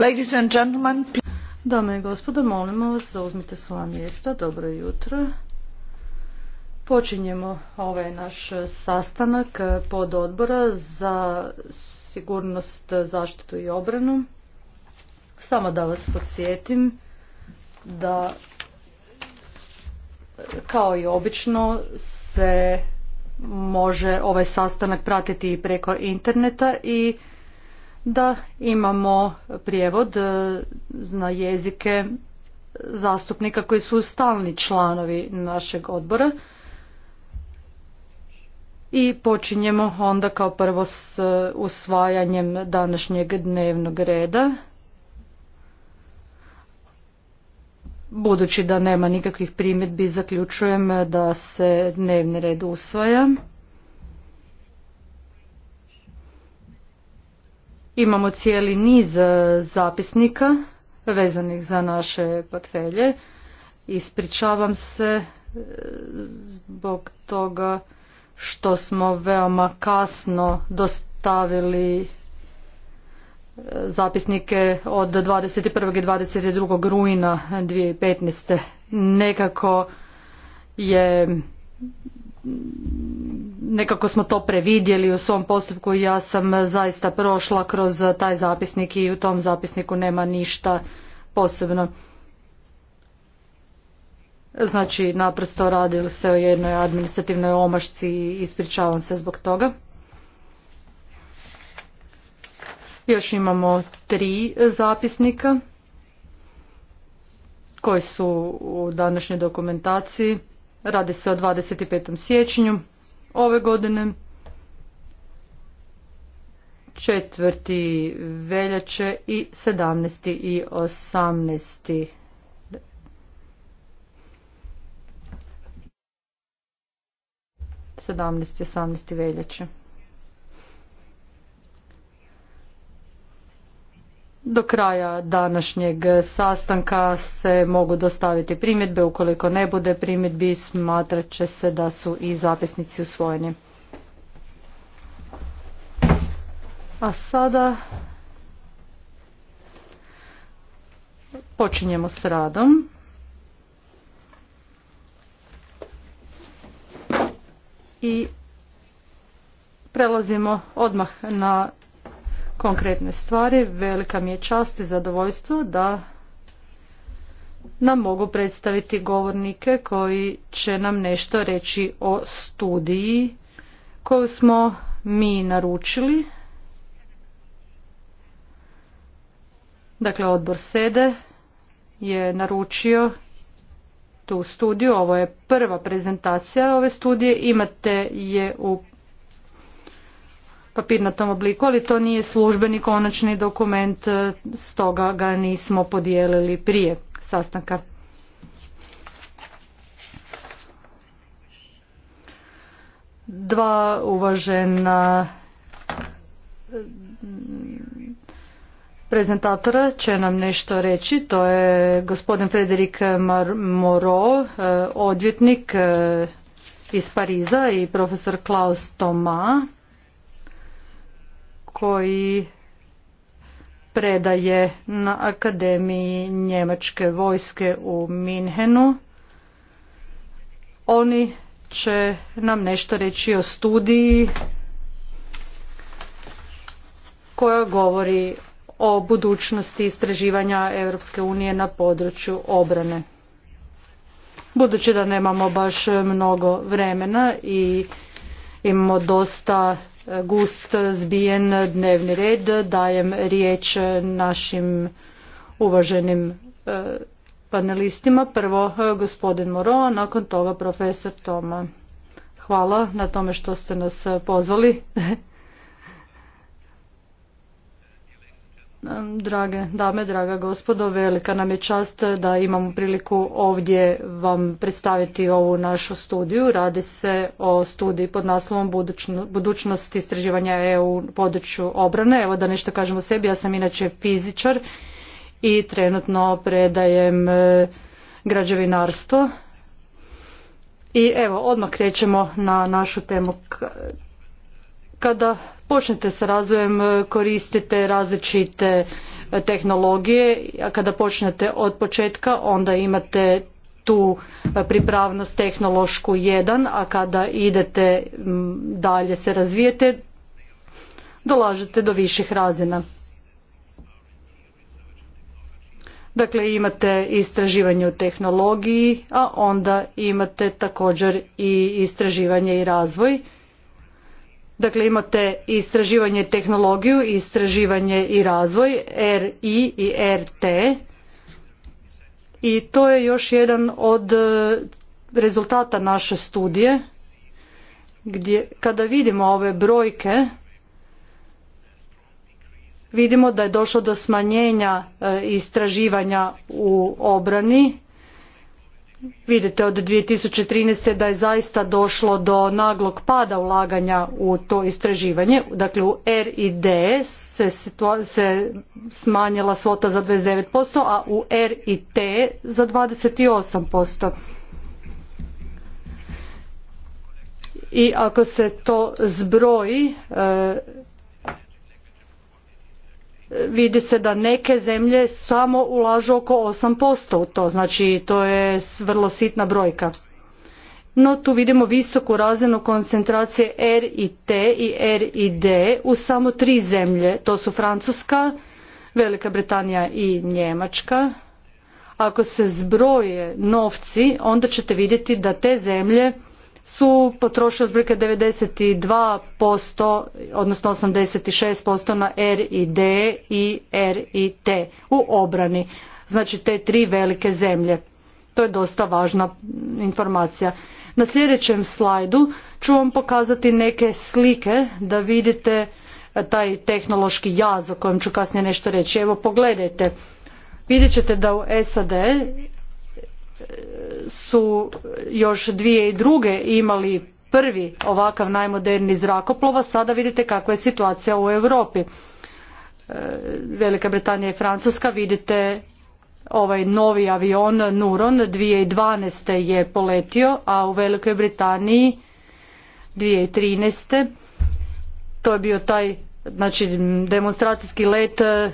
Ladies and Dame i gospodo, molimo vas, zauzmite svoja mjesta. Dobro jutro. Počinjemo ovaj naš sastanak pod odbora za sigurnost, zaštitu i obranu. Samo da vas podsjetim da kao i obično se može ovaj sastanak pratiti i preko interneta i da imamo prijevod e, na jezike zastupnika koji su stalni članovi našeg odbora. I počinjemo onda kao prvo s e, usvajanjem današnjeg dnevnog reda. Budući da nema nikakvih primjedbi, zaključujem da se dnevni red usvaja. Imamo cijeli niz e, zapisnika vezanih za naše portfelje. Ispričavam se e, zbog toga što smo veoma kasno dostavili zapisnike od 21. i 22. rujna 2015. Nekako je nekako smo to previdjeli u svom postupku i ja sam zaista prošla kroz taj zapisnik i u tom zapisniku nema ništa posebno. Znači naprosto radili se o jednoj administrativnoj omašci i ispričavam se zbog toga. Još imamo tri zapisnika koji su u današnjoj dokumentaciji. Radi se o 25. siječnju ove godine, 4. veljače i 17. i 18. 17. i 18. veljače Do kraja današnjeg sastanka se mogu dostaviti primjedbe. Ukoliko ne bude primjedbi, smatrat će se da su i zapisnici usvojeni. A sada počinjemo s radom. I prelazimo odmah na konkretne stvari. Velika mi je čast i zadovoljstvo da nam mogu predstaviti govornike koji će nam nešto reći o studiji koju smo mi naručili. Dakle, odbor sede je naručio tu studiju. Ovo je prva prezentacija ove studije. Imate je u papirnatom obliku, ali to nije službeni konačni dokument, e, stoga ga nismo podijelili prije sastanka. Dva uvažena mm, prezentatora će nam nešto reći. To je gospodin Frederik Moro, e, odvjetnik e, iz Pariza i profesor Klaus Toma koji predaje na Akademiji Njemačke vojske u Minhenu. Oni će nam nešto reći o studiji koja govori o budućnosti istraživanja Europske unije na području obrane. Budući da nemamo baš mnogo vremena i imamo dosta gust zbijen dnevni red. Dajem riječ našim uvaženim e, panelistima. Prvo e, gospodin Moro, a nakon toga profesor Toma. Hvala na tome što ste nas pozvali. Drage dame, draga gospodo, velika nam je čast da imamo priliku ovdje vam predstaviti ovu našu studiju. Radi se o studiji pod naslovom Budućnost istraživanja EU u području obrane. Evo da nešto kažem o sebi, ja sam inače fizičar i trenutno predajem e, građevinarstvo. I evo, odmah krećemo na našu temu kada počnete sa razvojem e, koristite različite e, tehnologije, a kada počnete od početka onda imate tu e, pripravnost tehnološku jedan, a kada idete dalje se razvijete, dolažete do viših razina. Dakle, imate istraživanje u tehnologiji, a onda imate također i istraživanje i razvoj Dakle, imate istraživanje tehnologiju, istraživanje i razvoj, RI i RT. I to je još jedan od e, rezultata naše studije, gdje kada vidimo ove brojke, vidimo da je došlo do smanjenja e, istraživanja u obrani Vidite od 2013. da je zaista došlo do naglog pada ulaganja u to istraživanje. Dakle, u R i D se, smanjila svota za 29%, a u R i T za 28%. I ako se to zbroji, e, vidi se da neke zemlje samo ulažu oko 8% u to, znači to je vrlo sitna brojka. No tu vidimo visoku razinu koncentracije R i T i R i D u samo tri zemlje, to su Francuska, Velika Britanija i Njemačka. Ako se zbroje novci, onda ćete vidjeti da te zemlje su potrošili otprilike 92%, odnosno 86% na R i R i T u obrani. Znači te tri velike zemlje. To je dosta važna informacija. Na sljedećem slajdu ću vam pokazati neke slike da vidite e, taj tehnološki jaz o kojem ću kasnije nešto reći. Evo pogledajte. Vidjet ćete da u SAD su još dvije i druge imali prvi ovakav najmoderniji a sada vidite kakva je situacija u Europi. E, Velika Britanija i Francuska vidite ovaj novi avion Nuron 2012. je poletio, a u Velikoj Britaniji 2013. to je bio taj znači demonstracijski let eh,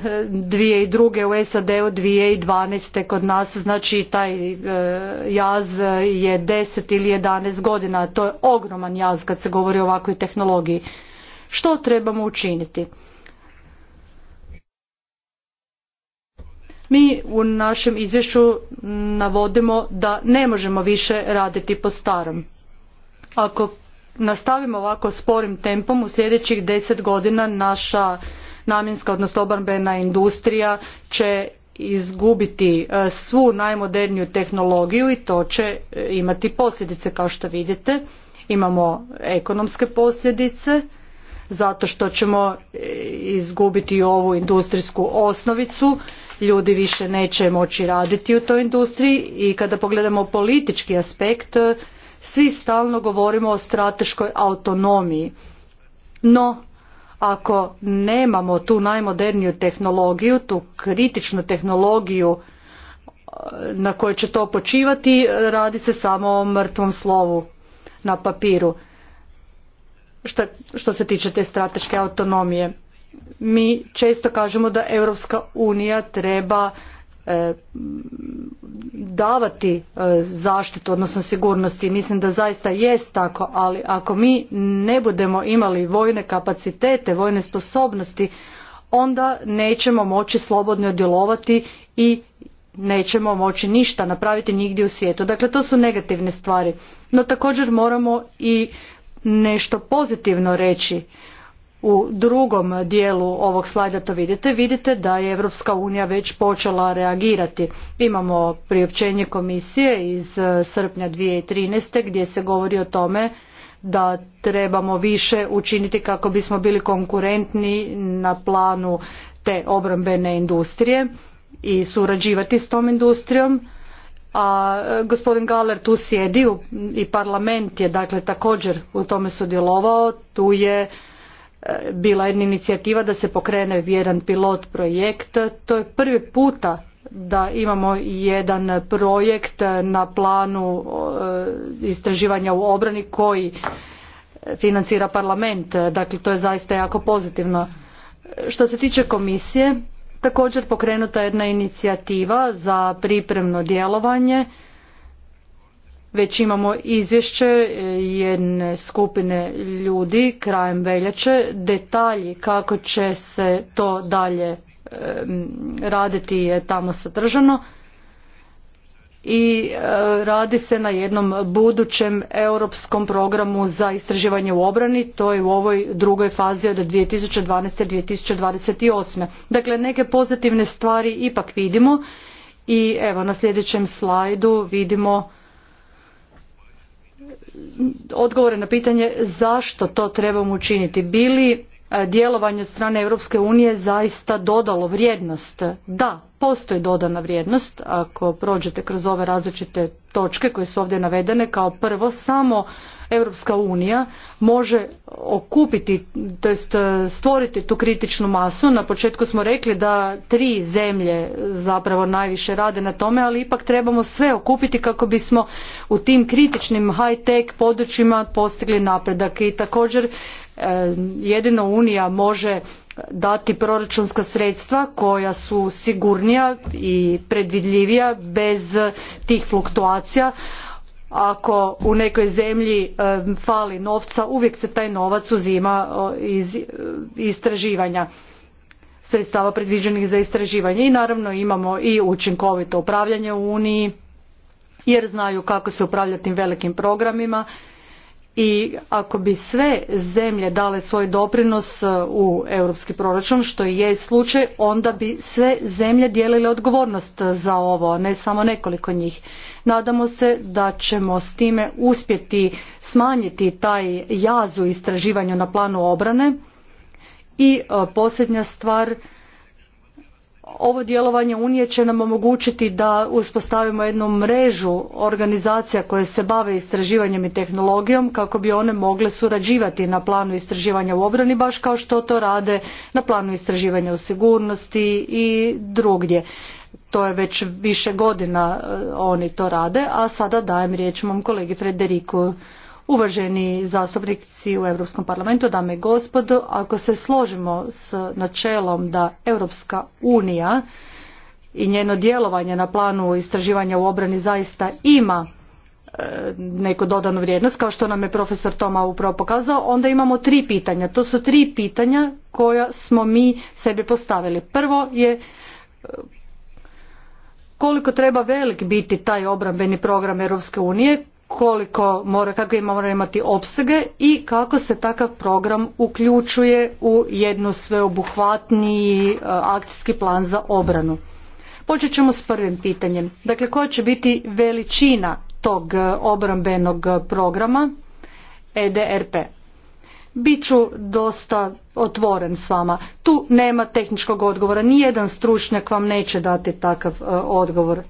dva u SAD-u dvanaest kod nas znači taj eh, jaz je deset ili jedanaest godina to je ogroman jaz kad se govori o ovakvoj tehnologiji što trebamo učiniti Mi u našem izvješću navodimo da ne možemo više raditi po starom. Ako nastavimo ovako sporim tempom u sljedećih deset godina naša namjenska odnosno obrambena industrija će izgubiti e, svu najmoderniju tehnologiju i to će e, imati posljedice kao što vidite. Imamo ekonomske posljedice zato što ćemo e, izgubiti ovu industrijsku osnovicu ljudi više neće moći raditi u toj industriji i kada pogledamo politički aspekt svi stalno govorimo o strateškoj autonomiji. No, ako nemamo tu najmoderniju tehnologiju, tu kritičnu tehnologiju e, na kojoj će to počivati, radi se samo o mrtvom slovu na papiru. što se tiče te strateške autonomije. Mi često kažemo da Europska unija treba E, davati e, zaštitu odnosno sigurnosti mislim da zaista jest tako ali ako mi ne budemo imali vojne kapacitete vojne sposobnosti onda nećemo moći slobodno djelovati i nećemo moći ništa napraviti nigdje u svijetu dakle to su negativne stvari no također moramo i nešto pozitivno reći u drugom dijelu ovog slajda to vidite, vidite da je Europska unija već počela reagirati. Imamo priopćenje komisije iz e, srpnja 2013. gdje se govori o tome da trebamo više učiniti kako bismo bili konkurentni na planu te obrambene industrije i surađivati s tom industrijom. A e, gospodin Galer tu sjedi i parlament je dakle također u tome sudjelovao. Tu je bila jedna inicijativa da se pokrene jedan pilot projekt. To je prvi puta da imamo jedan projekt na planu eh, istraživanja u obrani koji financira parlament. Dakle, to je zaista jako pozitivno. Što se tiče komisije, također pokrenuta je jedna inicijativa za pripremno djelovanje već imamo izvješće e, jedne skupine ljudi krajem veljače, detalji kako će se to dalje e, raditi je tamo sadržano i e, radi se na jednom budućem europskom programu za istraživanje u obrani, to je u ovoj drugoj fazi od 2012. 2028. Dakle, neke pozitivne stvari ipak vidimo i evo na sljedećem slajdu vidimo odgovore na pitanje zašto to trebamo učiniti. Bili E, djelovanje od strane Europske unije zaista dodalo vrijednost. Da, postoji dodana vrijednost ako prođete kroz ove različite točke koje su ovdje navedene kao prvo samo Europska unija može okupiti, to jest e, stvoriti tu kritičnu masu. Na početku smo rekli da tri zemlje zapravo najviše rade na tome, ali ipak trebamo sve okupiti kako bismo u tim kritičnim high-tech područjima postigli napredak. I također E, jedino Unija može dati proračunska sredstva koja su sigurnija i predvidljivija bez tih fluktuacija ako u nekoj zemlji e, fali novca uvijek se taj novac uzima iz e, istraživanja sredstava predviđenih za istraživanje i naravno imamo i učinkovito upravljanje u uniji jer znaju kako se upravlja tim velikim programima i ako bi sve zemlje dale svoj doprinos e, u europski proračun što i je slučaj onda bi sve zemlje dijelile odgovornost za ovo ne samo nekoliko njih nadamo se da ćemo s time uspjeti smanjiti taj jaz u istraživanju na planu obrane i e, posljednja stvar ovo djelovanje unije će nam omogućiti da uspostavimo jednu mrežu organizacija koje se bave istraživanjem i tehnologijom kako bi one mogle surađivati na planu istraživanja u obrani baš kao što to rade na planu istraživanja u sigurnosti i drugdje. To je već više godina e, oni to rade, a sada dajem riječ mom kolegi Frederiku Uvaženi zastupnici u Europskom parlamentu, dame i gospodo, ako se složimo s načelom da Europska unija i njeno djelovanje na planu istraživanja u obrani zaista ima e, neku dodanu vrijednost, kao što nam je profesor Toma upravo pokazao, onda imamo tri pitanja. To su tri pitanja koja smo mi sebi postavili. Prvo je e, koliko treba velik biti taj obrambeni program Europske unije, koliko mora, kakve mora imati opsege i kako se takav program uključuje u jednu sveobuhvatniji e, akcijski plan za obranu. Počet ćemo s prvim pitanjem. Dakle, koja će biti veličina tog e, obrambenog programa EDRP? Biću dosta otvoren s vama. Tu nema tehničkog odgovora. Nijedan stručnjak vam neće dati takav e, odgovor.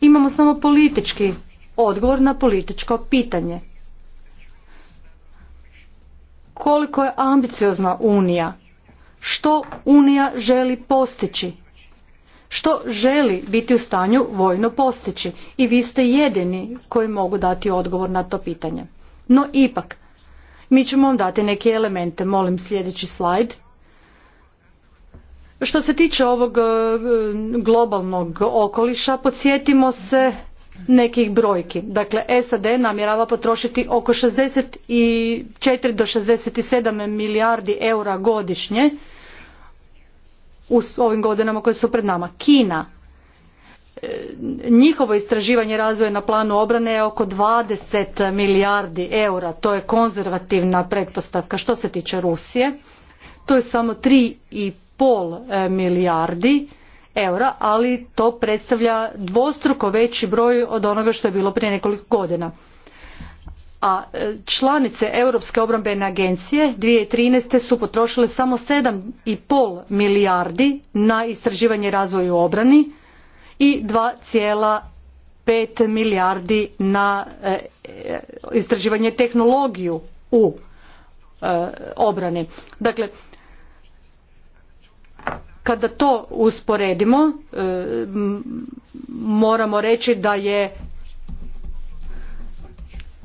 Imamo samo politički odgovor na političko pitanje. Koliko je ambiciozna Unija? Što Unija želi postići? Što želi biti u stanju vojno postići? I vi ste jedini koji mogu dati odgovor na to pitanje. No ipak, mi ćemo vam dati neke elemente. Molim sljedeći slajd. Što se tiče ovog e, globalnog okoliša, podsjetimo se nekih brojki. Dakle, SAD namjerava potrošiti oko 64 do 67 milijardi eura godišnje u ovim godinama koje su pred nama. Kina, e, njihovo istraživanje razvoja na planu obrane je oko 20 milijardi eura. To je konzervativna pretpostavka. Što se tiče Rusije, to je samo 3,5 e, milijardi eura, ali to predstavlja dvostruko veći broj od onoga što je bilo prije nekoliko godina a e, članice Europske obrambene agencije 2013. su potrošile samo 7,5 milijardi na istraživanje u obrani i 2,5 milijardi na e, e, istraživanje tehnologiju u obrani. Dakle, kada to usporedimo, e, moramo reći da je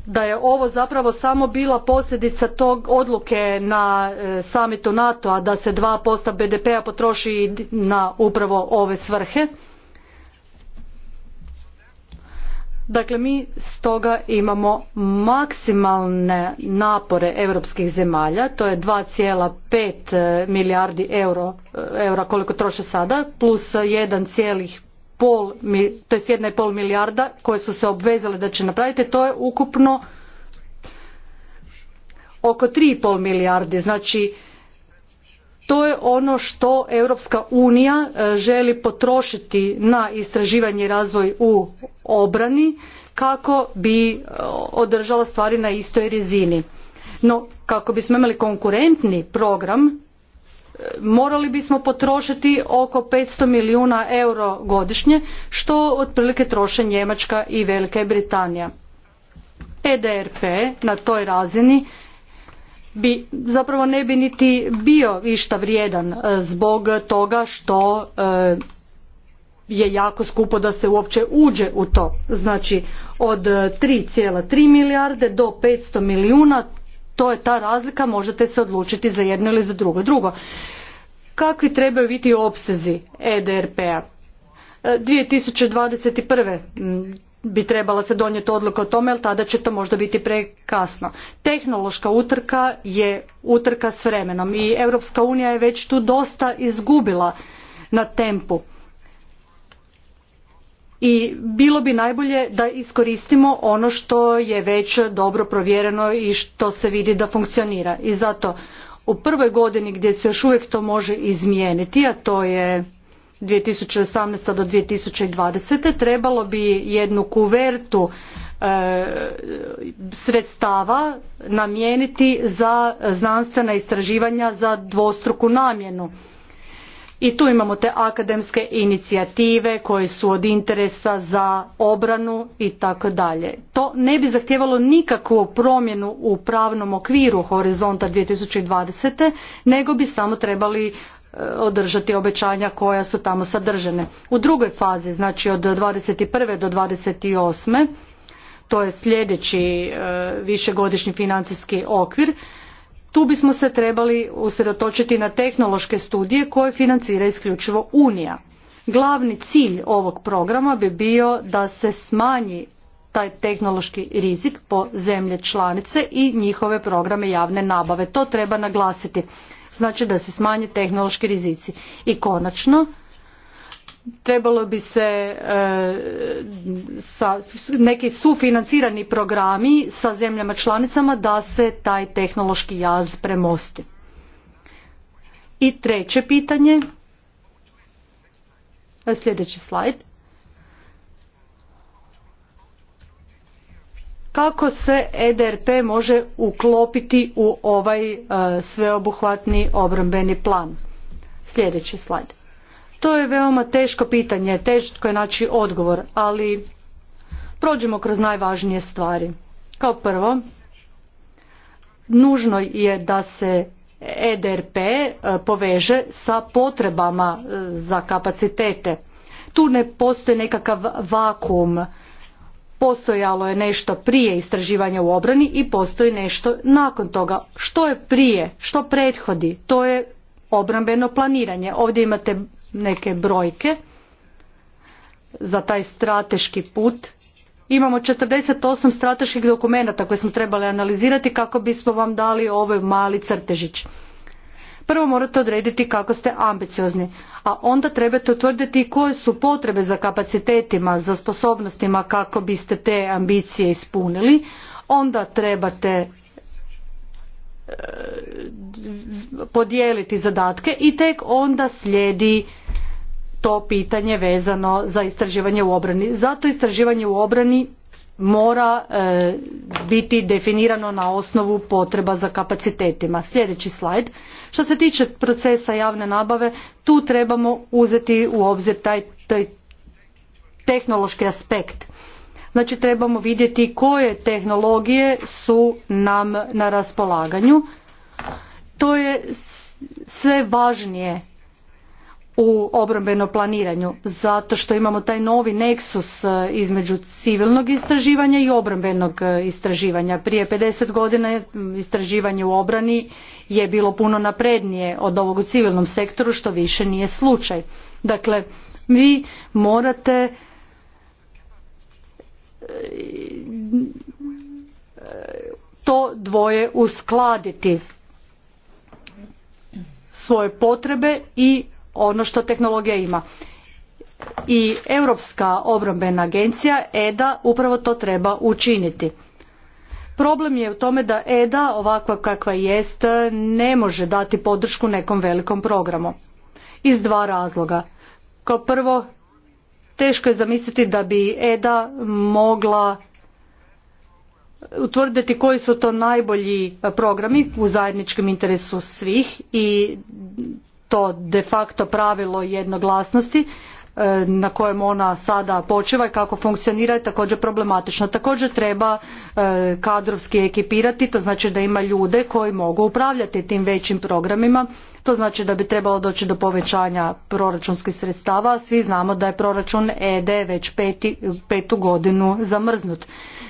da je ovo zapravo samo bila posljedica tog odluke na e, samitu NATO-a da se 2% BDP-a potroši na upravo ove svrhe. Dakle, mi stoga imamo maksimalne napore europskih zemalja, to je 2,5 e, milijardi euro, e, eura koliko troše sada, plus 1,5 to je 1,5 milijarda koje su se obvezale da će napraviti, to je ukupno oko 3,5 milijardi, znači to je ono što Europska unija e, želi potrošiti na istraživanje i razvoj u obrani kako bi e, održala stvari na istoj rezini. No, kako bismo imali konkurentni program, e, morali bismo potrošiti oko 500 milijuna euro godišnje, što otprilike troše Njemačka i Velika Britanija. EDRP na toj razini bi zapravo ne bi niti bio išta vrijedan e, zbog toga što e, je jako skupo da se uopće uđe u to. Znači od 3,3 e, milijarde do 500 milijuna to je ta razlika, možete se odlučiti za jedno ili za drugo. Drugo, kakvi trebaju biti opsezi EDRP-a? 2021 bi trebala se donijeti odluka o tome, jer tada će to možda biti prekasno. Tehnološka utrka je utrka s vremenom i Europska unija je već tu dosta izgubila na tempu. I bilo bi najbolje da iskoristimo ono što je već dobro provjereno i što se vidi da funkcionira. I zato u prvoj godini gdje se još uvijek to može izmijeniti, a to je 2018. do 2020. trebalo bi jednu kuvertu e, sredstava namijeniti za znanstvena istraživanja za dvostruku namjenu. I tu imamo te akademske inicijative koje su od interesa za obranu i tako dalje. To ne bi zahtjevalo nikakvu promjenu u pravnom okviru horizonta 2020. nego bi samo trebali održati obećanja koja su tamo sadržana. U drugoj fazi, znači od 21. do 28. to je sljedeći e, višegodišnji financijski okvir, tu bismo se trebali usredotočiti na tehnološke studije koje financira isključivo Unija. Glavni cilj ovog programa bi bio da se smanji taj tehnološki rizik po zemlje članice i njihove programe javne nabave. To treba naglasiti znači da se smanje tehnološki rizici. I konačno, trebalo bi se e, sa, neki sufinancirani programi sa zemljama članicama da se taj tehnološki jaz premosti. I treće pitanje, e, sljedeći slajd. kako se EDRP može uklopiti u ovaj e, sveobuhvatni obrambeni plan. Sljedeći slajd. To je veoma teško pitanje, teško je naći odgovor, ali prođemo kroz najvažnije stvari. Kao prvo, nužno je da se EDRP e, poveže sa potrebama e, za kapacitete. Tu ne postoji nekakav vakuum postojalo je nešto prije istraživanja u obrani i postoji nešto nakon toga. Što je prije, što prethodi, to je obrambeno planiranje. Ovdje imate neke brojke za taj strateški put. Imamo 48 strateških dokumenata koje smo trebali analizirati kako bismo vam dali ovaj mali crtežić. Prvo morate odrediti kako ste ambiciozni, a onda trebate utvrditi koje su potrebe za kapacitetima, za sposobnostima kako biste te ambicije ispunili. Onda trebate e, podijeliti zadatke i tek onda slijedi to pitanje vezano za istraživanje u obrani. Zato istraživanje u obrani mora e, biti definirano na osnovu potreba za kapacitetima. Sljedeći slajd. Što se tiče procesa javne nabave, tu trebamo uzeti u obzir taj, taj tehnološki aspekt. Znači trebamo vidjeti koje tehnologije su nam na raspolaganju. To je sve važnije u obrambenom planiranju zato što imamo taj novi neksus e, između civilnog istraživanja i obrambenog e, istraživanja. Prije 50 godina istraživanje u obrani je bilo puno naprednije od ovog u civilnom sektoru što više nije slučaj. Dakle, vi morate e, to dvoje uskladiti svoje potrebe i ono što tehnologija ima. I Europska obrambena agencija EDA upravo to treba učiniti. Problem je u tome da EDA ovakva kakva jest ne može dati podršku nekom velikom programu. Iz dva razloga. Kao prvo, teško je zamisliti da bi EDA mogla utvrditi koji su to najbolji programi u zajedničkom interesu svih i to de facto pravilo jednoglasnosti e, na kojem ona sada počiva i kako funkcionira je također problematično. Također treba e, kadrovski ekipirati, to znači da ima ljude koji mogu upravljati tim većim programima, to znači da bi trebalo doći do povećanja proračunskih sredstava, svi znamo da je proračun ED već petu godinu zamrznut.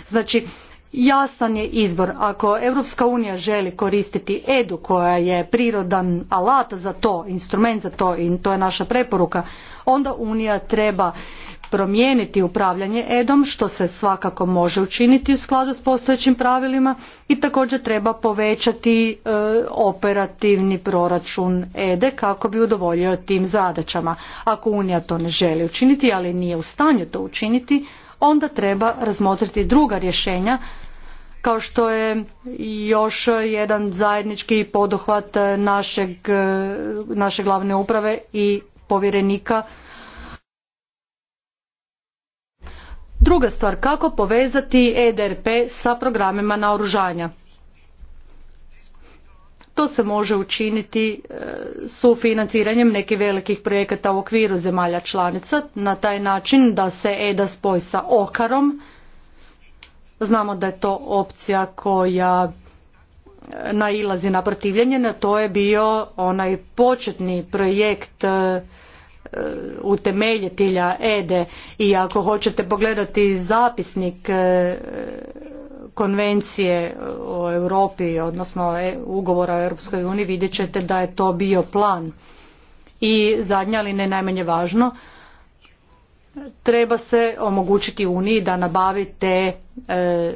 Znači jasan je izbor. Ako Europska unija želi koristiti edu koja je prirodan alat za to, instrument za to i to je naša preporuka, onda unija treba promijeniti upravljanje edom što se svakako može učiniti u skladu s postojećim pravilima i također treba povećati e, operativni proračun ede kako bi udovoljio tim zadaćama ako unija to ne želi učiniti ali nije u stanju to učiniti onda treba razmotriti druga rješenja kao što je još jedan zajednički poduhvat naše glavne uprave i povjerenika. Druga stvar, kako povezati EDRP sa programima naoružanja? To se može učiniti e, sufinanciranjem nekih velikih projekata u okviru zemalja članica na taj način da se EDA spoji sa OKARom Znamo da je to opcija koja e, nailazi na protivljenje, to je bio onaj početni projekt e, e, utemeljitelja EDE i ako hoćete pogledati zapisnik konvencije o Europi, odnosno ugovora o Europskoj uniji, vidjet ćete da je to bio plan. I zadnja, ali ne najmanje važno, treba se omogućiti Uniji da nabavi te e,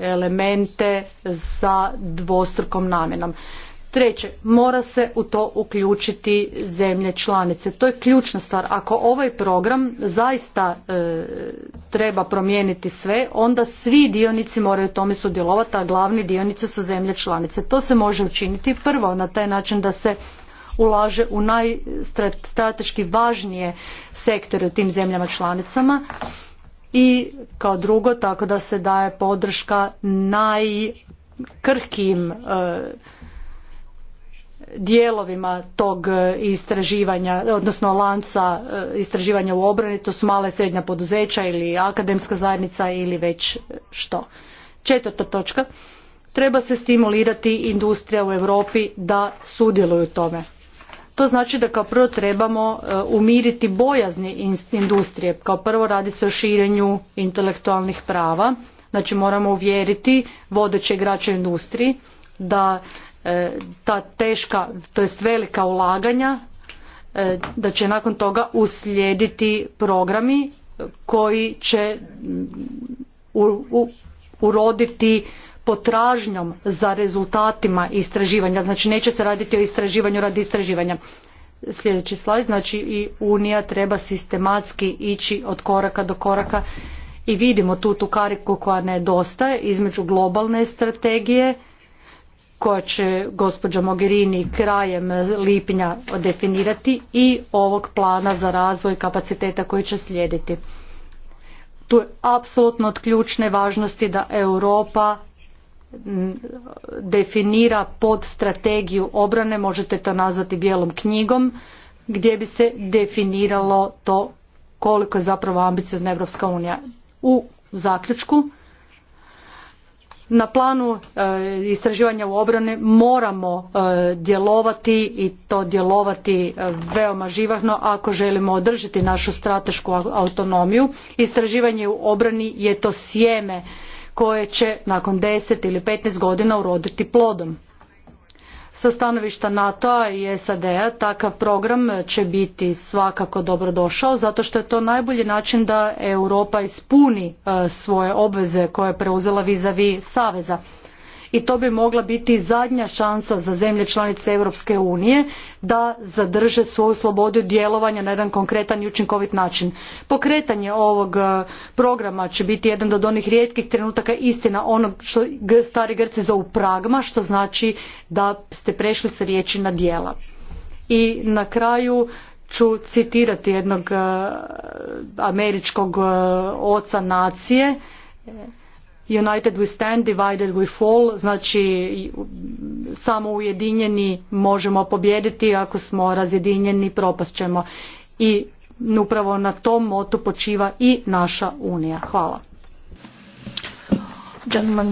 elemente sa dvostrukom namjenom. Treće, mora se u to uključiti zemlje članice. To je ključna stvar. Ako ovaj program zaista e, treba promijeniti sve, onda svi dionici moraju tome sudjelovati, a glavni dionici su zemlje članice. To se može učiniti prvo na taj način da se ulaže u najstrateški važnije sektore u tim zemljama članicama i kao drugo tako da se daje podrška najkrkim e, dijelovima tog istraživanja, odnosno lanca e, istraživanja u obrani, to su male i srednja poduzeća ili akademska zajednica ili već što. Četvrta točka, treba se stimulirati industrija u Europi da sudjeluju u tome. To znači da kao prvo trebamo e, umiriti bojazni industrije. Kao prvo radi se o širenju intelektualnih prava. Znači moramo uvjeriti vodeće igrače industriji da e, ta teška, to jest velika ulaganja, e, da će nakon toga uslijediti programi koji će uroditi potražnjom za rezultatima istraživanja. Znači neće se raditi o istraživanju radi istraživanja. Sljedeći slajd, znači i Unija treba sistematski ići od koraka do koraka i vidimo tu tu kariku koja nedostaje između globalne strategije koja će gospođa Mogherini krajem lipnja definirati i ovog plana za razvoj kapaciteta koji će slijediti. Tu je apsolutno od ključne važnosti da Europa definira pod strategiju obrane, možete to nazvati bijelom knjigom, gdje bi se definiralo to koliko je zapravo ambiciozna Europska unija. U zaključku, na planu e, istraživanja u obrani moramo e, djelovati i to djelovati e, veoma živahno ako želimo održati našu stratešku autonomiju. Istraživanje u obrani je to sjeme koje će nakon 10 ili 15 godina uroditi plodom. Sa stanovišta NATO-a i SAD-a takav program će biti svakako dobrodošao zato što je to najbolji način da Europa ispuni e, svoje obveze koje je preuzela vis-a-vis Saveza i to bi mogla biti zadnja šansa za zemlje članice Europske unije da zadrže svoju slobodu djelovanja na jedan konkretan i učinkovit način. Pokretanje ovog e, programa će biti jedan od onih rijetkih trenutaka istina onog što stari Grci zovu pragma, što znači da ste prešli sa riječi na djela. I na kraju ću citirati jednog e, američkog e, oca nacije United we stand, divided we fall, znači samo ujedinjeni možemo pobijediti, ako smo razjedinjeni propast ćemo. I upravo na tom motu počiva i naša Unija. Hvala.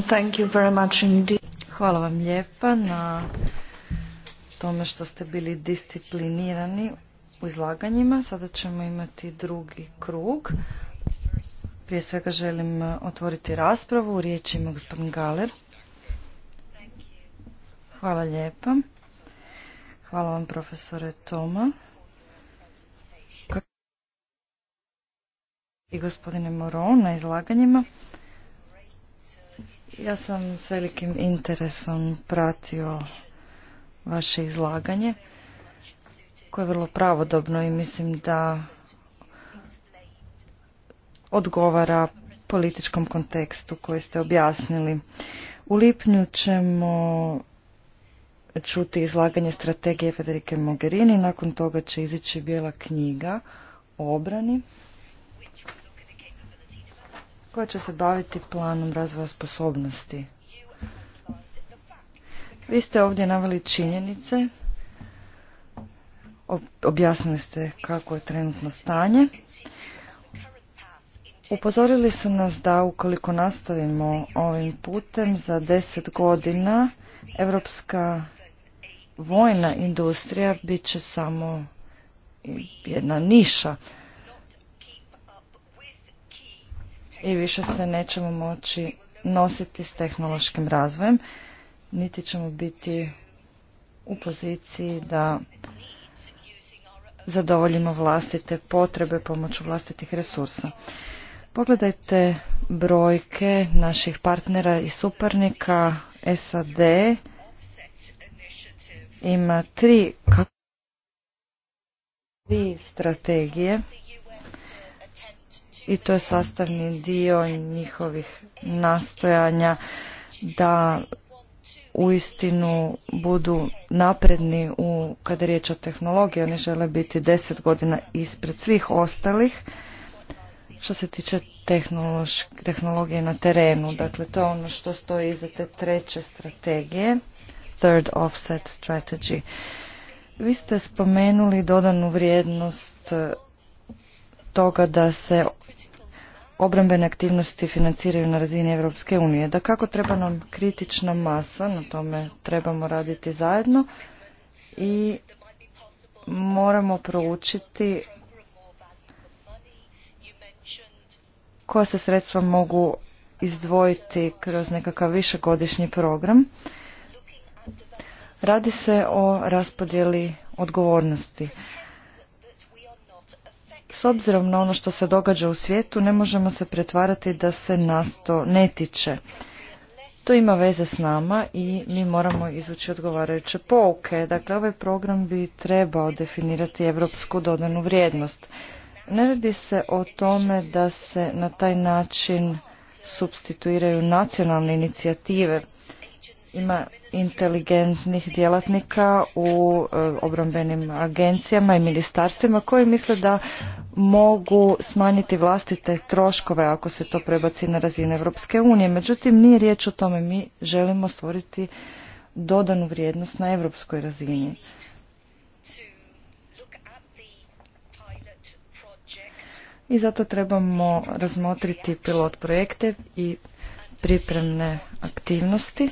thank you Hvala vam lijepa na tome što ste bili disciplinirani u izlaganjima. Sada ćemo imati drugi krug. Prije svega želim e, otvoriti raspravu. Riječ ima gospodin Galer. Hvala lijepa. Hvala vam profesore Toma. I gospodine Moron na izlaganjima. Ja sam s velikim interesom pratio vaše izlaganje koje je vrlo pravodobno i mislim da odgovara političkom kontekstu koji ste objasnili. U lipnju ćemo čuti izlaganje strategije Federike Mogherini, nakon toga će izići bijela knjiga o obrani koja će se baviti planom razvoja sposobnosti. Vi ste ovdje naveli činjenice, objasnili ste kako je trenutno stanje Upozorili su nas da ukoliko nastavimo ovim putem za deset godina europska vojna industrija bit će samo jedna niša i više se nećemo moći nositi s tehnološkim razvojem, niti ćemo biti u poziciji da zadovoljimo vlastite potrebe pomoću vlastitih resursa. Pogledajte brojke naših partnera i suparnika SAD ima tri, strategije i to je sastavni dio njihovih nastojanja da uistinu budu napredni u, kada je riječ o tehnologiji. Oni žele biti deset godina ispred svih ostalih što se tiče tehnologije na terenu. Dakle, to je ono što stoji iza te treće strategije, third offset strategy. Vi ste spomenuli dodanu vrijednost e, toga da se obrambene aktivnosti financiraju na razini Europske unije. Da kako treba nam kritična masa, na tome trebamo raditi zajedno i moramo proučiti koja se sredstva mogu izdvojiti kroz nekakav višegodišnji program. Radi se o raspodjeli odgovornosti. S obzirom na ono što se događa u svijetu, ne možemo se pretvarati da se nas to ne tiče. To ima veze s nama i mi moramo izvući odgovarajuće pouke. Dakle, ovaj program bi trebao definirati evropsku dodanu vrijednost. Ne radi se o tome da se na taj način substituiraju nacionalne inicijative. Ima inteligentnih djelatnika u e, obrambenim agencijama i ministarstvima koji misle da mogu smanjiti vlastite troškove ako se to prebaci na razine Europske unije. Međutim, nije riječ o tome. Mi želimo stvoriti dodanu vrijednost na europskoj razini. i zato trebamo razmotriti pilot projekte i pripremne aktivnosti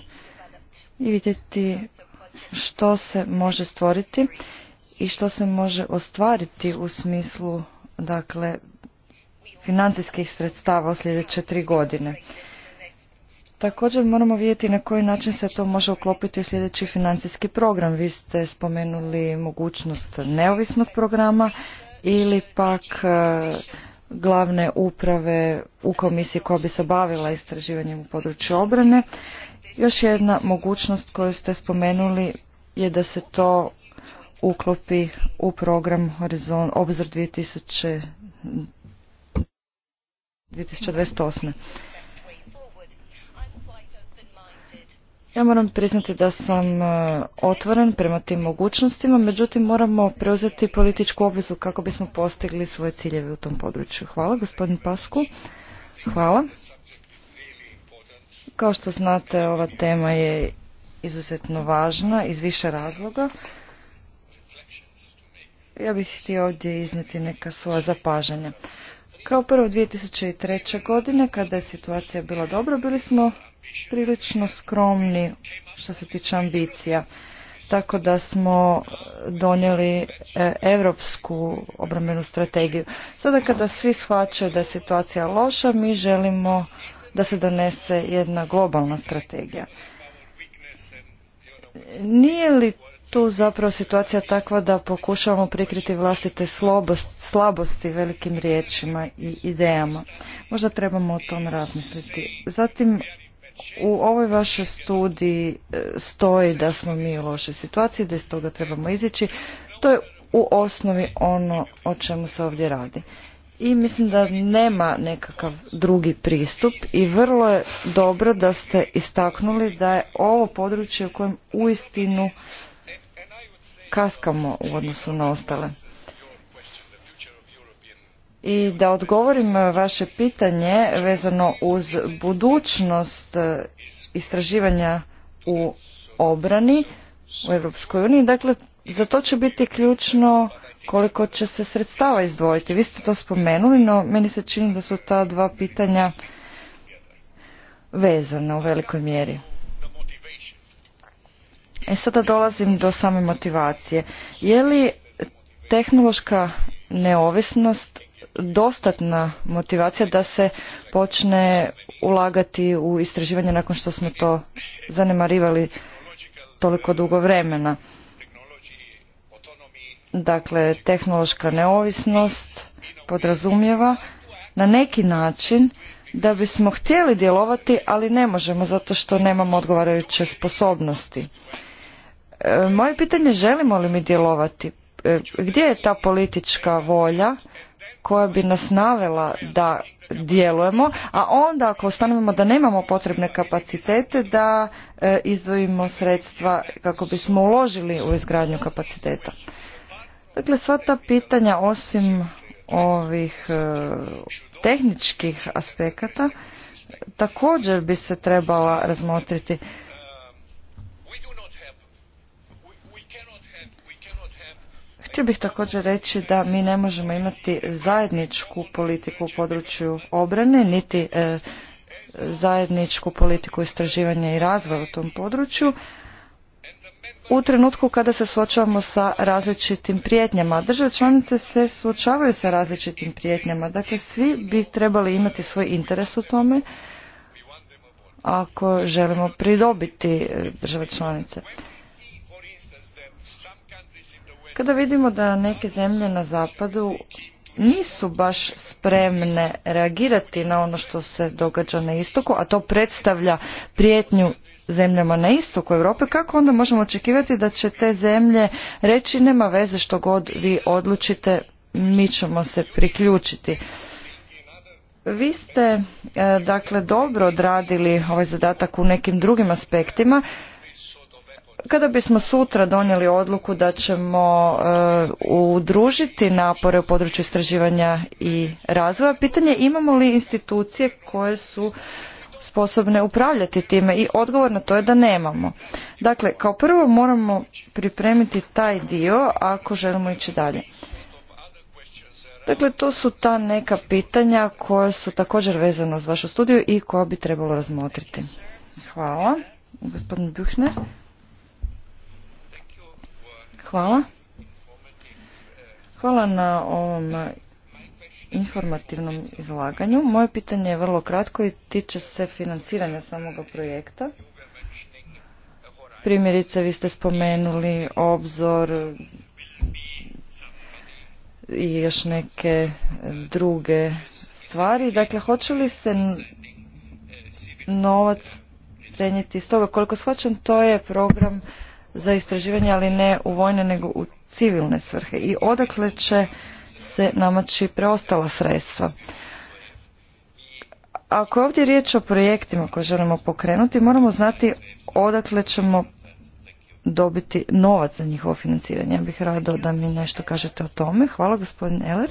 i vidjeti što se može stvoriti i što se može ostvariti u smislu dakle financijskih sredstava u sljedeće tri godine. Također moramo vidjeti na koji način se to može uklopiti u sljedeći financijski program. Vi ste spomenuli mogućnost neovisnog programa ili pak e, glavne uprave u komisiji koja bi se bavila istraživanjem u području obrane. Još jedna mogućnost koju ste spomenuli je da se to uklopi u program Horizon Obzor 2000, 2028. Ja moram priznati da sam e, otvoren prema tim mogućnostima, međutim moramo preuzeti političku obvezu kako bismo postigli svoje ciljeve u tom području. Hvala, gospodin Pasku. Hvala. Kao što znate, ova tema je izuzetno važna iz više razloga. Ja bih htio ovdje iznijeti neka svoja zapažanja. Kao prvo 2003. godine, kada je situacija bila dobra, bili smo prilično skromni što se tiče ambicija. Tako da smo donijeli europsku obrambenu strategiju. Sada kada svi shvaćaju da je situacija loša, mi želimo da se donese jedna globalna strategija. Nije li tu zapravo situacija takva da pokušavamo prikriti vlastite slabosti velikim riječima i idejama. Možda trebamo o tom razmisliti. Zatim, u ovoj vašoj studiji e, stoji da smo mi u lošoj situaciji, da iz toga trebamo izići. To je u osnovi ono o čemu se ovdje radi. I mislim da nema nekakav drugi pristup i vrlo je dobro da ste istaknuli da je ovo područje u kojem uistinu kaskamo u odnosu na ostale i da odgovorim e, vaše pitanje vezano uz budućnost e, istraživanja u obrani u Europskoj uniji. Dakle, za to će biti ključno koliko će se sredstava izdvojiti. Vi ste to spomenuli, no meni se čini da su ta dva pitanja vezana u velikoj mjeri. E sada dolazim do same motivacije. Je li tehnološka neovisnost dostatna motivacija da se počne ulagati u istraživanje nakon što smo to zanemarivali toliko dugo vremena. Dakle, tehnološka neovisnost podrazumijeva na neki način da bismo htjeli djelovati, ali ne možemo zato što nemamo odgovarajuće sposobnosti. E, moje pitanje je želimo li mi djelovati? E, gdje je ta politička volja koja bi nas navela da djelujemo, a onda ako ustanovimo da nemamo potrebne kapacitete da e, izdvojimo sredstva kako bismo uložili u izgradnju kapaciteta. Dakle, sva ta pitanja osim ovih e, tehničkih aspekata također bi se trebala razmotriti Htio bih također reći da mi ne možemo imati zajedničku politiku u području obrane, niti e, zajedničku politiku istraživanja i razvoja u tom području u trenutku kada se suočavamo sa različitim prijetnjama. Države članice se suočavaju sa različitim prijetnjama, dakle svi bi trebali imati svoj interes u tome ako želimo pridobiti e, države članice kada vidimo da neke zemlje na zapadu nisu baš spremne reagirati na ono što se događa na istoku, a to predstavlja prijetnju zemljama na istoku Europe, kako onda možemo očekivati da će te zemlje reći nema veze što god vi odlučite, mi ćemo se priključiti. Vi ste e, dakle dobro odradili ovaj zadatak u nekim drugim aspektima kada bismo sutra donijeli odluku da ćemo e, udružiti napore u području istraživanja i razvoja, pitanje imamo li institucije koje su sposobne upravljati time i odgovor na to je da nemamo. Dakle, kao prvo moramo pripremiti taj dio ako želimo ići dalje. Dakle, to su ta neka pitanja koja su također vezana uz vašu studiju i koja bi trebalo razmotriti. Hvala. Gospodin Buchner. Hvala. Hvala na ovom informativnom izlaganju. Moje pitanje je vrlo kratko i tiče se financiranja samoga projekta. Primjerice, vi ste spomenuli obzor i još neke druge stvari. Dakle, hoće li se novac prenijeti iz toga? Koliko shvaćam, to je program za istraživanje, ali ne u vojne nego u civilne svrhe i odakle će se namaći preostala sredstva. Ako je ovdje riječ o projektima koje želimo pokrenuti, moramo znati odakle ćemo dobiti novac za njihovo financiranje. Ja bih rado da mi nešto kažete o tome. Hvala gospodin Eller.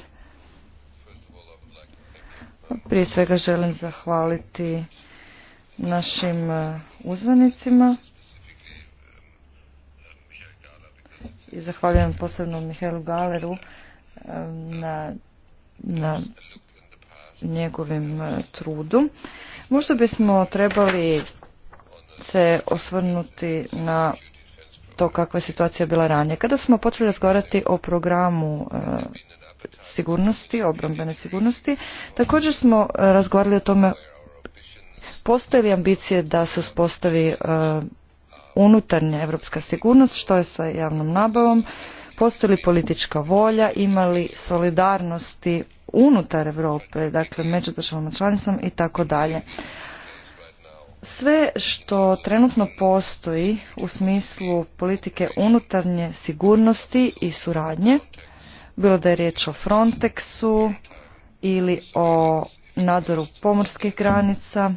Prije svega želim zahvaliti našim eh, uzvanicima i zahvaljujem posebno Mihajlu Galeru na, na njegovim e, trudu. Možda bismo trebali se osvrnuti na to kakva je situacija bila ranije. Kada smo počeli razgovarati o programu e, sigurnosti, obrambene sigurnosti, također smo razgovarali o tome postoje li ambicije da se uspostavi e, unutarnja europska sigurnost, što je sa javnom nabavom, postoji li politička volja, ima li solidarnosti unutar Europe, dakle među državama članicama i tako dalje. Sve što trenutno postoji u smislu politike unutarnje sigurnosti i suradnje, bilo da je riječ o Frontexu ili o nadzoru pomorskih granica,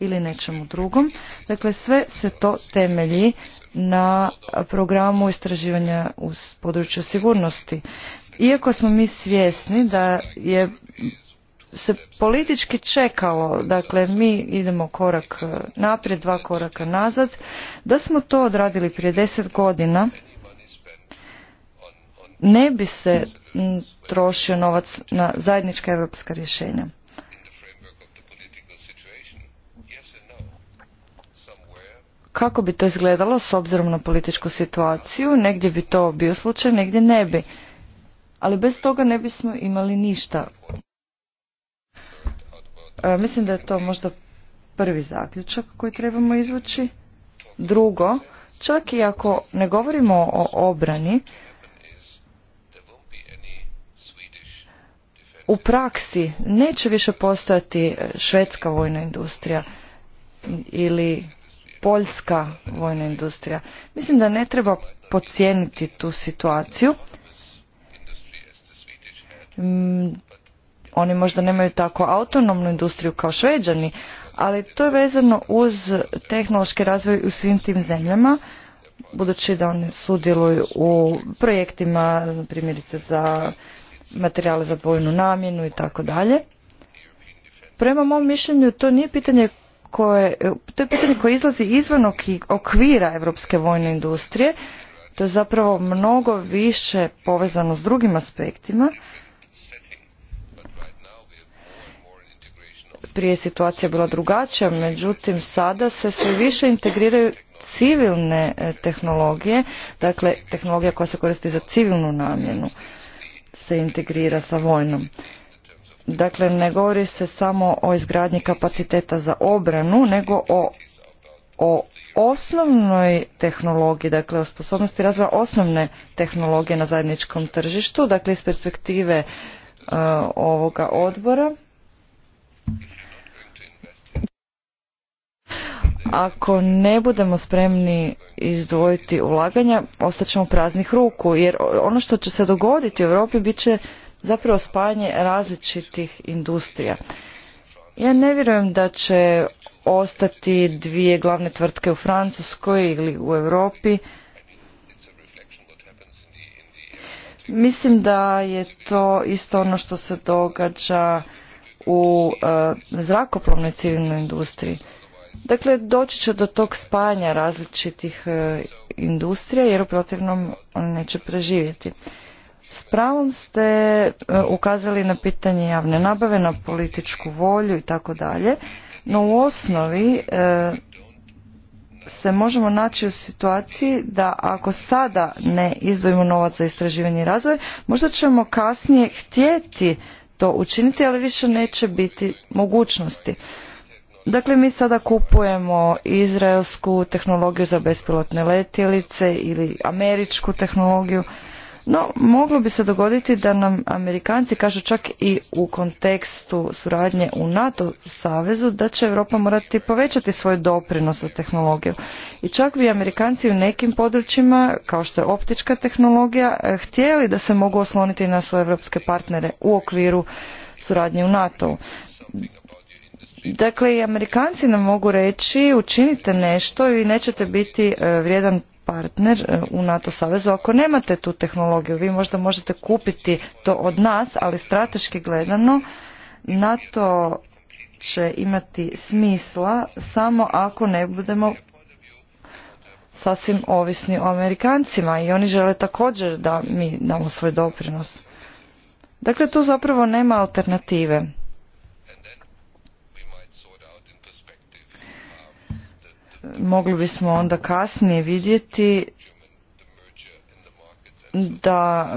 ili nečemu drugom. Dakle, sve se to temelji na programu istraživanja u području sigurnosti. Iako smo mi svjesni da je se politički čekalo, dakle mi idemo korak naprijed, dva koraka nazad, da smo to odradili prije deset godina, ne bi se trošio novac na zajednička europska rješenja. kako bi to izgledalo s obzirom na političku situaciju, negdje bi to bio slučaj, negdje ne bi. Ali bez toga ne bismo imali ništa. E, mislim da je to možda prvi zaključak koji trebamo izvući. Drugo, čak i ako ne govorimo o obrani, u praksi neće više postojati švedska vojna industrija ili poljska vojna industrija. Mislim da ne treba pocijeniti tu situaciju. Mm, oni možda nemaju tako autonomnu industriju kao šveđani, ali to je vezano uz tehnološki razvoj u svim tim zemljama, budući da oni sudjeluju u projektima, primjerice za materijale za dvojnu namjenu i tako dalje. Prema mom mišljenju to nije pitanje koje, e, to je pitanje koje izlazi izvan okvira europske vojne industrije. To je zapravo mnogo više povezano s drugim aspektima. Prije situacija bila drugačija, međutim sada se sve više integriraju civilne e, tehnologije, dakle tehnologija koja se koristi za civilnu namjenu se integrira sa vojnom. Dakle, ne govori se samo o izgradnji kapaciteta za obranu, nego o, o osnovnoj tehnologiji, dakle o sposobnosti razvoja osnovne tehnologije na zajedničkom tržištu, dakle iz perspektive e, ovoga odbora. Ako ne budemo spremni izdvojiti ulaganja, ostaćemo praznih ruku, jer ono što će se dogoditi u Europi bit će zapravo spajanje različitih industrija. Ja ne vjerujem da će ostati dvije glavne tvrtke u Francuskoj ili u Europi. Mislim da je to isto ono što se događa u e, zrakoplovnoj civilnoj industriji. Dakle, doći će do tog spajanja različitih e, industrija jer u protivnom one neće preživjeti. S pravom ste e, ukazali na pitanje javne nabave, na političku volju i tako dalje, no u osnovi e, se možemo naći u situaciji da ako sada ne izdvojimo novac za istraživanje i razvoj, možda ćemo kasnije htjeti to učiniti, ali više neće biti mogućnosti. Dakle, mi sada kupujemo izraelsku tehnologiju za bespilotne letjelice ili američku tehnologiju no, moglo bi se dogoditi da nam Amerikanci kažu čak i u kontekstu suradnje u NATO savezu da će Europa morati povećati svoj doprinos za tehnologiju. I čak bi Amerikanci u nekim područjima, kao što je optička tehnologija, eh, htjeli da se mogu osloniti na svoje evropske partnere u okviru suradnje u NATO-u. Dakle, i Amerikanci nam mogu reći učinite nešto i nećete biti eh, vrijedan partner e, u NATO savezu. Ako nemate tu tehnologiju, vi možda možete kupiti to od nas, ali strateški gledano NATO će imati smisla samo ako ne budemo sasvim ovisni o Amerikancima i oni žele također da mi damo svoj doprinos. Dakle, tu zapravo nema alternative. mogli bismo onda kasnije vidjeti da,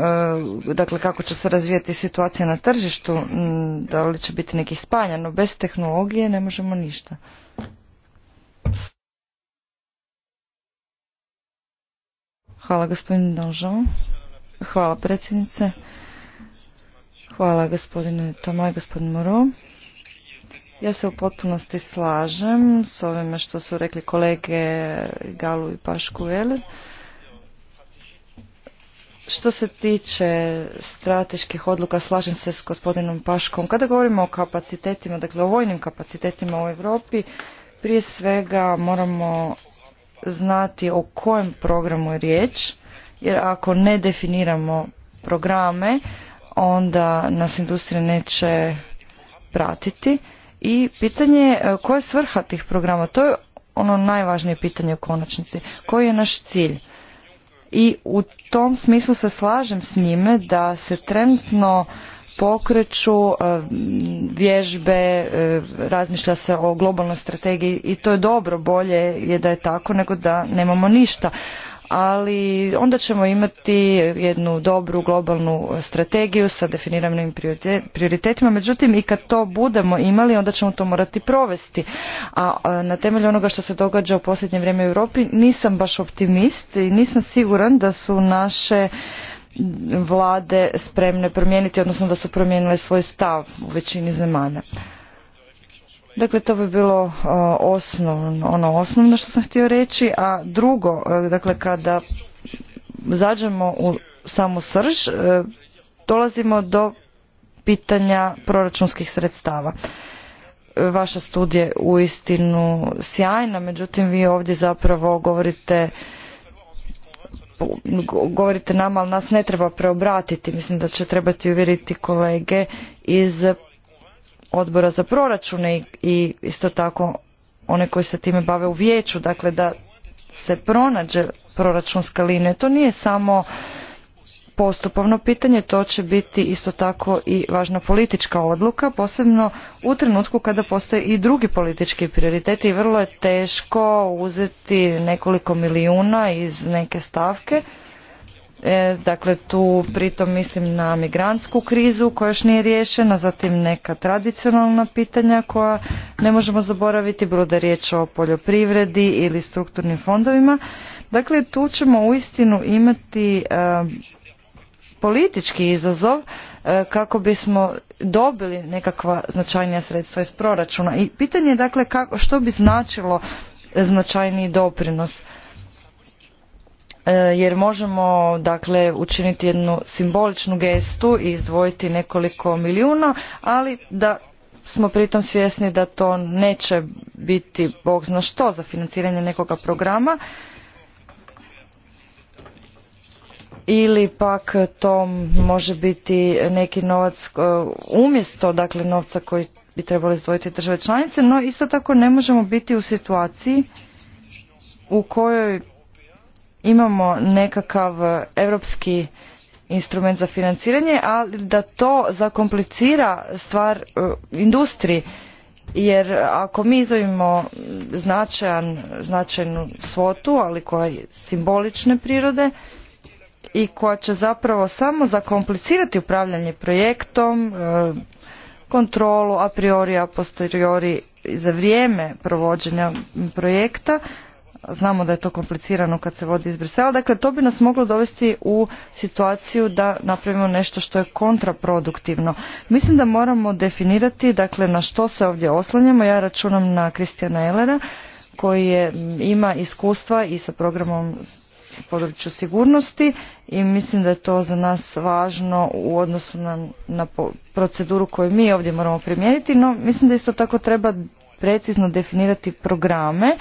e, dakle, kako će se razvijati situacija na tržištu, da li će biti nekih spanja, no bez tehnologije ne možemo ništa. Hvala gospodine Hvala predsjednice. Hvala gospodine Tomaj, gospodin Moro. Ja se u potpunosti slažem s ovime što su rekli kolege Galu i Pašku Što se tiče strateških odluka, slažem se s gospodinom Paškom. Kada govorimo o kapacitetima, dakle o vojnim kapacitetima u Europi, prije svega moramo znati o kojem programu je riječ, jer ako ne definiramo programe, onda nas industrija neće pratiti i pitanje je e, koja je svrha tih programa. To je ono najvažnije pitanje u konačnici. Koji je naš cilj? I u tom smislu se slažem s njime da se trenutno pokreću e, vježbe, e, razmišlja se o globalnoj strategiji i to je dobro, bolje je da je tako nego da nemamo ništa ali onda ćemo imati jednu dobru globalnu strategiju sa definiranim prioritetima. Međutim, i kad to budemo imali, onda ćemo to morati provesti. A na temelju onoga što se događa u posljednje vrijeme u Europi, nisam baš optimist i nisam siguran da su naše vlade spremne promijeniti, odnosno da su promijenile svoj stav u većini zemalja. Dakle, to bi bilo uh, osnovno, ono osnovno što sam htio reći, a drugo, uh, dakle, kada zađemo u samu srž, uh, dolazimo do pitanja proračunskih sredstava. Vaša studija je uistinu sjajna, međutim vi ovdje zapravo govorite govorite nama, ali nas ne treba preobratiti. Mislim da će trebati uvjeriti kolege iz odbora za proračune i isto tako one koji se time bave u vijeću, dakle da se pronađe proračunska linija. To nije samo postupovno pitanje, to će biti isto tako i važna politička odluka, posebno u trenutku kada postoje i drugi politički prioriteti i vrlo je teško uzeti nekoliko milijuna iz neke stavke E, dakle, tu pritom mislim na migrantsku krizu koja još nije riješena, zatim neka tradicionalna pitanja koja ne možemo zaboraviti, bilo da je riječ o poljoprivredi ili strukturnim fondovima. Dakle, tu ćemo uistinu imati e, politički izazov e, kako bismo dobili nekakva značajnija sredstva iz proračuna. I pitanje je dakle kako, što bi značilo značajniji doprinos E, jer možemo dakle učiniti jednu simboličnu gestu i izdvojiti nekoliko milijuna, ali da smo pritom svjesni da to neće biti bog zna što za financiranje nekoga programa ili pak to može biti neki novac e, umjesto dakle novca koji bi trebali izdvojiti države članice, no isto tako ne možemo biti u situaciji u kojoj imamo nekakav europski instrument za financiranje, ali da to zakomplicira stvar e, industriji. Jer ako mi izvojimo značajnu svotu, ali koja je simbolične prirode i koja će zapravo samo zakomplicirati upravljanje projektom, e, kontrolu a priori a posteriori za vrijeme provođenja projekta, znamo da je to komplicirano kad se vodi iz Brisela, dakle to bi nas moglo dovesti u situaciju da napravimo nešto što je kontraproduktivno. Mislim da moramo definirati dakle na što se ovdje oslanjamo, ja računam na Kristijana Elera koji je, ima iskustva i sa programom području sigurnosti i mislim da je to za nas važno u odnosu na, na proceduru koju mi ovdje moramo primijeniti, no mislim da isto tako treba precizno definirati programe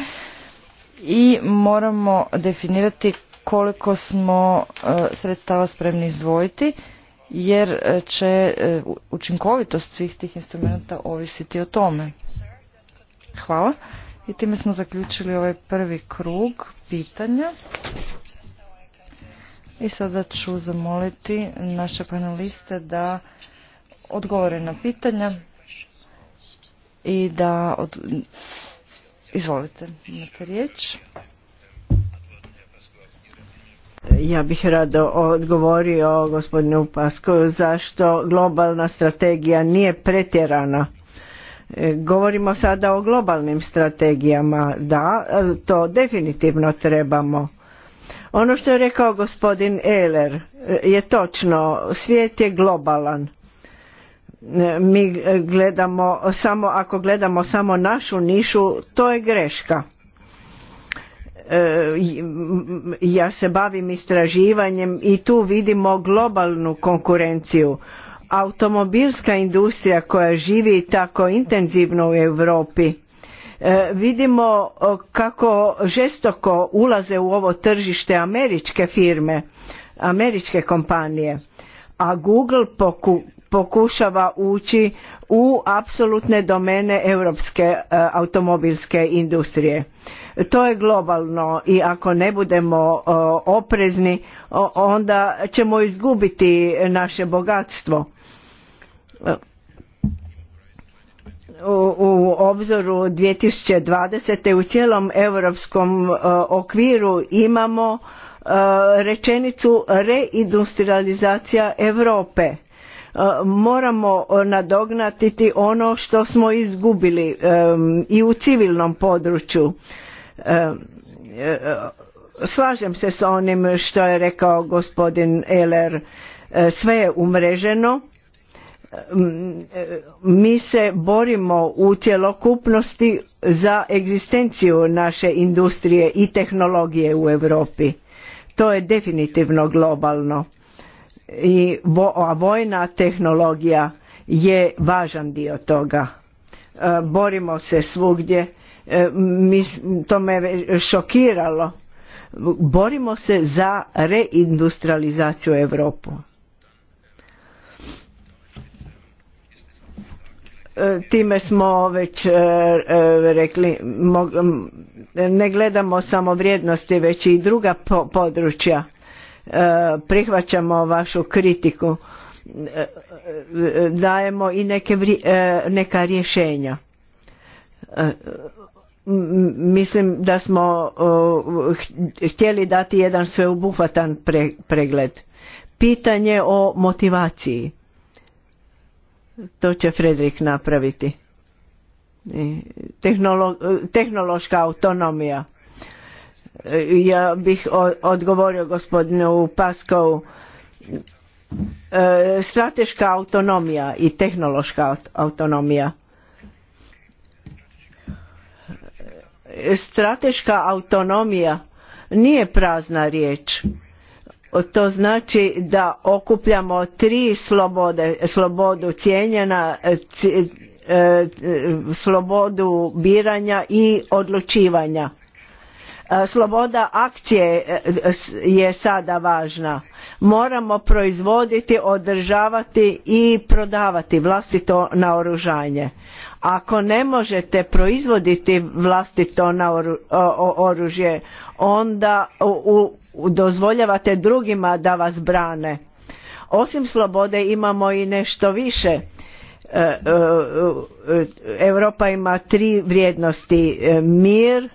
i moramo definirati koliko smo e, sredstava spremni izdvojiti jer e, će e, učinkovitost svih tih instrumenta ovisiti o tome. Hvala. I time smo zaključili ovaj prvi krug pitanja. I sada ću zamoliti naše paneliste da odgovore na pitanja i da Izvolite, imate riječ. Ja bih rado odgovorio gospodinu Pasku zašto globalna strategija nije pretjerana. E, govorimo sada o globalnim strategijama, da, to definitivno trebamo. Ono što je rekao gospodin Ehler e, je točno, svijet je globalan E, mi e, gledamo samo ako gledamo samo našu nišu to je greška e, ja se bavim istraživanjem i tu vidimo globalnu konkurenciju automobilska industrija koja živi tako intenzivno u Europi vidimo kako žestoko ulaze u ovo tržište američke firme američke kompanije a Google poku, pokušava ući u apsolutne domene europske e, automobilske industrije. To je globalno i ako ne budemo e, oprezni onda ćemo izgubiti naše bogatstvo. U, u obzoru 2020. u cijelom europskom e, okviru imamo rečenicu reindustrializacija Europe E, moramo e, nadognatiti ono što smo izgubili e, i u civilnom području slažem se s onim što je rekao gospodin Eler sve je umreženo mi se borimo u cjelokupnosti za egzistenciju naše industrije i tehnologije u Europi to je definitivno globalno i vojna tehnologija je važan dio toga. E, borimo se svugdje, e, to me šokiralo. Borimo se za reindustrializaciju Europu. E, time smo već rekli ne gledamo samo vrijednosti već i druga područja E, prihvaćamo vašu kritiku e, dajemo i neke, e, neka rješenja mislim da smo htjeli dati jedan sveobuhvatan pregled pitanje o motivaciji to će Fredrik napraviti tehnološka autonomija ja bih odgovorio gospodinu Paskovu e, strateška autonomija i tehnološka autonomija. Strateška autonomija nije prazna riječ. To znači da okupljamo tri slobode, slobodu cijenjena, e, slobodu biranja i odlučivanja E, sloboda akcije e, je sada važna moramo proizvoditi održavati i prodavati vlastito naoružanje ako ne možete proizvoditi vlastito o, oružje onda dozvoljavate drugima da vas brane osim slobode imamo i nešto više e, europa ima tri vrijednosti mir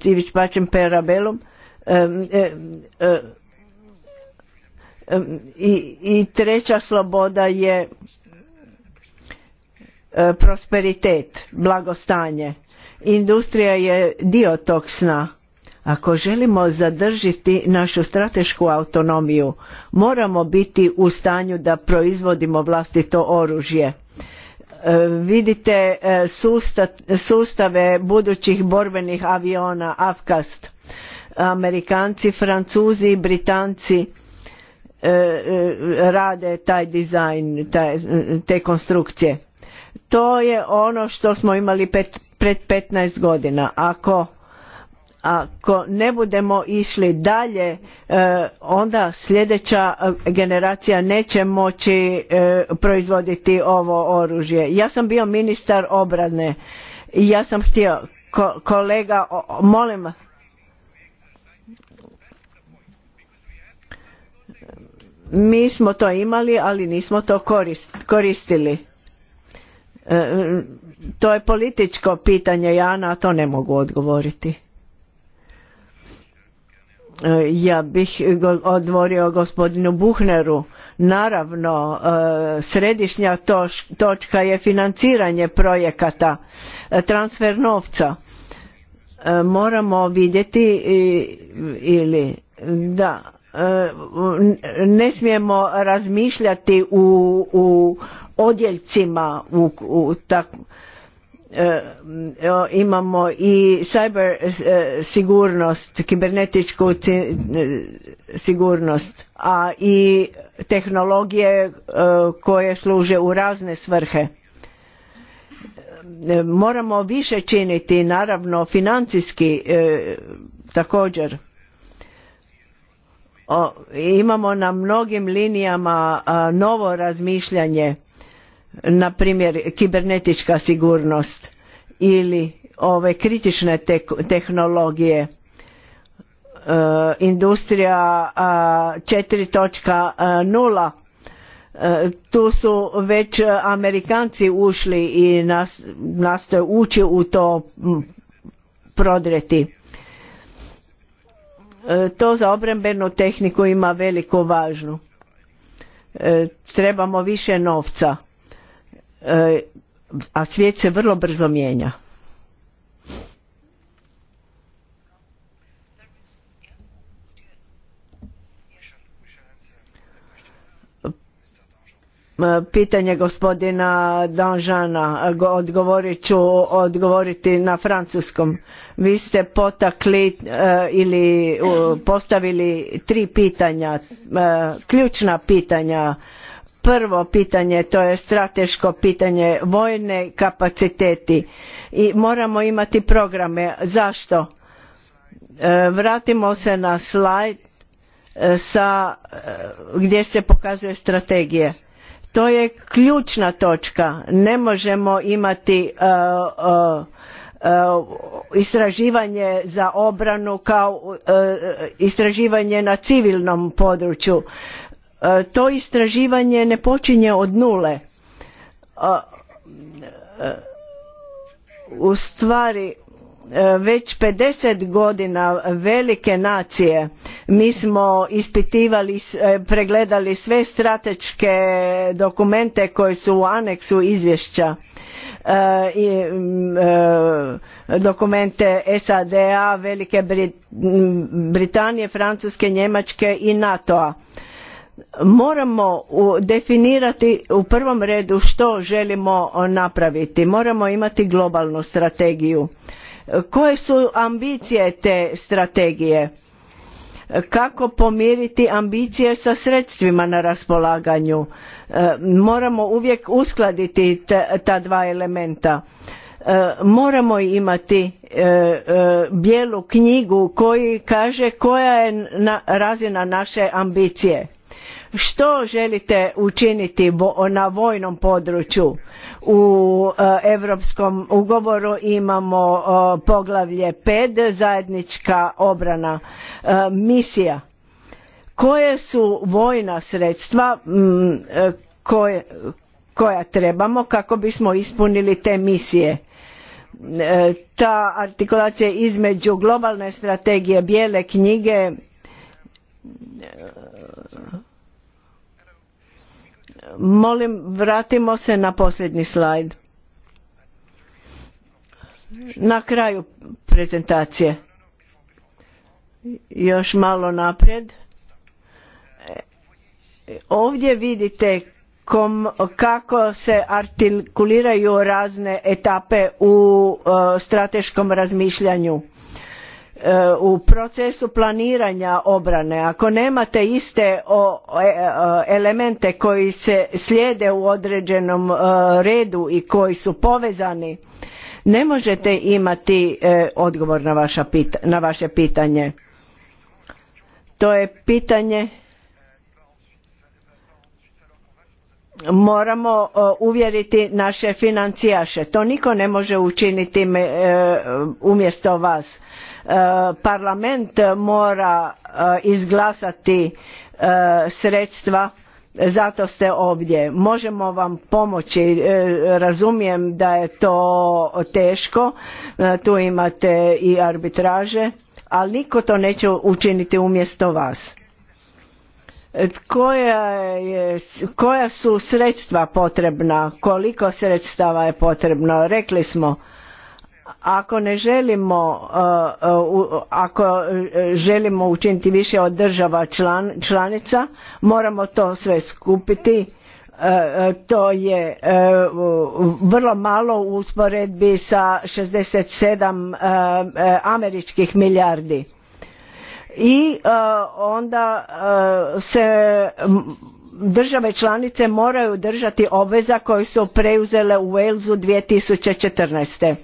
Tivić Perabelom i, treća sloboda je e, prosperitet, blagostanje. Industrija je dio tog sna. Ako želimo zadržiti našu stratešku autonomiju, moramo biti u stanju da proizvodimo vlastito oružje. E, vidite e, sustave budućih borbenih aviona Afkast. Amerikanci, Francuzi, i Britanci e, rade taj dizajn, te konstrukcije. To je ono što smo imali pred 15 godina. Ako ako ne budemo išli dalje e, onda sljedeća e, generacija neće moći e, proizvoditi ovo oružje ja sam bio ministar obrane i ja sam htio kolega molim vas mi smo to imali ali nismo to koristili to je političko pitanje ja na to ne mogu odgovoriti E, ja bih odvorio gospodinu Buhneru. Naravno, e, središnja točka je financiranje projekata, e, transfer novca. Moramo vidjeti ili da ne smijemo razmišljati u, odjeljcima u, u Eh, eh, imamo i cyber eh, sigurnost, kibernetičku sigurnost, a i tehnologije koje služe u razne svrhe. Moramo više činiti, naravno financijski također. Imamo na mnogim linijama novo razmišljanje na primjer kibernetička sigurnost ili ove kritične tehnologije e, industrija 4.0 e, e, tu su već Amerikanci ušli i nastoje ući u to prodreti. To za obrambenu tehniku ima veliku važnu. Trebamo više novca E, a svijet se vrlo brzo mijenja. E, pitanje gospodina Danžana odgovorit ću odgovoriti na francuskom vi ste potakli e, ili postavili tri pitanja ključna pitanja prvo pitanje, to je strateško pitanje, vojne kapaciteti i moramo imati programe. Zašto? E, vratimo se na slajd e, sa, e, gdje se pokazuje strategije. To je ključna točka. Ne možemo imati istraživanje za obranu kao istraživanje na civilnom području E, to istraživanje ne počinje od nule e, e, u stvari već 50 godina velike nacije mi smo ispitivali, pregledali sve strateške dokumente koji su u aneksu izvješća i mm, dokumente sad Velike Britanije, Francuske, Njemačke i NATO-a moramo definirati u prvom redu što želimo napraviti moramo imati globalnu strategiju koje su ambicije te strategije kako pomiriti ambicije sa sredstvima na raspolaganju e, moramo uvijek uskladiti ta dva elementa e, moramo imati e, bijelu knjigu koji kaže koja je razina naše ambicije što želite učiniti na vojnom području u europskom ugovoru imamo poglavlje 5 zajednička obrana e, misija koje su vojna sredstva e, koja trebamo kako bismo ispunili te misije e, ta artikulacija između globalne strategije bijele knjige Molim, vratimo se na posljednji slajd. Na kraju prezentacije. Još malo naprijed. Ovdje vidite kom, kako se artikuliraju razne etape u e, strateškom razmišljanju E, u procesu planiranja obrane ako nemate iste e, e, elemente koji se slijede u određenom redu i koji su povezani ne možete imati odgovor na, vaša vaše pitanje to je pitanje moramo uvjeriti naše financijaše to niko ne može učiniti umjesto vas parlament mora eh, izglasati eh, sredstva zato ste ovdje možemo vam pomoći eh, razumijem da je to teško tu imate i arbitraže ali niko to neće učiniti umjesto vas koja, je, koja su sredstva potrebna koliko sredstava je potrebno rekli smo ako ne želimo uh, uh, ako uh, želimo učiniti više od država član, članica moramo to sve skupiti to je vrlo malo u usporedbi sa 67 američkih milijardi i onda se države članice moraju držati obveza koje su preuzele u Walesu 2014.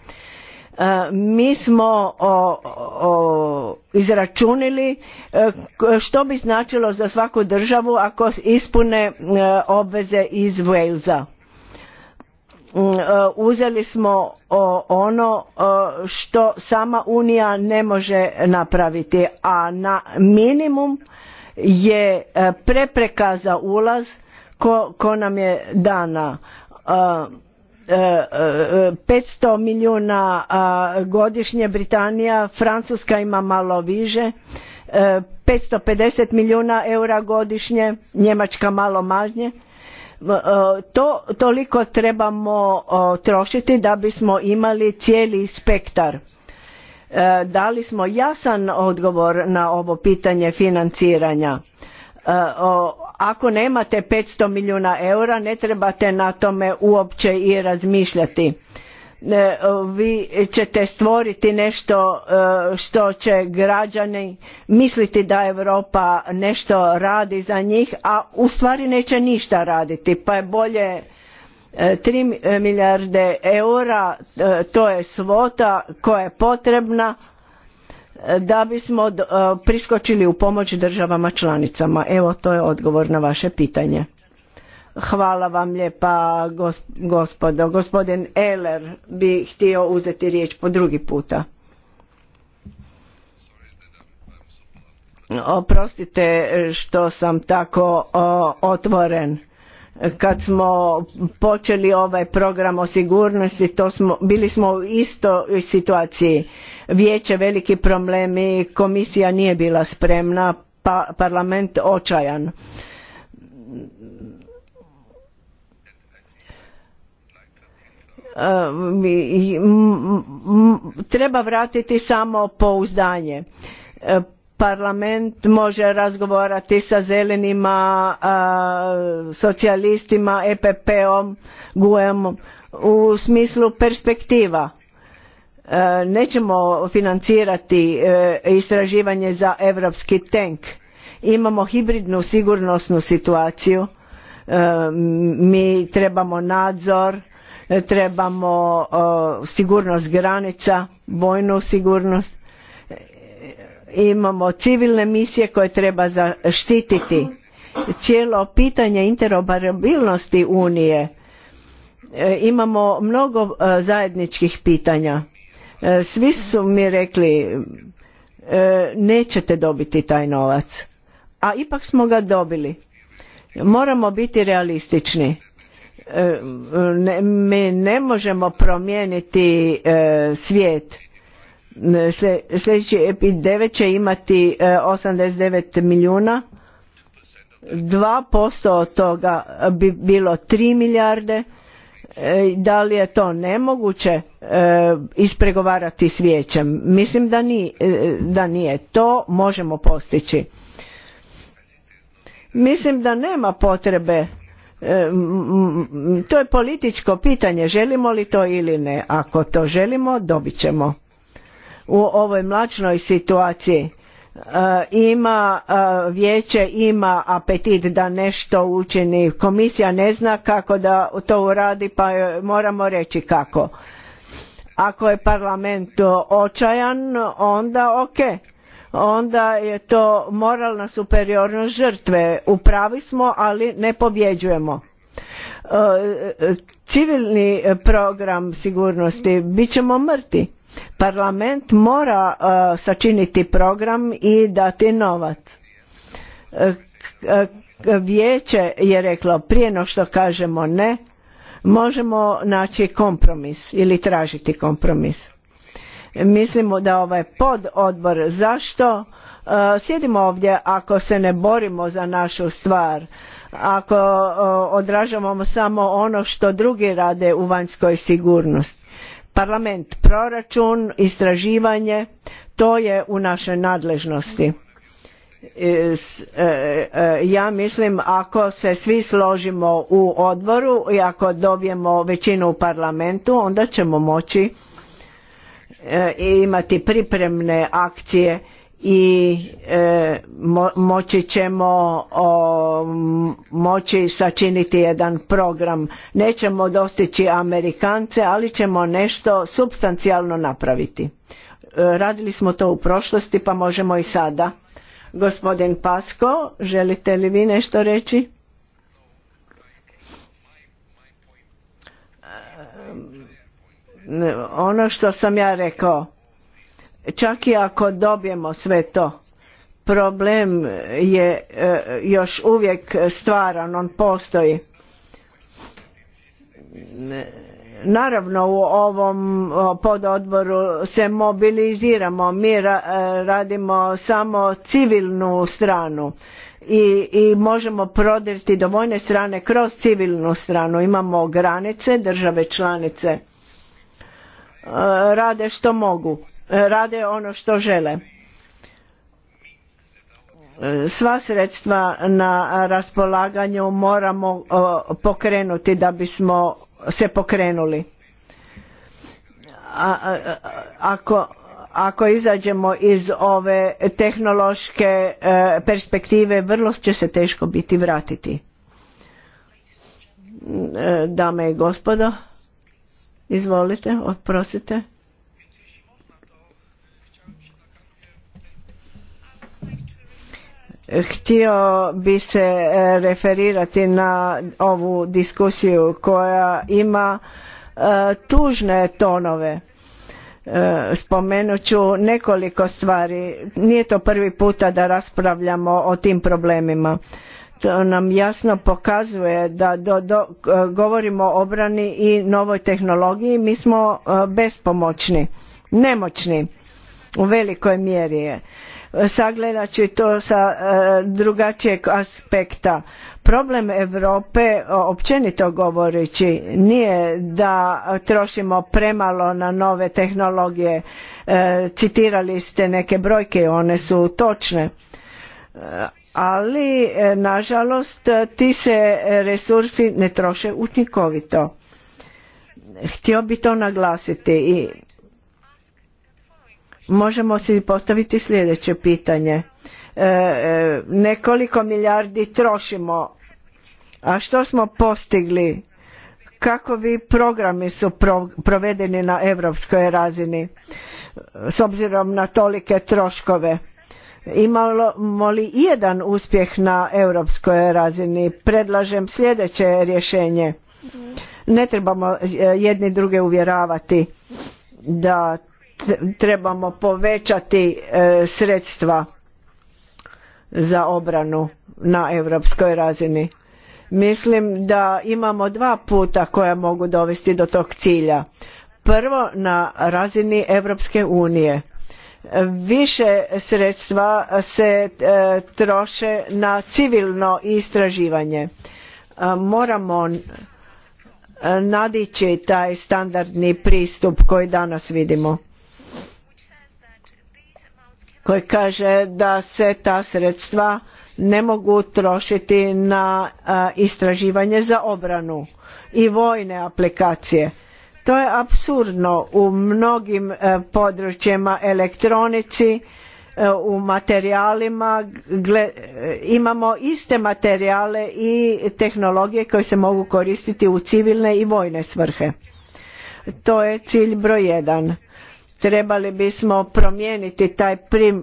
E, mi smo o, izračunili e, što bi značilo za svaku državu ako ispune e, obveze iz Walesa. Mm, uzeli smo ono što sama Unija ne može napraviti, a na minimum je prepreka za ulaz ko, ko nam je dana. 500 e, e, milijuna godišnje Britanija, Francuska ima malo više, 550 e, milijuna eura godišnje, Njemačka malo manje. To toliko trebamo trošiti da bismo imali cijeli spektar. Dali smo jasan odgovor na ovo pitanje financiranja E, ako nemate 500 milijuna eura ne trebate na tome uopće i razmišljati e, vi ćete stvoriti nešto e, što će građani misliti da Europa nešto radi za njih, a u stvari neće ništa raditi. Pa je bolje 3 milijarde eura, to je svota koja je potrebna da bismo e, priskočili u pomoć državama članicama. Evo to je odgovor na vaše pitanje. Hvala vam lijepa gospodo. Gospodin Eler bi htio uzeti riječ po drugi puta. Oprostite što sam tako otvoren kad smo počeli ovaj program o sigurnosti to smo, bili smo u istoj situaciji vijeće veliki problemi, komisija nije bila spremna, pa, parlament očajan. E, treba vratiti samo pouzdanje. E, parlament može razgovarati sa zelenima, e, socijalistima, EPP-om, GUE-om u smislu perspektiva E, nećemo financirati e, istraživanje za europski tank imamo hibridnu sigurnosnu situaciju e, mi trebamo nadzor trebamo sigurnost granica vojnu sigurnost imamo civilne misije koje treba zaštititi cijelo pitanje interoperabilnosti unije imamo mnogo zajedničkih pitanja E, svi su mi rekli e, nećete dobiti taj novac, a ipak smo ga dobili. Moramo biti realistični. E, ne, mi ne možemo promijeniti svijet. sljedeći EPI 9 će imati 89 milijuna. 2% od toga bi bilo 3 milijarde. E, da li je to nemoguće e, ispregovarati s vijećem mislim da nije, da nije to možemo postići mislim da nema potrebe e, to je političko pitanje želimo li to ili ne ako to želimo dobit ćemo u ovoj mlačnoj situaciji E, ima e, vijeće ima apetit da nešto učini komisija ne zna kako da to uradi pa moramo reći kako ako je parlament očajan onda ok onda je to moralna superiornost žrtve u smo ali ne pobjeđujemo e, civilni program sigurnosti bit ćemo mrti Parlament mora e, sačiniti program i dati novac. E, e, vijeće je reklo prije no što kažemo ne, možemo naći kompromis ili tražiti kompromis. Mislimo da ovaj pododbor zašto sjedimo ovdje ako se ne borimo za našu stvar, ako odražavamo samo ono što drugi rade u vanjskoj sigurnosti parlament proračun istraživanje to je u našoj nadležnosti e, e, e, ja mislim ako se svi složimo u odboru i ako dobijemo većinu u parlamentu onda ćemo moći imati pripremne akcije i e, moći ćemo moći sačiniti jedan program. Nećemo dostići Amerikance, ali ćemo nešto substancijalno napraviti. E, radili smo to u prošlosti, pa možemo i sada. Gospodin Pasko, želite li vi nešto reći? E, ono što sam ja rekao, Čak i ako dobijemo sve to, problem je e, još uvijek stvaran, on postoji. Naravno u ovom pododboru se mobiliziramo, mi e, radimo samo civilnu stranu i, i možemo prodrti do vojne strane kroz civilnu stranu. Imamo granice, države članice e, rade što mogu E, rade ono što žele e, sva sredstva na raspolaganju moramo pokrenuti da bismo se pokrenuli ako ako izađemo iz ove tehnološke e, perspektive vrlo će se teško biti vratiti dame i gospodo izvolite odprosite. Htio bi se e, referirati na ovu diskusiju koja ima e, tužne tonove. E, spomenut ću nekoliko stvari. Nije to prvi puta da raspravljamo o tim problemima. To nam jasno pokazuje da do, govorimo o obrani i novoj tehnologiji. Mi smo bespomoćni, nemoćni u velikoj mjeri je sagledat ću to sa e, drugačijeg aspekta. Problem Europe općenito govoreći nije da trošimo premalo na nove tehnologije. E, citirali ste neke brojke, one su točne. E, ali, nažalost, ti se resursi ne troše učinkovito. Htio bi to naglasiti i možemo si postaviti sljedeće pitanje. E, e, nekoliko milijardi trošimo, a što smo postigli? Kakovi programi su provedeni na europskoj razini s obzirom na tolike troškove? Imamo li jedan uspjeh na europskoj razini? Predlažem sljedeće rješenje. Ne trebamo e, jedni druge uvjeravati da trebamo povećati e, sredstva za obranu na europskoj razini. Mislim da imamo dva puta koja mogu dovesti do tog cilja. Prvo na razini Europske unije. Više sredstva se e, troše na civilno istraživanje. E, moramo nadići taj standardni pristup koji danas vidimo koji kaže da se ta sredstva ne mogu trošiti na istraživanje za obranu i vojne aplikacije. To je apsurdno u mnogim e, područjima elektronici, e, u materijalima e, imamo iste materijale i tehnologije koje se mogu koristiti u civilne i vojne svrhe. To je cilj broj jedan trebali bismo promijeniti taj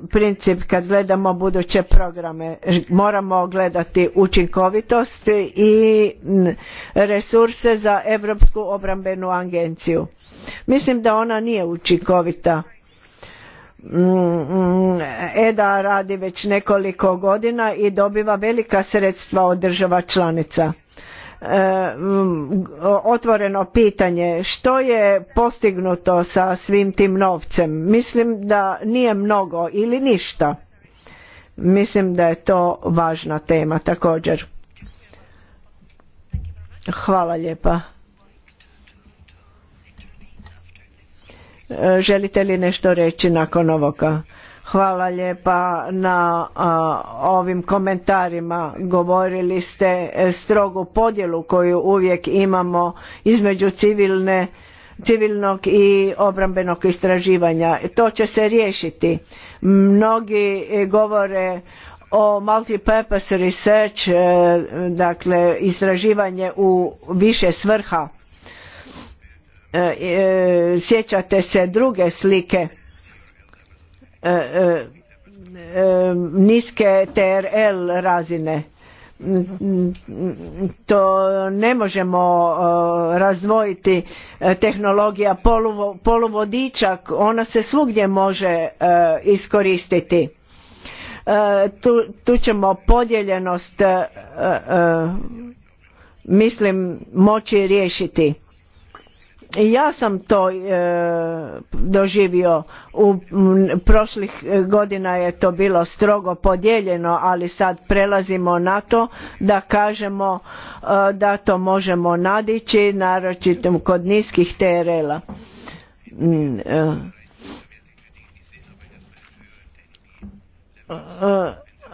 princip kad gledamo buduće programe moramo gledati učinkovitost i resurse za europsku obrambenu agenciju mislim da ona nije učinkovita mm, mm, eda radi već nekoliko godina i dobiva velika sredstva od država članica E, otvoreno pitanje što je postignuto sa svim tim novcem. Mislim da nije mnogo ili ništa. Mislim da je to važna tema također. Hvala lijepa. E, želite li nešto reći nakon ovoga? Hvala lijepa na ovim komentarima. Govorili ste e, strogu podjelu koju uvijek imamo između civilne, civilnog i obrambenog istraživanja. To će se riješiti. Mnogi e, govore o multi-purpose research, e, dakle istraživanje u više svrha. Sjećate se druge slike E, e, e, niske TRL razine to ne možemo razvojiti tehnologija poluvodiča ona se svugdje može iskoristiti tu, tu ćemo podijeljenost mislim moći riješiti ja sam to e, doživio u prošlih e, godina je to bilo strogo podijeljeno ali sad prelazimo na to da kažemo e, da to možemo nadići naročito kod niskih TRL-a mm,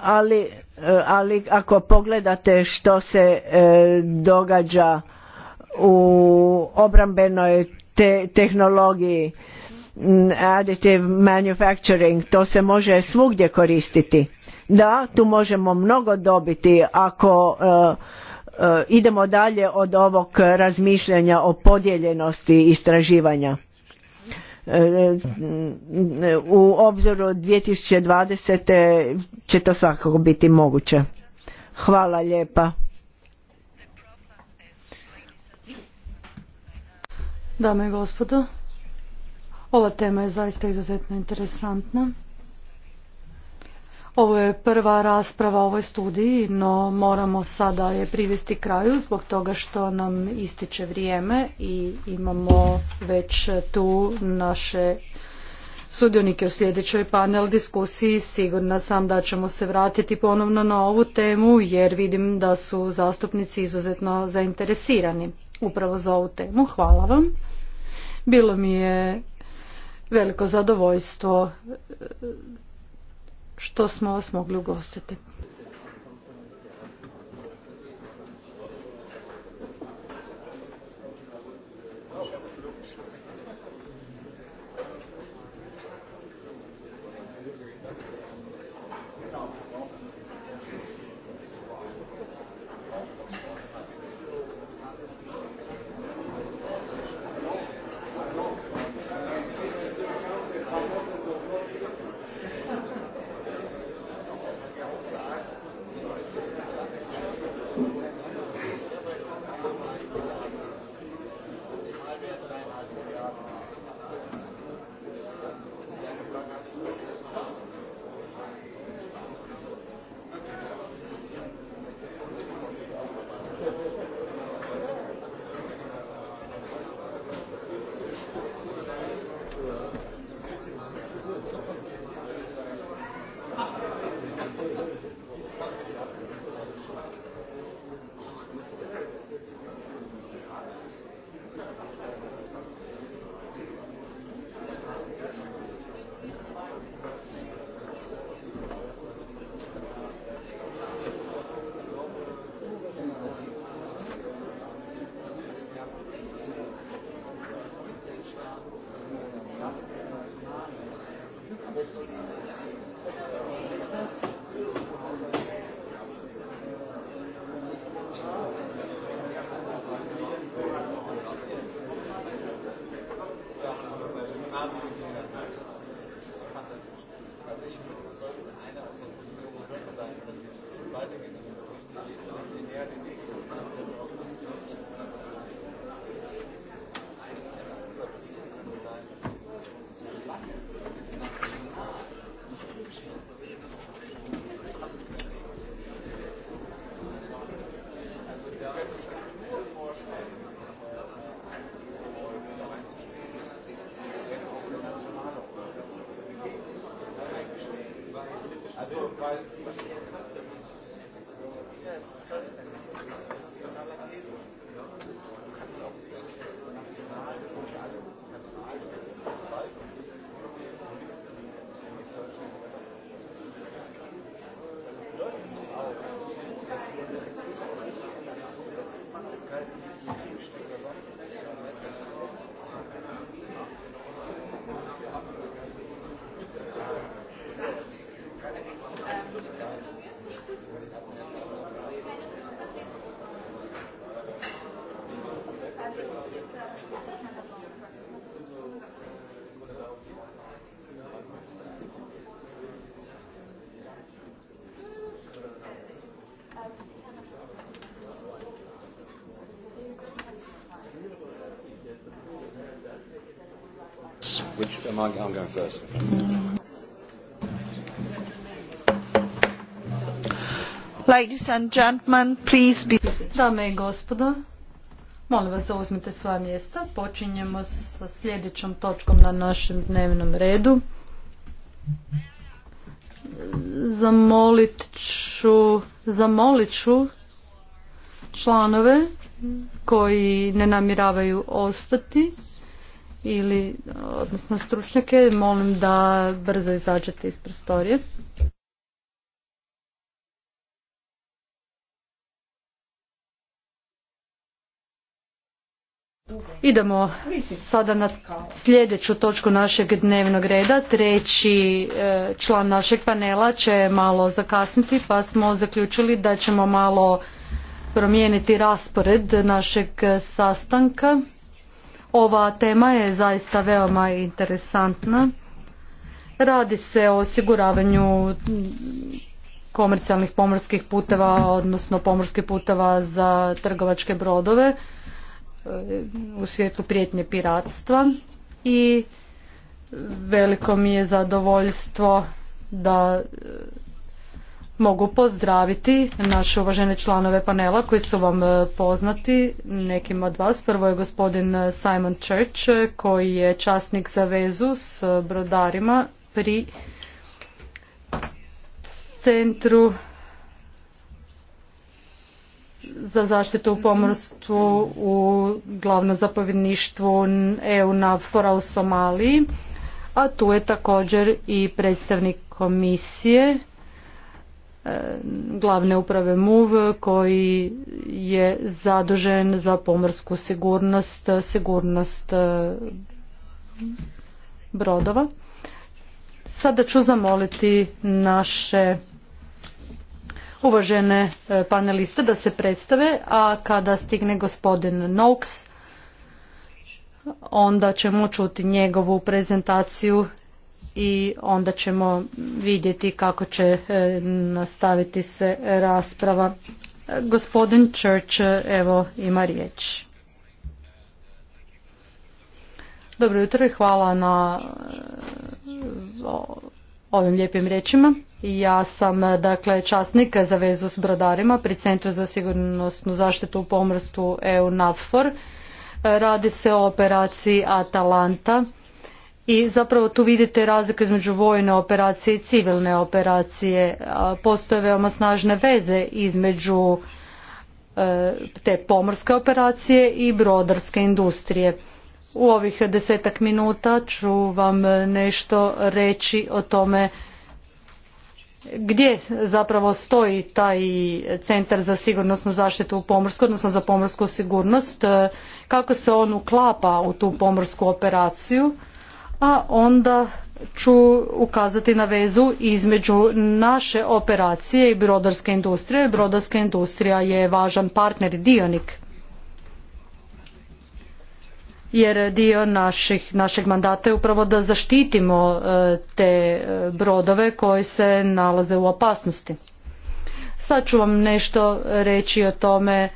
ali, ali ako pogledate što se događa u obrambenoj te tehnologiji mm, additive manufacturing to se može svugdje koristiti da tu možemo mnogo dobiti ako e, e, idemo dalje od ovog razmišljanja o podijeljenosti istraživanja e, mm, u obzoru 2020. će to svakako biti moguće. Hvala lijepa. Dame i gospodo, ova tema je zaista izuzetno interesantna. Ovo je prva rasprava o ovoj studiji, no moramo sada je privesti kraju zbog toga što nam ističe vrijeme i imamo već tu naše sudionike u sljedećoj panel diskusiji. Sigurna sam da ćemo se vratiti ponovno na ovu temu jer vidim da su zastupnici izuzetno zainteresirani upravo za ovu temu. Hvala vam. Bilo mi je veliko zadovoljstvo eh, što smo vas mogli ugostiti. što kaže I'm going Ladies and gentlemen, please be... Dame i gospodo, molim vas da zauzmite svoje mjesta. Počinjemo sa sljedećom točkom na našem dnevnom redu. Zamolit ću, zamolit ću članove koji ne namiravaju ostati ili odnosno stručnjake molim da brzo izađete iz prostorije. Idemo sada na sljedeću točku našeg dnevnog reda. Treći e, član našeg panela će malo zakasniti pa smo zaključili da ćemo malo promijeniti raspored našeg sastanka. Ova tema je zaista veoma interesantna. Radi se o osiguravanju komercijalnih pomorskih puteva, odnosno pomorskih puteva za trgovačke brodove e, u svijetu prijetnje piratstva i veliko mi je zadovoljstvo da mogu pozdraviti naše uvažene članove panela koji su vam e, poznati nekim od vas. Prvo je gospodin Simon Church e, koji je časnik za vezu s brodarima pri centru za zaštitu u pomorstvu u glavno zapovjedništvu EU NAVFORA u Somaliji. A tu je također i predstavnik komisije glavne uprave MUV koji je zadužen za pomorsku sigurnost, sigurnost e, brodova. Sada ću zamoliti naše uvažene e, paneliste da se predstave, a kada stigne gospodin Noakes, onda ćemo čuti njegovu prezentaciju i onda ćemo vidjeti kako će e, nastaviti se rasprava. E, gospodin Church, e, evo ima riječ. Dobro jutro i hvala na ovim lijepim riječima. Ja sam dakle časnik za vezu s brodarima pri Centru za sigurnosnu zaštitu u pomrstu EU NAFOR Radi se o operaciji Atalanta i zapravo tu vidite razliku između vojne operacije i civilne operacije. Postoje veoma snažne veze između e, te pomorske operacije i brodarske industrije. U ovih desetak minuta ću vam nešto reći o tome gdje zapravo stoji taj centar za sigurnosnu zaštitu u pomorsku, odnosno za pomorsku sigurnost, e, kako se on uklapa u tu pomorsku operaciju a onda ću ukazati na vezu između naše operacije i brodarske industrije. Brodarska industrija je važan partner i dionik jer dio naših, našeg mandata je upravo da zaštitimo e, te e, brodove koji se nalaze u opasnosti. Sad ću vam nešto reći o tome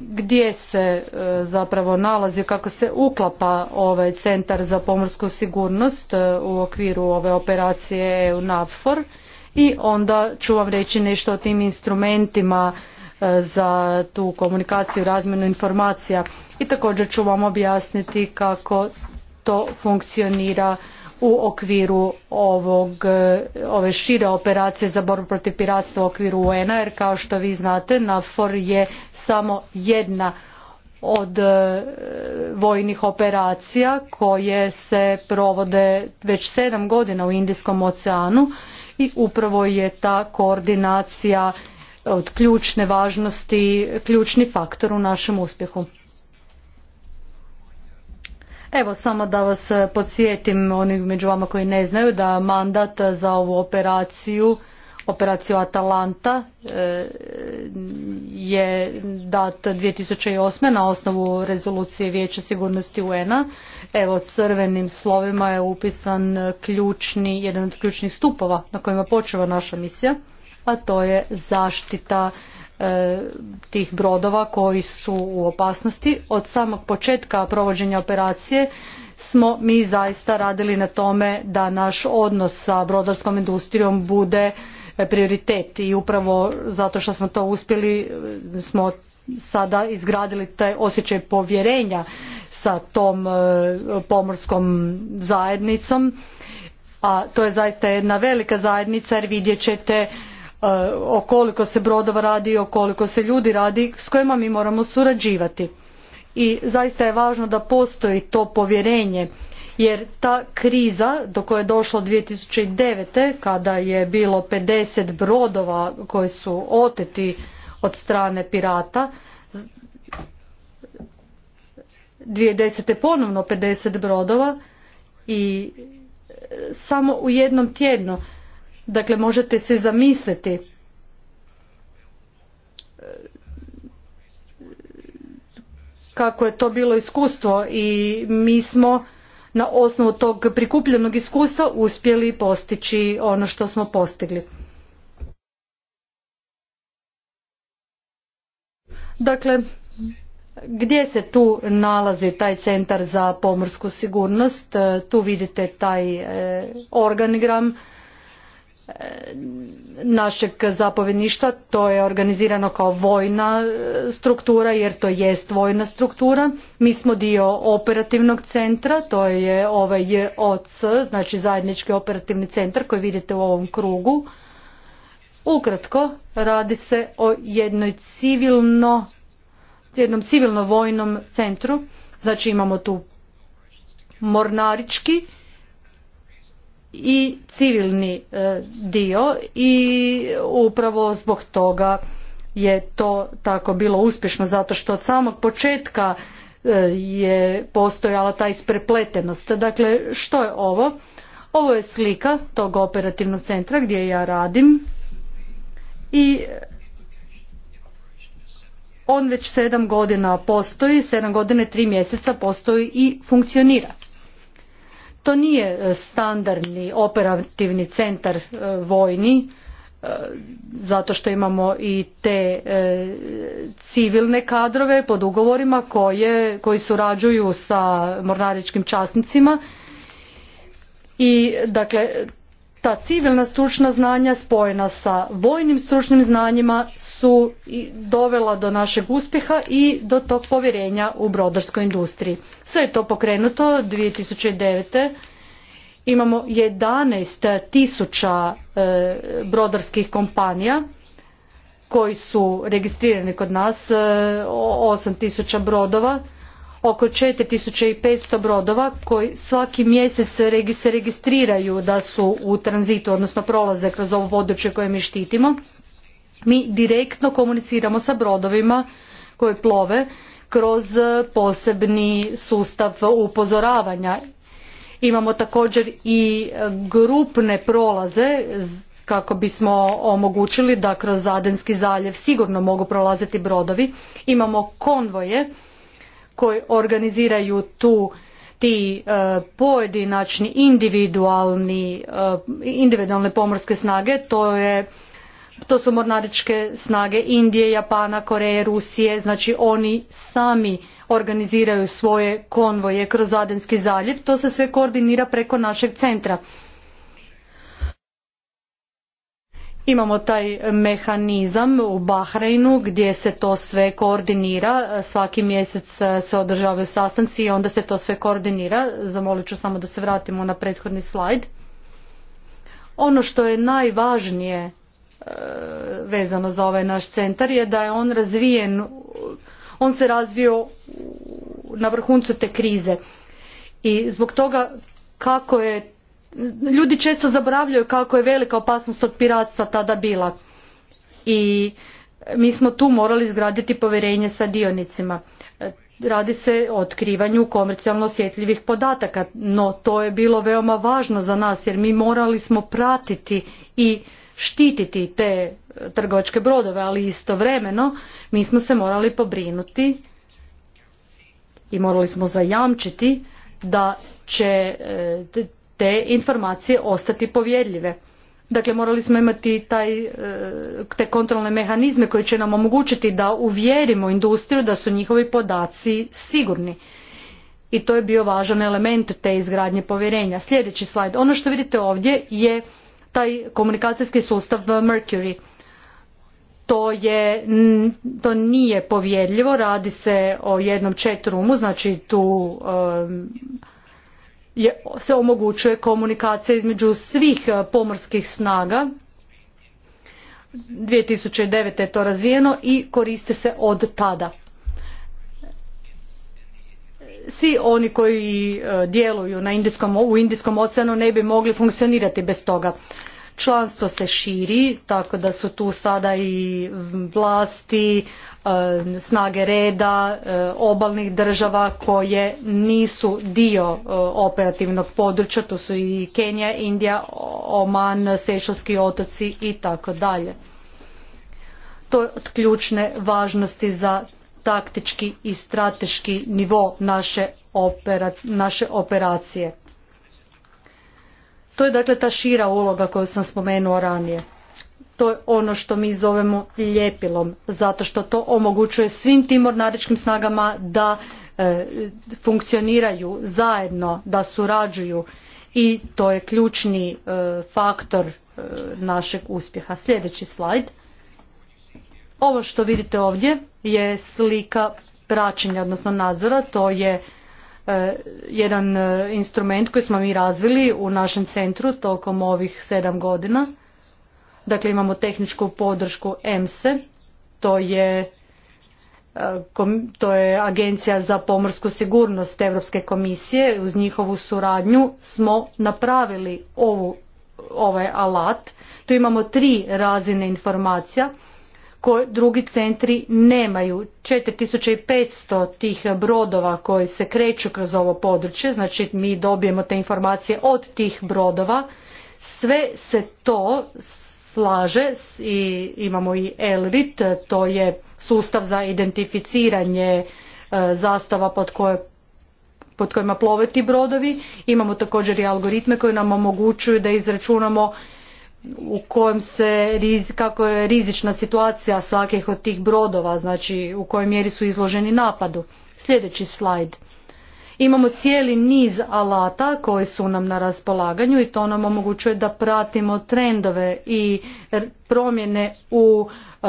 gdje se e, zapravo nalazi, kako se uklapa ovaj centar za pomorsku sigurnost e, u okviru ove operacije EU NAVFOR i onda ću vam reći nešto o tim instrumentima e, za tu komunikaciju i razmjenu informacija i također ću vam objasniti kako to funkcionira u okviru ovog, e, ove šire operacije za borbu protiv piratstva u okviru un jer kao što vi znate NAFOR je samo jedna od e, vojnih operacija koje se provode već sedam godina u Indijskom oceanu i upravo je ta koordinacija od ključne važnosti ključni faktor u našem uspjehu. Evo samo da vas e, podsjetim, oni među vama koji ne znaju, da mandat e, za ovu operaciju, operaciju Atalanta, e, je dat 2008. na osnovu rezolucije Vijeća sigurnosti UN-a. Evo crvenim slovima je upisan ključni, jedan od ključnih stupova na kojima počeva naša misija, a to je zaštita E, tih brodova koji su u opasnosti. Od samog početka provođenja operacije smo mi zaista radili na tome da naš odnos sa brodarskom industrijom bude prioritet i upravo zato što smo to uspjeli e, smo sada izgradili taj osjećaj povjerenja sa tom e, pomorskom zajednicom a to je zaista jedna velika zajednica jer vidjet ćete o koliko se brodova radi, o koliko se ljudi radi, s kojima mi moramo surađivati. I zaista je važno da postoji to povjerenje, jer ta kriza do koje je došlo 2009. kada je bilo 50 brodova koji su oteti od strane pirata, 2010. ponovno 50 brodova i samo u jednom tjednu Dakle, možete se zamisliti kako je to bilo iskustvo i mi smo na osnovu tog prikupljenog iskustva uspjeli postići ono što smo postigli. Dakle, gdje se tu nalazi taj centar za pomorsku sigurnost? Tu vidite taj eh, organigram našeg zapovjedništva, to je organizirano kao vojna e, struktura jer to jest vojna struktura. Mi smo dio operativnog centra, to je ovaj JOC, znači zajednički operativni centar koji vidite u ovom krugu. Ukratko, radi se o jednoj civilno, jednom civilno-vojnom centru, znači imamo tu mornarički i civilni e, dio i upravo zbog toga je to tako bilo uspješno zato što od samog početka e, je postojala ta isprepletenost. Dakle, što je ovo? Ovo je slika tog operativnog centra gdje ja radim i on već sedam godina postoji, sedam godine, tri mjeseca postoji i funkcionira. To nije e, standardni operativni centar e, vojni, e, zato što imamo i te civilne kadrove pod ugovorima koji surađuju sa mornaričkim časnicima i dakle ta civilna stručna znanja spojena sa vojnim stručnim znanjima su dovela do našeg uspjeha i do tog povjerenja u brodarskoj industriji. Sve je to pokrenuto 2009. Imamo 11 tisuća e, brodarskih kompanija koji su registrirani kod nas, 8 e, tisuća brodova oko 4500 brodova koji svaki mjesec se registriraju da su u tranzitu, odnosno prolaze kroz ovo područje koje mi štitimo. Mi direktno komuniciramo sa brodovima koji plove kroz posebni sustav upozoravanja. Imamo također i grupne prolaze kako bismo omogućili da kroz Adenski zaljev sigurno mogu prolaziti brodovi. Imamo konvoje koji organiziraju tu ti e, pojedinačni individualni e, individualne pomorske snage to je to su mornaričke snage Indije, Japana, Koreje, Rusije, znači oni sami organiziraju svoje konvoje kroz Adenski zaljev, to se sve koordinira preko našeg centra. Imamo taj mehanizam u Bahreinu gdje se to sve koordinira, svaki mjesec e, se održavaju sastanci i onda se to sve koordinira. Zamolit ću samo da se vratimo na prethodni slajd. Ono što je najvažnije e, vezano za ovaj naš centar je da je on razvijen, on se razvio na vrhuncu te krize i zbog toga kako je ljudi često zaboravljaju kako je velika opasnost od piratstva tada bila i mi smo tu morali izgraditi povjerenje sa dionicima. E, radi se o otkrivanju komercijalno osjetljivih podataka, no to je bilo veoma važno za nas jer mi morali smo pratiti i štititi te e, trgovačke brodove, ali istovremeno mi smo se morali pobrinuti i morali smo zajamčiti da će e, te informacije ostati povjerljive. Dakle, morali smo imati taj, e, te kontrolne mehanizme koji će nam omogućiti da uvjerimo industriju da su njihovi podaci sigurni. I to je bio važan element te izgradnje povjerenja. Sljedeći slajd. Ono što vidite ovdje je taj komunikacijski sustav Mercury. To, je, to nije povjerljivo, radi se o jednom chat roomu, znači tu se omogućuje komunikacija između svih e, pomorskih snaga. 2009. je to razvijeno i koriste se od tada. Svi oni koji e, djeluju na u Indijskom oceanu ne bi mogli funkcionirati bez toga. Članstvo se širi, tako da su tu sada i vlasti, E, snage reda e, obalnih država koje nisu dio e, operativnog područja, to su i Kenija, Indija, Oman, Sešalski otoci i tako dalje. To je od ključne važnosti za taktički i strateški nivo naše, naše operacije. To je dakle ta šira uloga koju sam spomenuo ranije to je ono što mi zovemo ljepilom, zato što to omogućuje svim tim mornaričkim snagama da e, funkcioniraju zajedno, da surađuju i to je ključni e, faktor e, našeg uspjeha. Sljedeći slajd. Ovo što vidite ovdje je slika praćenja, odnosno nadzora, to je jedan instrument koji smo mi razvili u našem centru tokom ovih sedam godina Dakle, imamo tehničku podršku EMSE, to je e, to je Agencija za pomorsku sigurnost Europske komisije. Uz njihovu suradnju smo napravili ovu, ovaj alat. Tu imamo tri razine informacija koje drugi centri nemaju. 4500 tih brodova koji se kreću kroz ovo područje, znači mi dobijemo te informacije od tih brodova. Sve se to slaže i imamo i ELRIT, to je sustav za identificiranje e, zastava pod koje pod kojima plove ti brodovi. Imamo također i algoritme koji nam omogućuju da izračunamo u kojem se kako je rizična situacija svakih od tih brodova, znači u kojoj mjeri su izloženi napadu. Sljedeći slajd. Imamo cijeli niz alata koji su nam na raspolaganju i to nam omogućuje da pratimo trendove i promjene u e,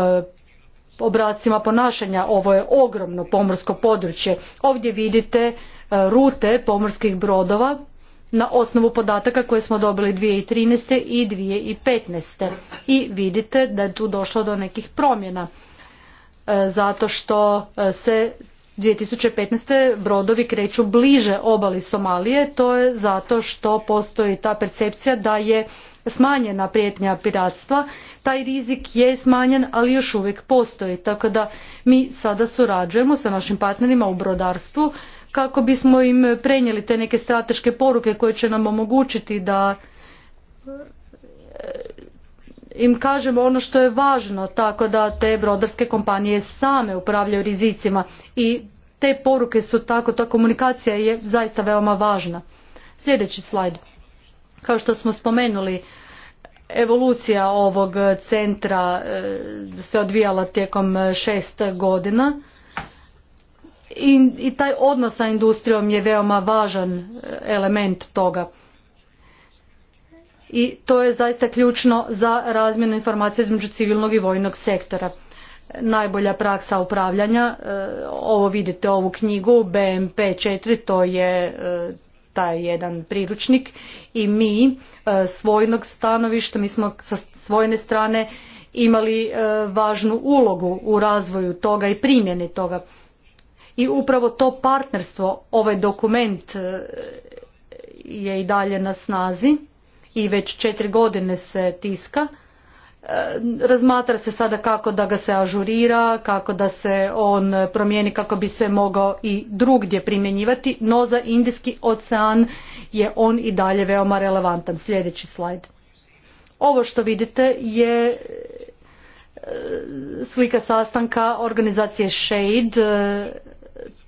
obracima ponašanja. Ovo je ogromno pomorsko područje. Ovdje vidite e, rute pomorskih brodova na osnovu podataka koje smo dobili 2013. i 2015. I vidite da je tu došlo do nekih promjena e, zato što se 2015. brodovi kreću bliže obali Somalije, to je zato što postoji ta percepcija da je smanjena prijetnja piratstva, taj rizik je smanjen, ali još uvijek postoji. Tako da mi sada surađujemo sa našim partnerima u brodarstvu kako bismo im prenijeli te neke strateške poruke koje će nam omogućiti da im kažemo ono što je važno, tako da te brodarske kompanije same upravljaju rizicima i te poruke su tako, ta komunikacija je zaista veoma važna. Sljedeći slajd. Kao što smo spomenuli, evolucija ovog centra e, se odvijala tijekom šest godina i, i taj odnos sa industrijom je veoma važan e, element toga i to je zaista ključno za razmjenu informacija između civilnog i vojnog sektora. Najbolja praksa upravljanja, e, ovo vidite ovu knjigu BMP4, to je e, taj jedan priručnik i mi e, s vojnog stanovišta, mi smo sa svoje strane imali važnu ulogu u razvoju toga i primjeni toga. I upravo to partnerstvo, ovaj dokument je i dalje na snazi i već četiri godine se tiska. E, razmatra se sada kako da ga se ažurira, kako da se on promijeni, kako bi se mogao i drugdje primjenjivati, no za Indijski ocean je on i dalje veoma relevantan. Sljedeći slajd. Ovo što vidite je e, slika sastanka organizacije SHADE, e,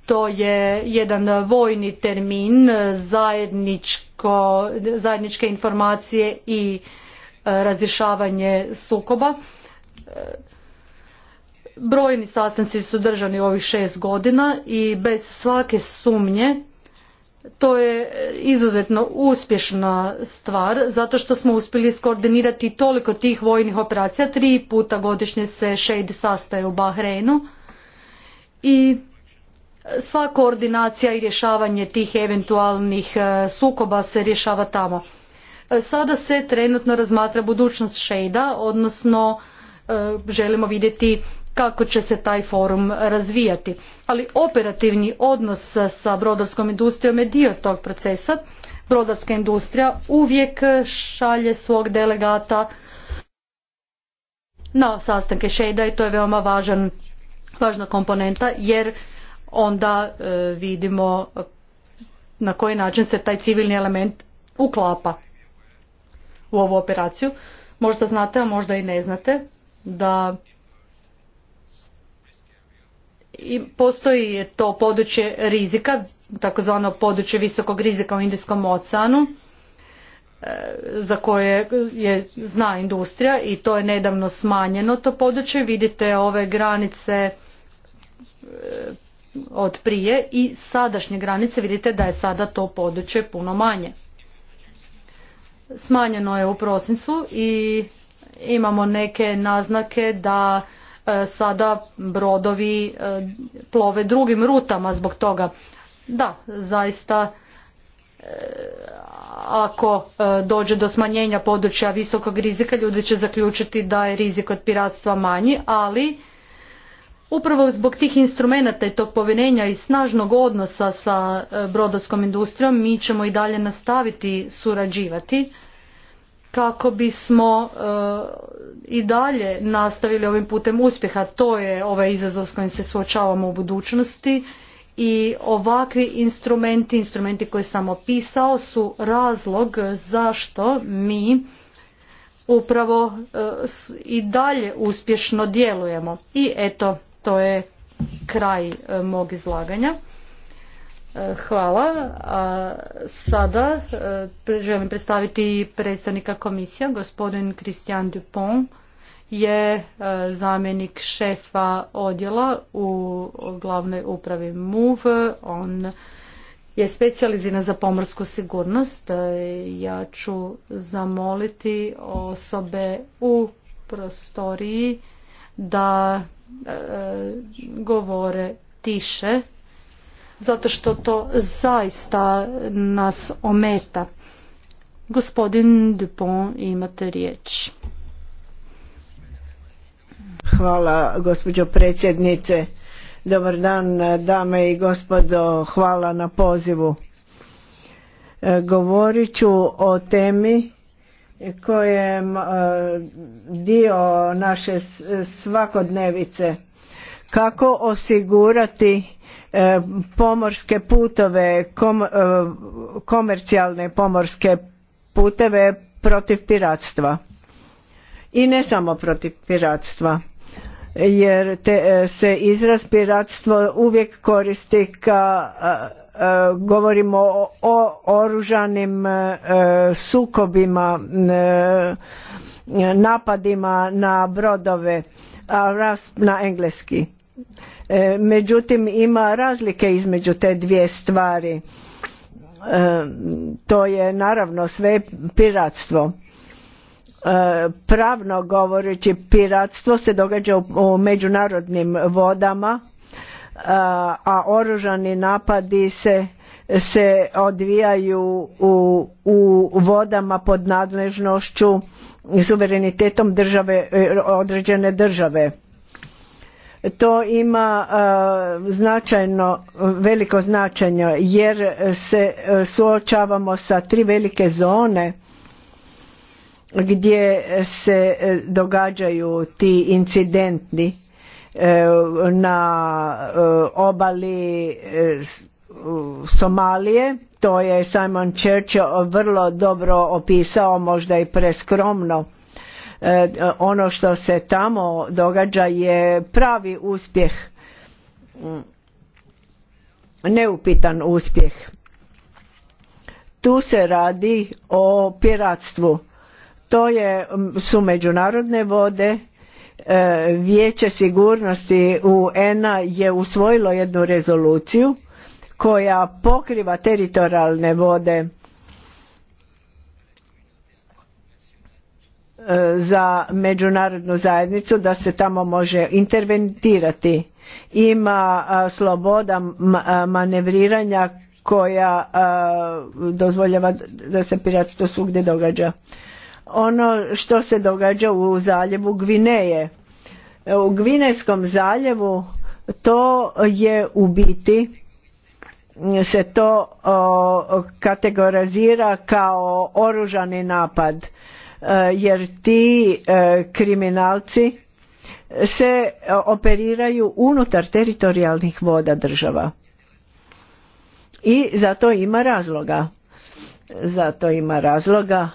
to je jedan vojni termin zajednički zajedničko, zajedničke informacije i e, razrješavanje sukoba. E, brojni sastanci su držani ovih šest godina i bez svake sumnje to je izuzetno uspješna stvar zato što smo uspjeli skoordinirati toliko tih vojnih operacija. Tri puta godišnje se Shade sastaje u Bahreinu i sva koordinacija i rješavanje tih eventualnih e, sukoba se rješava tamo. E, sada se trenutno razmatra budućnost Šejda, odnosno e, želimo vidjeti kako će se taj forum razvijati. Ali operativni odnos sa brodarskom industrijom je dio tog procesa. Brodarska industrija uvijek šalje svog delegata na sastanke Šejda i to je veoma važna komponenta jer onda e, vidimo na koji način se taj civilni element uklapa u ovu operaciju. Možda znate, a možda i ne znate da i postoji to područje rizika, takozvano područje visokog rizika u Indijskom oceanu e, za koje je zna industrija i to je nedavno smanjeno to područje. Vidite ove granice e, od prije i sadašnje granice vidite da je sada to područje puno manje. Smanjeno je u prosincu i imamo neke naznake da e, sada brodovi e, plove drugim rutama zbog toga. Da, zaista e, ako dođe do smanjenja područja visokog rizika ljudi će zaključiti da je rizik od piratstva manji, ali Upravo zbog tih instrumenata i tog povjerenja i snažnog odnosa sa e, brodarskom industrijom mi ćemo i dalje nastaviti surađivati kako bismo e, i dalje nastavili ovim putem uspjeha. To je ovaj izazov s kojim se suočavamo u budućnosti i ovakvi instrumenti, instrumenti koje sam opisao su razlog zašto mi upravo e, i dalje uspješno djelujemo. I eto, to je kraj e, mog izlaganja. E, hvala. sada e, želim predstaviti predstavnika komisija, gospodin Christian Dupont je zamjenik šefa odjela u glavnoj upravi MUV. On je specijaliziran za pomorsku sigurnost. Ja ću zamoliti osobe u prostoriji da E, govore tiše zato što to zaista nas ometa. Gospodin Dupont, imate riječ. Hvala gospođo predsjednice. Dobar dan dame i gospodo, hvala na pozivu. E, govorit ću o temi kojem e, dio naše svakodnevice kako osigurati e, pomorske putove e, komercijalne pomorske puteve protiv piratstva i ne samo protiv piratstva jer se izraz piratstvo uvijek koristi ka govorimo o, oružanim e, sukobima e, napadima na brodove na engleski e, međutim ima razlike između te dvije stvari to je naravno sve piratstvo pravno govoreći piratstvo se događa u međunarodnim vodama a oružani napadi se se odvijaju u, u vodama pod nadležnošću i suverenitetom države, e, određene države. To ima značajno, veliko značenje jer se e, suočavamo sa tri velike zone gdje se e, događaju ti incidentni E, na e, obali e, Somalije, to je Simon Churchill vrlo dobro opisao, možda i preskromno. Ono što se tamo događa je pravi uspjeh, neupitan uspjeh. Tu se radi o piratstvu. To je, su međunarodne vode Eh, Vijeće sigurnosti u ENA je usvojilo jednu rezoluciju koja pokriva teritorijalne vode eh, za međunarodnu zajednicu da se tamo može interventirati ima eh, sloboda manevriranja koja dozvoljava da se piratstvo svugdje događa ono što se događa u zaljevu Gvineje. U Gvinejskom zaljevu to je u biti se to kategorizira kao oružani napad e, jer ti e, kriminalci se e, operiraju unutar teritorijalnih voda država i zato ima razloga zato ima razloga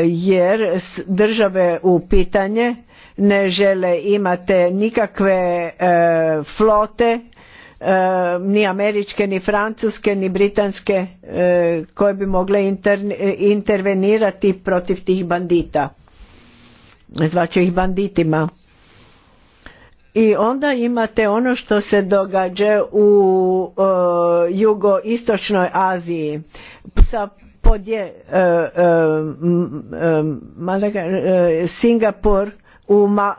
jer države u pitanje ne žele imate nikakve e, flote e, ni američke ni francuske ni britanske e, koje bi mogle intervenirati protiv tih bandita zvaće ih banditima i onda imate ono što se događa u jugoistočnoj Aziji sa podje e, e, e, Singapur u, ma,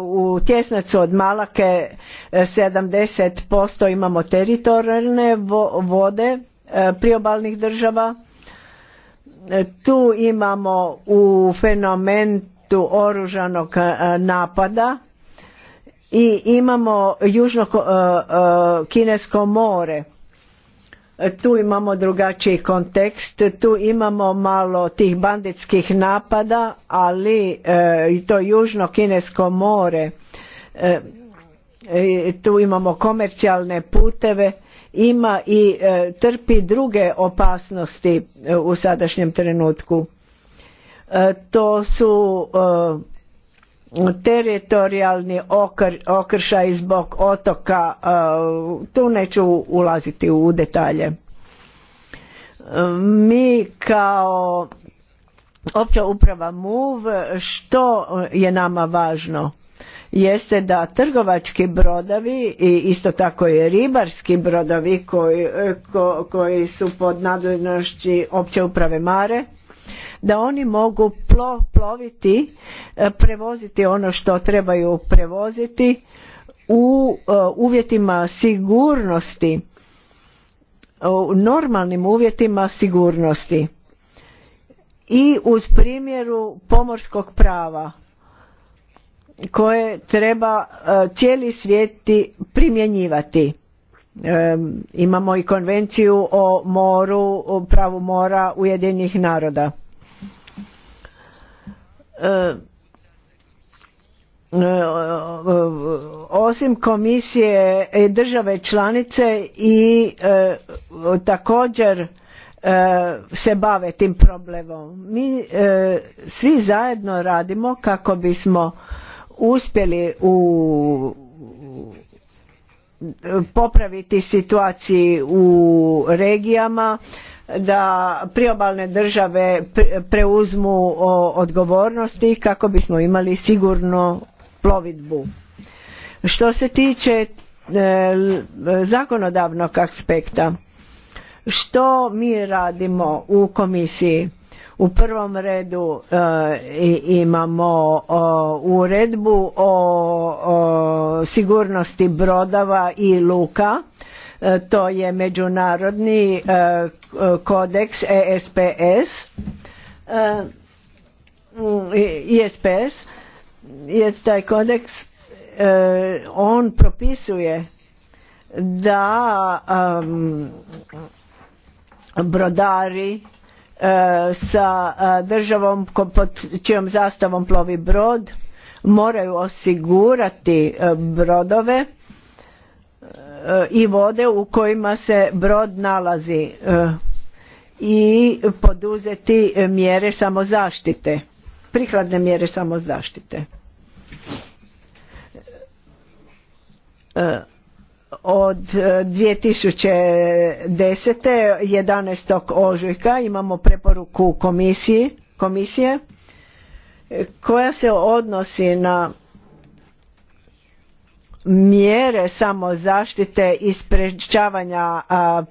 u tjesnacu od Malake 70% imamo teritorijalne vode priobalnih država. Tu imamo u fenomenu oružanog napada i imamo južno kinesko more tu imamo drugačiji kontekst, tu imamo malo tih banditskih napada, ali e, i to južno kinesko more, e, e, tu imamo komercijalne puteve, ima i trpi druge opasnosti u sadašnjem trenutku. To su teritorijalni okr, okršaj zbog otoka, tu neću ulaziti u detalje. E, mi kao opća uprava MUV što je nama važno? jeste da trgovački brodovi i isto tako i ribarski brodovi koji, koji su pod nadležnošću opće uprave mare da oni mogu ploviti, e, prevoziti ono što trebaju prevoziti u e, uvjetima sigurnosti, u normalnim uvjetima sigurnosti i uz primjeru pomorskog prava koje treba e, cijeli svijet primjenjivati. Imamo i konvenciju o moru, o pravu mora Ujedinjenih naroda. E, e, e, osim komisije države članice i također se bave tim problemom. Mi svi zajedno radimo kako bismo uspjeli u popraviti situaciju u regijama da priobalne države preuzmu odgovornosti kako bismo imali sigurnu plovidbu. Što se tiče e, zakonodavnog aspekta, što mi radimo u komisiji? U prvom redu e, imamo uredbu o, o sigurnosti brodava i luka E, to je međunarodni e, kodeks ESPS ISPS e, mm, je taj kodeks on propisuje da brodari sa državom pod čijom zastavom plovi brod moraju osigurati brodove i vode u kojima se brod nalazi e, i poduzeti mjere samozaštite, prikladne mjere samozaštite. E, od 2010. E, 11. ožujka imamo preporuku komisije, komisije koja se odnosi na mjere samozaštite i sprečavanja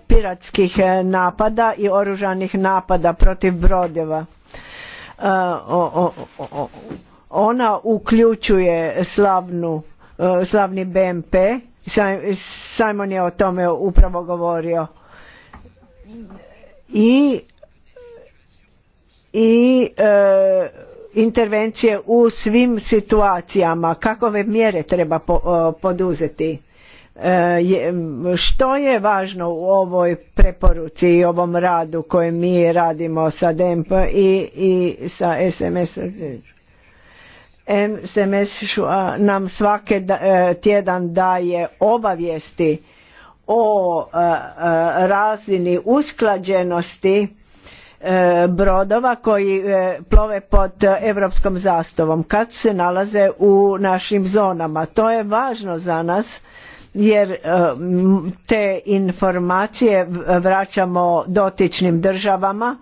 piratskih e, napada i oružanih napada protiv brodova. E, ona uključuje slavnu, e, slavni BMP, Simon je o tome upravo govorio, i i intervencije u svim situacijama, kakove mjere treba poduzeti. E, što je važno u ovoj preporuci i ovom radu koje mi radimo sa DEMP i, i sa SMS? SMS nam svake e, tjedan daje obavijesti o e, razini usklađenosti E, brodova koji e, plove pod europskom zastavom kad se nalaze u našim zonama. To je važno za nas jer e, te informacije vraćamo dotičnim državama,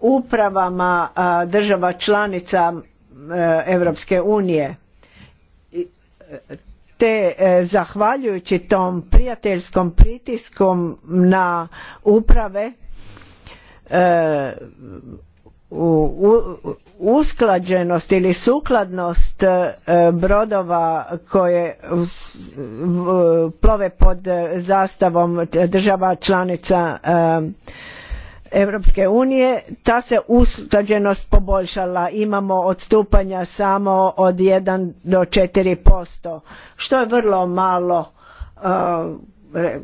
upravama država članica Europske unije. Te zahvaljujući tom prijateljskom pritiskom na uprave usklađenost ili sukladnost e, brodova koje plove pod zastavom država članica e, Europske unije, ta se usklađenost poboljšala. Imamo odstupanja samo od 1 do 4%, što je vrlo malo e,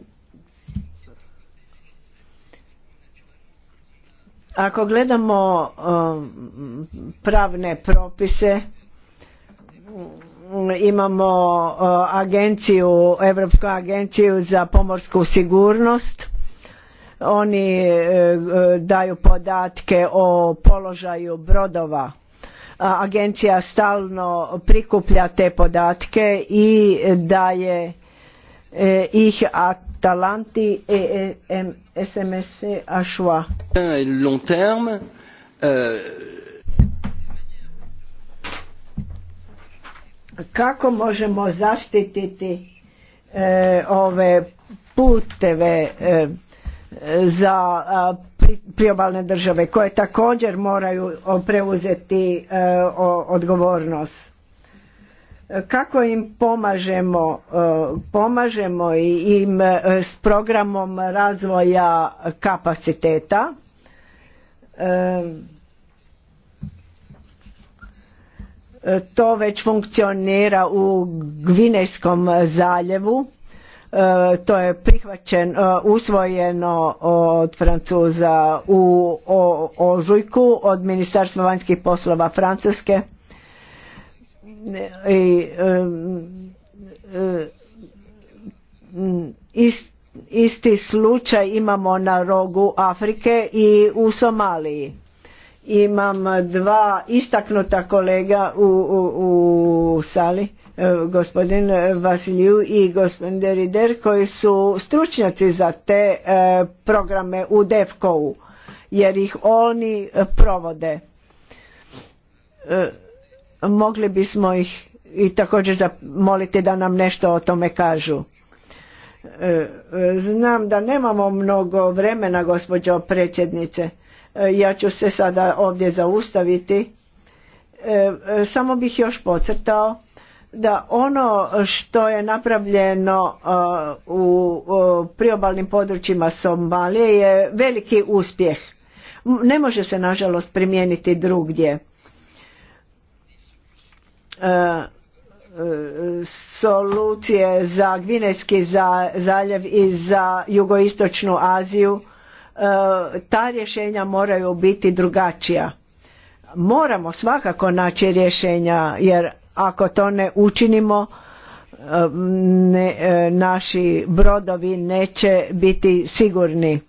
Ako gledamo um, pravne propise, imamo uh, agenciju, Europsku agenciju za pomorsku sigurnost, oni uh, daju podatke o položaju brodova. Agencija stalno prikuplja te podatke i daje uh, ih Talanti et SMSC euh, kako možemo zaštititi eh, ove puteve eh, za eh, priobalne države koje također moraju preuzeti odgovornost kako im pomažemo e, pomažemo im e, s programom razvoja kapaciteta e, to već funkcionira u Gvinejskom zaljevu to je prihvaćen, usvojeno od Francuza u ožujku od Ministarstva vanjskih poslova Francuske isti slučaj imamo na rogu Afrike i u Somaliji. Imam dva istaknuta kolega u, u, u sali, e, gospodin Vasiliju i gospodin Derider, koji su stručnjaci za te e, programe u DEFCO-u, jer ih oni provode e, mogli bismo ih i također zamoliti da nam nešto o tome kažu. E, e, znam da nemamo mnogo vremena, gospođo predsjednice. E, ja ću se sada ovdje zaustaviti. Samo bih još pocrtao da ono što je napravljeno u priobalnim područjima Somalije je veliki uspjeh. Ne može se nažalost primijeniti drugdje E, solucije za Gvinejski zaljev i za jugoistočnu Aziju, e, ta rješenja moraju biti drugačija. Moramo svakako naći rješenja jer ako to ne učinimo e, ne, naši brodovi neće biti sigurni.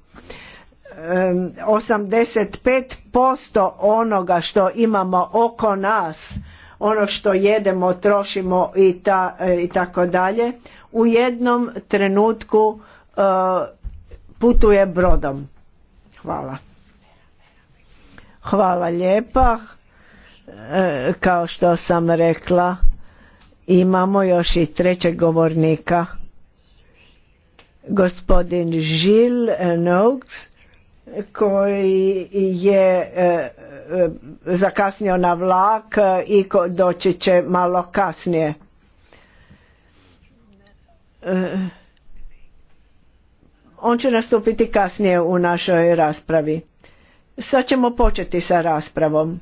85% onoga što imamo oko nas ono što jedemo, trošimo i, ta, e, i tako dalje, u jednom trenutku e, putuje brodom. Hvala. Hvala lijepa. E, kao što sam rekla, imamo još i trećeg govornika, gospodin Žil Noakes koji je e, e, zakasnio na vlak i doći će malo kasnije. E, on će nastupiti kasnije u našoj raspravi. Sad ćemo početi sa raspravom.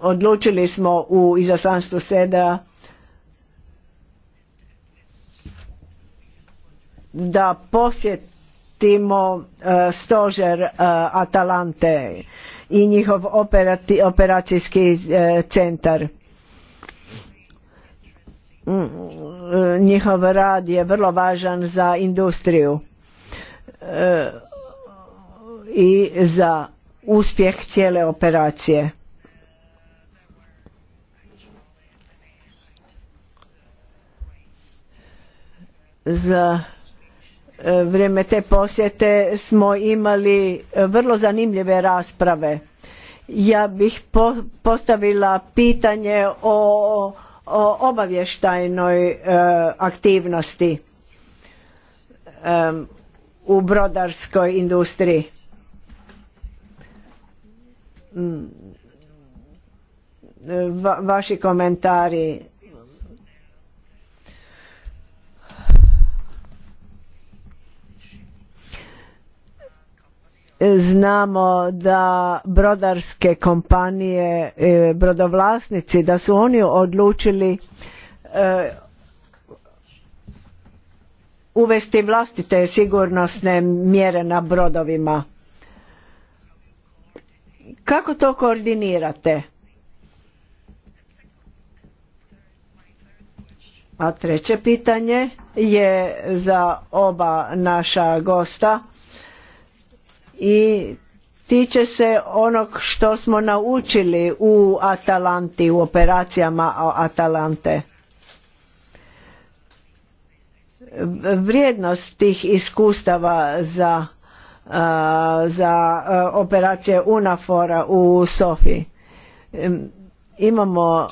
Odlučili smo u izaslanstvu SEDA da posjetimo e, stožer e, Atalante i njihov operati, operacijski e, centar. Mm, njihov rad je vrlo važan za industriju i za uspjeh cijele operacije. Za vrijeme te posjete smo imali e, vrlo zanimljive rasprave. Ja bih postavila pitanje o, o obavještajnoj e, aktivnosti e, u brodarskoj industriji. Mm, va, vaši komentari znamo da brodarske kompanije, e, brodovlasnici, da su oni odlučili e, uvesti vlastite sigurnosne mjere na brodovima. Kako to koordinirate? A treće pitanje je za oba naša gosta i tiče se onog što smo naučili u Atalanti, u operacijama Atalante. Vrijednost tih iskustava za, za operacije Unafora u Sofiji. Imamo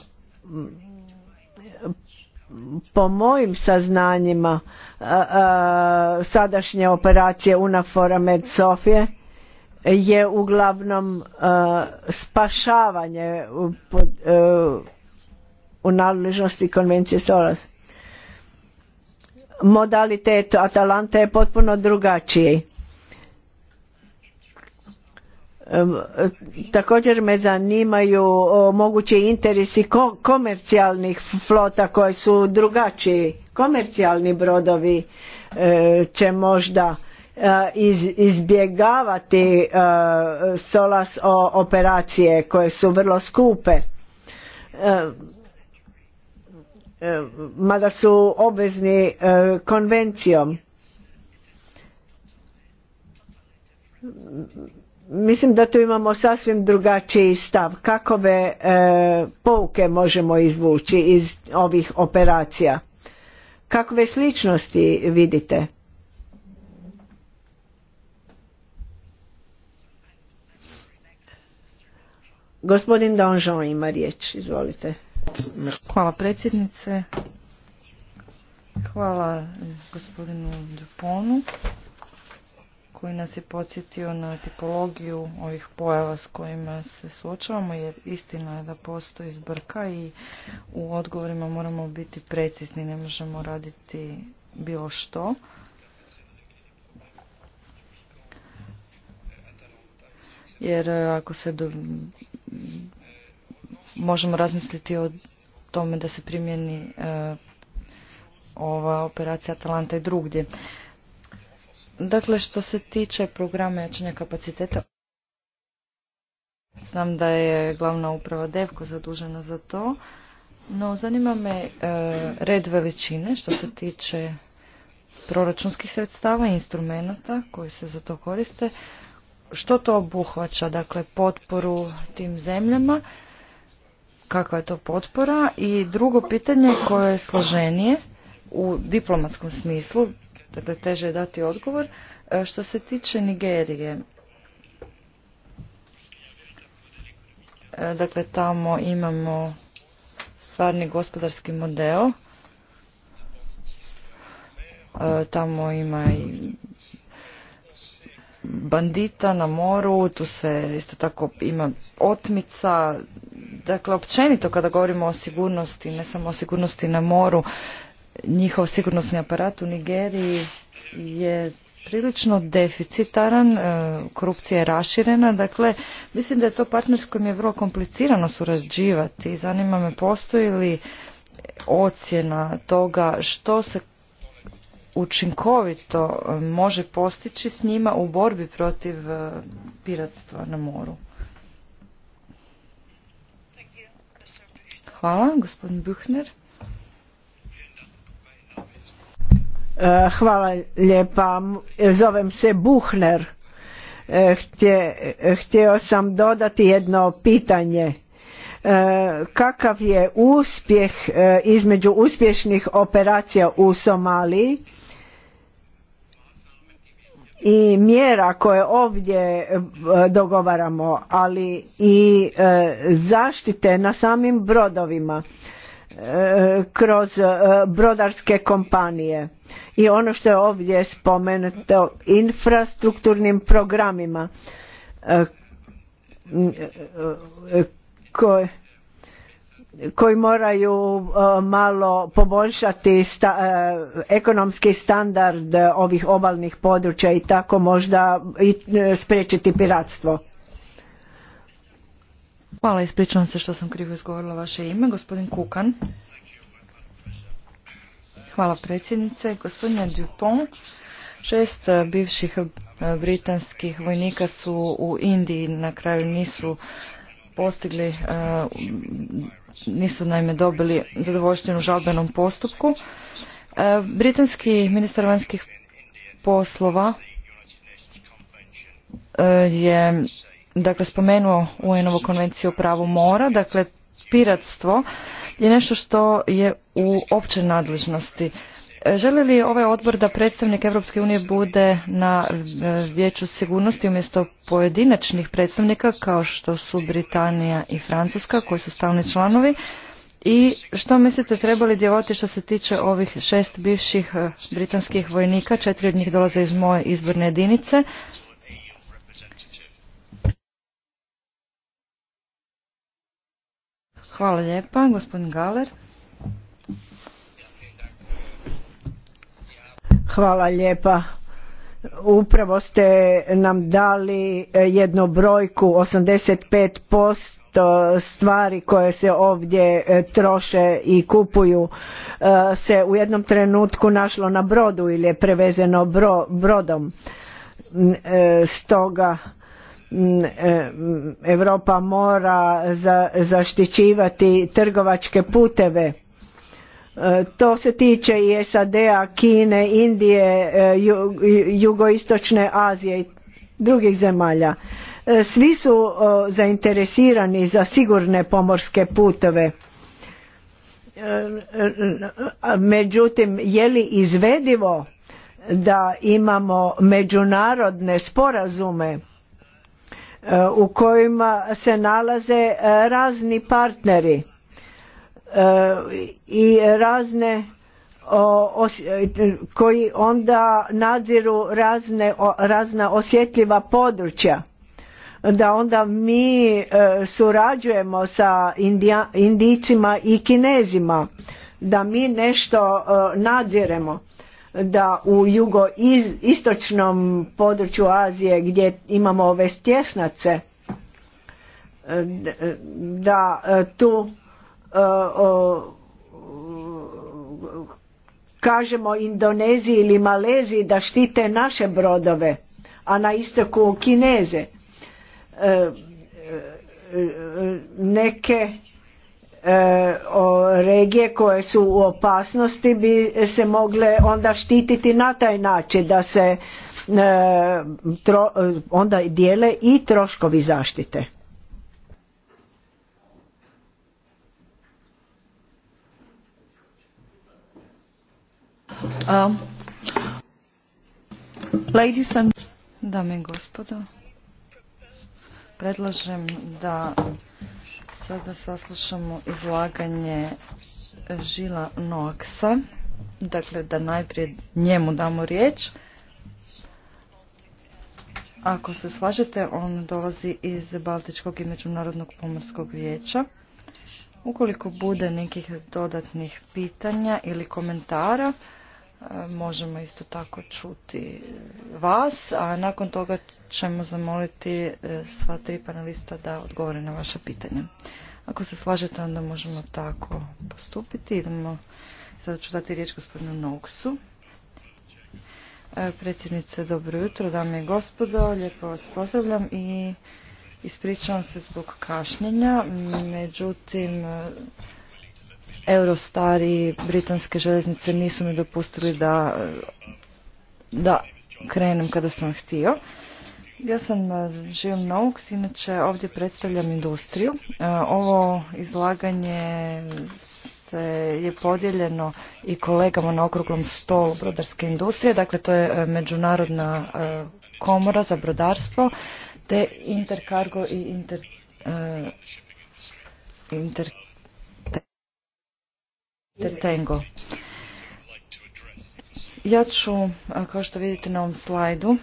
po mojim saznanjima sadašnje operacije UNAFORA Med Sofije je uglavnom spašavanje e, u nadležnosti konvencije SOLAS. Modalitet Atalanta je potpuno drugačiji Također me zanimaju mogući interesi komercijalnih flota koje su drugačiji. Komercijalni brodovi e, će možda e, izbjegavati e, solas operacije koje su vrlo skupe mada su obvezni konvencijom Mislim da tu imamo sasvim drugačiji stav. Kakove e, pouke možemo izvući iz ovih operacija? Kakve sličnosti vidite? Gospodin Donžon ima riječ, izvolite. Hvala predsjednice. Hvala gospodinu Duponu koji nas je podsjetio na tipologiju ovih pojava s kojima se suočavamo, jer istina je da postoji zbrka i u odgovorima moramo biti precizni, ne možemo raditi bilo što. Jer e, ako se možemo razmisliti o tome da se primjeni e, ova operacija Atalanta i drugdje. Dakle, što se tiče programa jačanja kapaciteta, znam da je glavna uprava DEVKO zadužena za to, no zanima me e, red veličine što se tiče proračunskih sredstava i instrumenata koji se za to koriste. Što to obuhvaća? Dakle, potporu tim zemljama, kakva je to potpora? I drugo pitanje koje je složenije u diplomatskom smislu, Dakle, teže je dati odgovor. E, što se tiče Nigerije, e, dakle, tamo imamo stvarni gospodarski model. E, tamo ima i bandita na moru, tu se isto tako ima otmica. Dakle, općenito kada govorimo o sigurnosti, ne samo o sigurnosti na moru, njihov sigurnosni aparat u Nigeriji je prilično deficitaran, e, korupcija je raširena, dakle mislim da je to partner s kojim je vrlo komplicirano surađivati. Zanima me postoji li ocjena toga što se učinkovito e, može postići s njima u borbi protiv e, piratstva na moru. Hvala, gospodin Buchner. E, hvala lijepa. Zovem se Buhner. E, htio sam dodati jedno pitanje. E, kakav je uspjeh između uspješnih operacija u Somaliji i mjera koje ovdje dogovaramo, ali i zaštite na samim brodovima? E, kroz e, brodarske kompanije i ono što je ovdje spomenuto infrastrukturnim programima e, koji moraju malo poboljšati ekonomski standard ovih obalnih područja i tako možda i spriječiti piratstvo. Hvala, ispričavam se što sam krivo izgovorila vaše ime. Gospodin Kukan. Hvala predsjednice. Gospodine Dupont, šest eh, bivših eh, britanskih vojnika su u Indiji na kraju nisu postigli, eh, nisu naime dobili zadovoljštinu žalbenom postupku. Britanski ministar vanjskih poslova je dakle spomenuo UN-ovu konvenciju o pravu mora, dakle piratstvo je nešto što je u općoj nadležnosti. E, želi li ovaj odbor da predstavnik Europske unije bude na e, vijeću sigurnosti umjesto pojedinačnih predstavnika kao što su Britanija i Francuska koji su stalni članovi? I što mislite trebali djelovati što se tiče ovih šest bivših e, britanskih vojnika, četiri od njih dolaze iz moje izborne jedinice, Hvala lijepa, gospodin Galer. Hvala lijepa. Upravo ste nam dali e, jednu brojku 85% stvari koje se ovdje e, troše i kupuju e, se u jednom trenutku našlo na brodu ili je prevezeno brodom. Stoga E, Europa mora zaštićivati trgovačke puteve. E, to se tiče i SAD-a, Kine, Indije, e, jugoistočne Azije i drugih zemalja. Svi su zainteresirani za sigurne pomorske puteve. Međutim, je li izvedivo da imamo međunarodne sporazume u kojima se nalaze e, razni partneri e, i razne e, koji onda nadziru razne, razna osjetljiva područja da onda mi surađujemo sa Indija, Indijcima i Kinezima da mi nešto nadziremo da u jugoistočnom području Azije gdje imamo ove stjesnace e, e, da e, tu kažemo Indoneziji ili Maleziji da štite naše brodove a na istoku Kineze neke E, o regije koje su u opasnosti bi se mogle onda štititi na taj način da se e, tro, e, onda dijele i troškovi zaštite. Um, ladies and... Dame i gospodo, predlažem da Sada saslušamo izlaganje Žila Noaksa. Dakle, da najprije njemu damo riječ. Ako se slažete, on dolazi iz Baltičkog i Međunarodnog pomorskog vijeća. Ukoliko bude nekih dodatnih pitanja ili komentara, E, možemo isto tako čuti vas, a nakon toga ćemo zamoliti e, sva tri panelista da odgovore na vaše pitanje. Ako se slažete, onda možemo tako postupiti. Idemo, sada ću dati riječ gospodinu Noksu. E, predsjednice, dobro jutro, dame i gospodo, lijepo vas pozdravljam i ispričavam se zbog kašnjenja, međutim Eurostari britanske željeznice nisu mi dopustili da, da krenem kada sam htio. Ja sam e, Živ Noux, inače ovdje predstavljam industriju. E, ovo izlaganje se je podijeljeno i kolegama na okruglom stolu brodarske industrije, dakle to je e, međunarodna komora za brodarstvo, te Intercargo i Inter, Inter Tertengo. Ja ću, kao što vidite na ovom slajdu,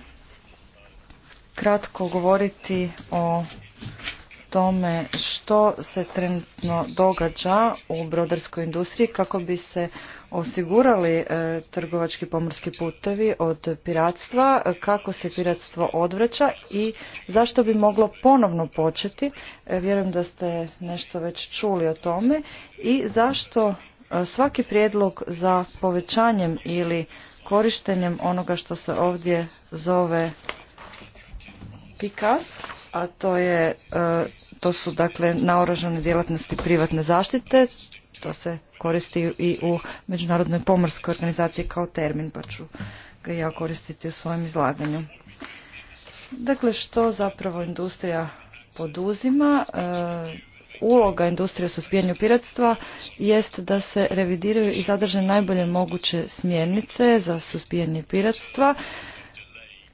kratko govoriti o tome što se trenutno događa u brodarskoj industriji kako bi se osigurali e, trgovački pomorski putevi od piratstva, kako se piratstvo odvraća i zašto bi moglo ponovno početi. E, vjerujem da ste nešto već čuli o tome i zašto E, svaki prijedlog za povećanjem ili korištenjem onoga što se ovdje zove PICAS, a to, je, e, to su dakle naoružane djelatnosti privatne zaštite, to se koristi i u Međunarodnoj pomorskoj organizaciji kao termin, pa ću ga ja koristiti u svojem izlaganju. Dakle, što zapravo industrija poduzima? E, uloga industrije u suzbijanju piratstva jest da se revidiraju i zadrže najbolje moguće smjernice za suzbijanje piratstva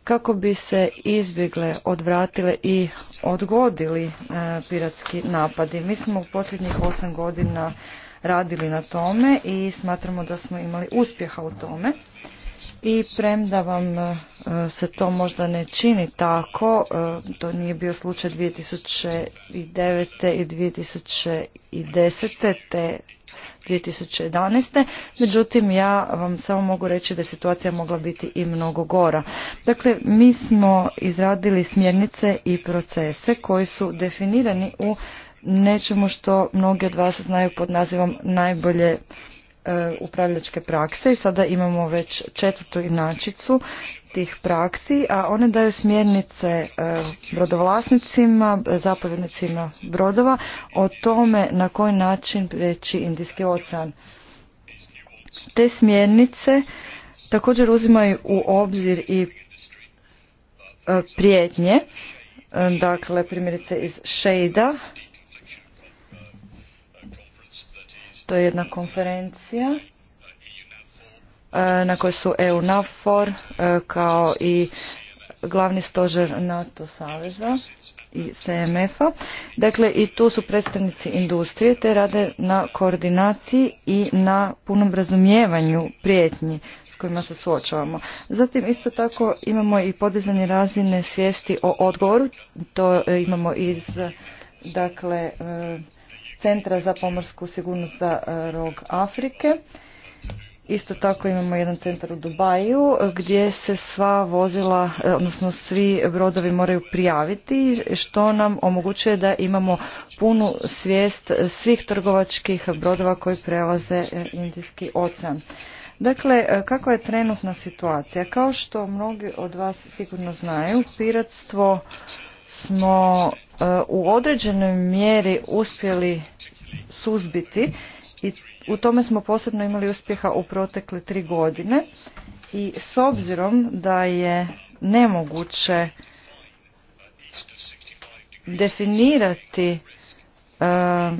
kako bi se izbjegle, odvratile i odgodili e, piratski napadi. Mi smo u posljednjih osam godina radili na tome i smatramo da smo imali uspjeha u tome i premda vam e, se to možda ne čini tako, e, to nije bio slučaj 2009. i 2010. te 2011. Međutim, ja vam samo mogu reći da je situacija mogla biti i mnogo gora. Dakle, mi smo izradili smjernice i procese koji su definirani u nečemu što mnogi od vas znaju pod nazivom najbolje E, upravljačke prakse i sada imamo već četvrtu inačicu tih praksi, a one daju smjernice e, brodovlasnicima, zapovjednicima brodova o tome na koji način veći Indijski ocean. Te smjernice također uzimaju u obzir i e, prijetnje, dakle primjerice iz Šejda, To je jedna konferencija e, na kojoj su EU NAFOR e, kao i glavni stožer NATO saveza i CMF-a. Dakle, i tu su predstavnici industrije te rade na koordinaciji i na punom razumijevanju prijetnji s kojima se suočavamo. Zatim isto tako imamo i podizanje razine svijesti o odgovoru. To e, imamo iz dakle Centra za pomorsku sigurnost za e, rog Afrike. Isto tako imamo jedan centar u Dubaju gdje se sva vozila, e, odnosno svi brodovi moraju prijaviti što nam omogućuje da imamo punu svijest svih trgovačkih brodova koji prelaze e, Indijski ocean. Dakle, kakva je trenutna situacija? Kao što mnogi od vas sigurno znaju, piratstvo smo e, u određenoj mjeri uspjeli suzbiti i u tome smo posebno imali uspjeha u protekle tri godine i s obzirom da je nemoguće definirati e,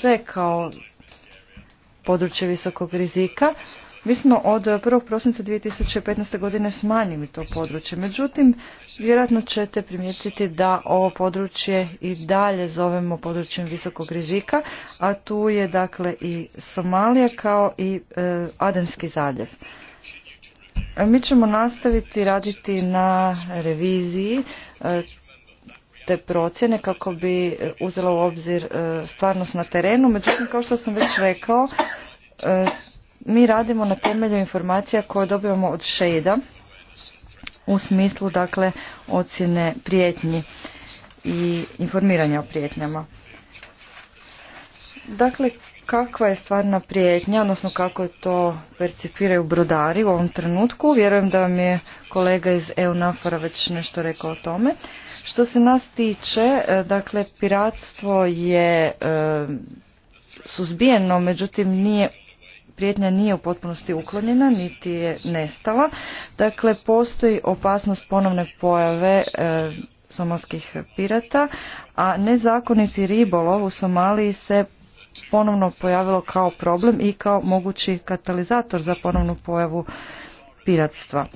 sve kao područje visokog rizika mi smo od 1. prosinca 2015. godine smanjili to područje. Međutim, vjerojatno ćete primijetiti da ovo područje i dalje zovemo područjem visokog rizika, a tu je dakle i Somalija kao i e, Adenski zaljev. E, mi ćemo nastaviti raditi na reviziji e, te procjene kako bi uzela u obzir stvarnost na terenu. Međutim, kao što sam već rekao, mi radimo na temelju informacija koje dobivamo od šeda u smislu dakle ocjene prijetnji i informiranja o prijetnjama. Dakle, kakva je stvarna prijetnja, odnosno kako je to percipiraju brodari u ovom trenutku. Vjerujem da vam je kolega iz EUNAFORA već nešto rekao o tome. Što se nas tiče, e, dakle, piratstvo je e, suzbijeno, međutim nije prijetnja nije u potpunosti uklonjena, niti je nestala. Dakle, postoji opasnost ponovne pojave e, somalskih pirata, a nezakoniti ribolov u Somaliji se ponovno pojavilo kao problem i kao mogući katalizator za ponovnu pojavu piratstva.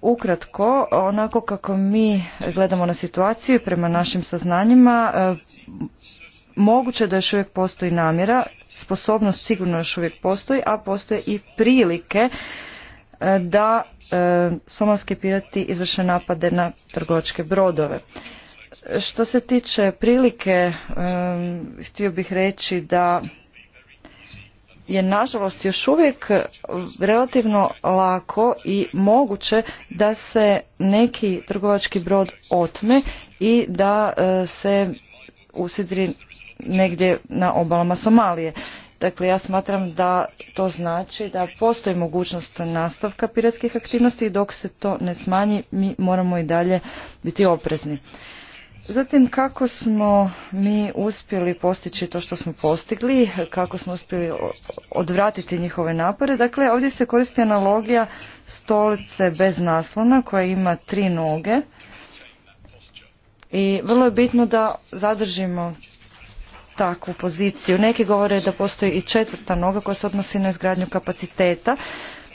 Ukratko, onako kako mi gledamo na situaciju prema našim saznanjima, e, moguće da još uvijek postoji namjera sposobnost sigurno još uvijek postoji, a postoje i prilike e, da e, somalski pirati izvrše napade na trgovačke brodove. Što se tiče prilike, e, htio bih reći da je nažalost još uvijek relativno lako i moguće da se neki trgovački brod otme i da se usidri negdje na obalama Somalije. Dakle, ja smatram da to znači da postoji mogućnost nastavka piratskih aktivnosti i dok se to ne smanji, mi moramo i dalje biti oprezni. Zatim, kako smo mi uspjeli postići to što smo postigli, kako smo uspjeli odvratiti njihove napore. Dakle, ovdje se koristi analogija stolice bez naslona koja ima tri noge i vrlo je bitno da zadržimo takvu poziciju. Neki govore da postoji i četvrta noga koja se odnosi na izgradnju kapaciteta.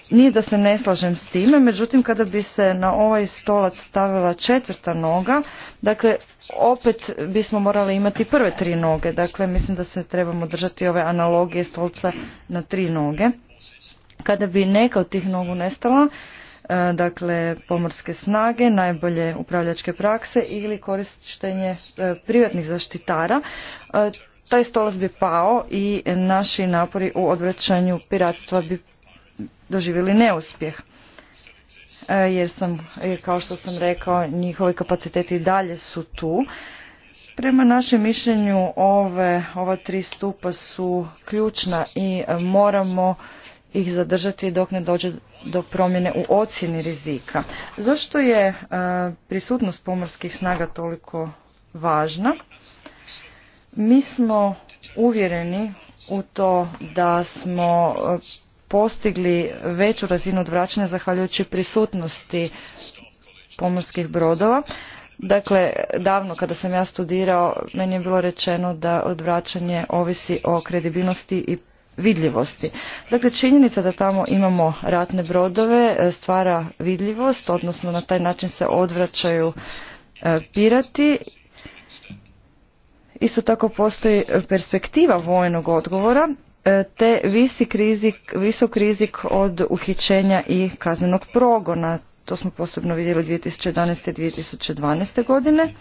Nije da se ne slažem s time, međutim kada bi se na ovaj stolac stavila četvrta noga, dakle opet bismo morali imati prve tri noge, dakle mislim da se trebamo držati ove analogije stolca na tri noge. Kada bi neka od tih nogu nestala, e, dakle pomorske snage, najbolje upravljačke prakse ili korištenje e, privatnih zaštitara, e, taj stolac bi pao i naši napori u odvraćanju piratstva bi doživjeli neuspjeh. E, jer sam, e, kao što sam rekao, njihovi kapaciteti i dalje su tu. Prema našem mišljenju ove, ova tri stupa su ključna i e, moramo ih zadržati dok ne dođe do promjene u ocjeni rizika. Zašto je prisutnost pomorskih snaga toliko važna? Mi smo uvjereni u to da smo e, postigli veću razinu odvraćanja zahvaljujući prisutnosti pomorskih brodova. Dakle, davno kada sam ja studirao, meni je bilo rečeno da odvraćanje ovisi o kredibilnosti i vidljivosti. Dakle, činjenica da tamo imamo ratne brodove e, stvara vidljivost, odnosno na taj način se odvraćaju e, pirati Isto tako postoji perspektiva vojnog odgovora e, te visok rizik, visok rizik od uhićenja i kaznenog progona. To smo posebno vidjeli 2011. i 2012. godine.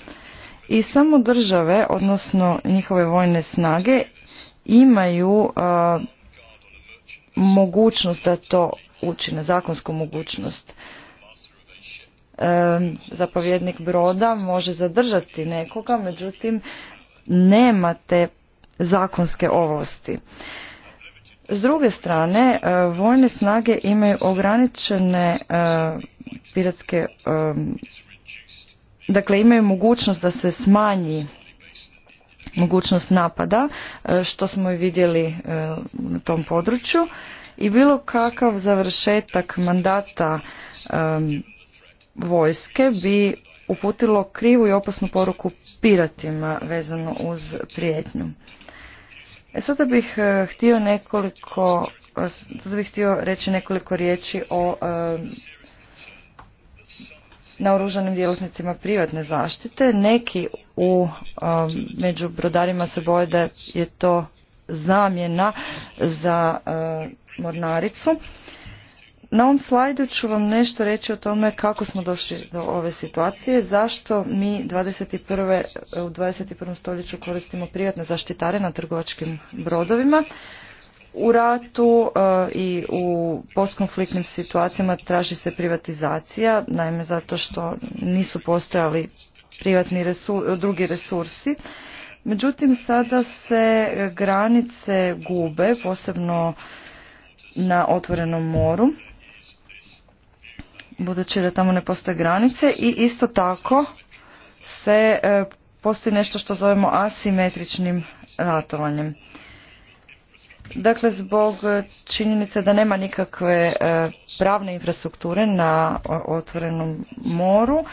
I samo države, odnosno njihove vojne snage, imaju e, mogućnost da to učine, zakonsku mogućnost. E, zapovjednik broda može zadržati nekoga, međutim nema te zakonske ovlasti. S druge strane, e, vojne snage imaju ograničene e, piratske, e, dakle imaju mogućnost da se smanji mogućnost napada, što smo i vidjeli na tom području. I bilo kakav završetak mandata vojske bi uputilo krivu i opasnu poruku piratima vezano uz prijetnju. E sada bih e, htio nekoliko, sada bih htio reći nekoliko riječi o e, naoružanim djelatnicima privatne zaštite. Neki u, e, među brodarima se boje da je to zamjena za e, mornaricu. Na ovom slajdu ću vam nešto reći o tome kako smo došli do ove situacije, zašto mi 21. u 21. stoljeću koristimo privatne zaštitare na trgovačkim brodovima. U ratu e, i u postkonfliktnim situacijama traži se privatizacija, naime zato što nisu postojali privatni drugi resursi. Međutim, sada se granice gube, posebno na otvorenom moru budući da tamo ne postoje granice i isto tako se e, postoji nešto što zovemo asimetričnim ratovanjem. Dakle, zbog činjenice da nema nikakve e, pravne infrastrukture na otvorenom moru,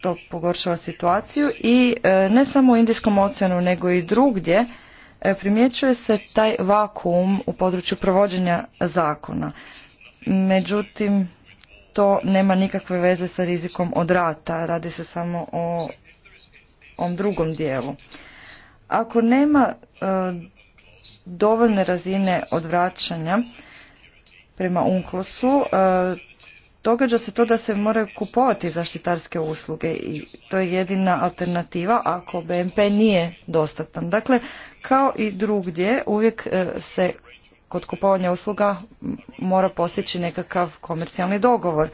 to pogoršava situaciju i e, ne samo u Indijskom oceanu nego i drugdje primjećuje se taj vakuum u području provođenja zakona. Međutim, to nema nikakve veze sa rizikom od rata, radi se samo o ovom drugom dijelu. Ako nema e, dovoljne razine odvraćanja prema unklosu, e, događa se to da se moraju kupovati zaštitarske usluge i to je jedina alternativa ako BMP nije dostatan. Dakle, kao i drugdje, uvijek e, se kod kupovanja usluga mora postići nekakav komercijalni dogovor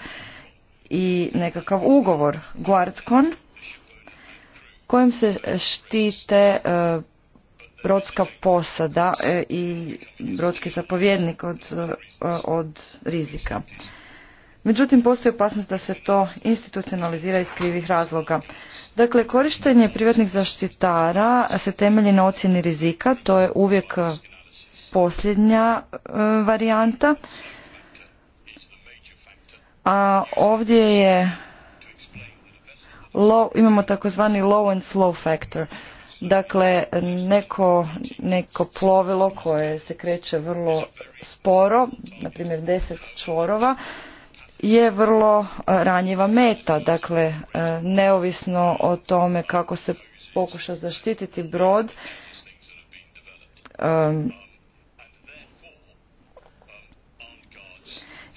i nekakav ugovor Guardcon kojim se štite e, brodska posada e, i brodski zapovjednik od, e, od rizika. Međutim, postoji opasnost da se to institucionalizira iz krivih razloga. Dakle, korištenje privatnih zaštitara se temelji na ocjeni rizika, to je uvijek posljednja e, varijanta. A ovdje je low, imamo takozvani low and slow factor. Dakle, neko, neko plovilo koje se kreće vrlo sporo, na primjer 10 čvorova, je vrlo e, ranjiva meta. Dakle, e, neovisno o tome kako se pokuša zaštititi brod,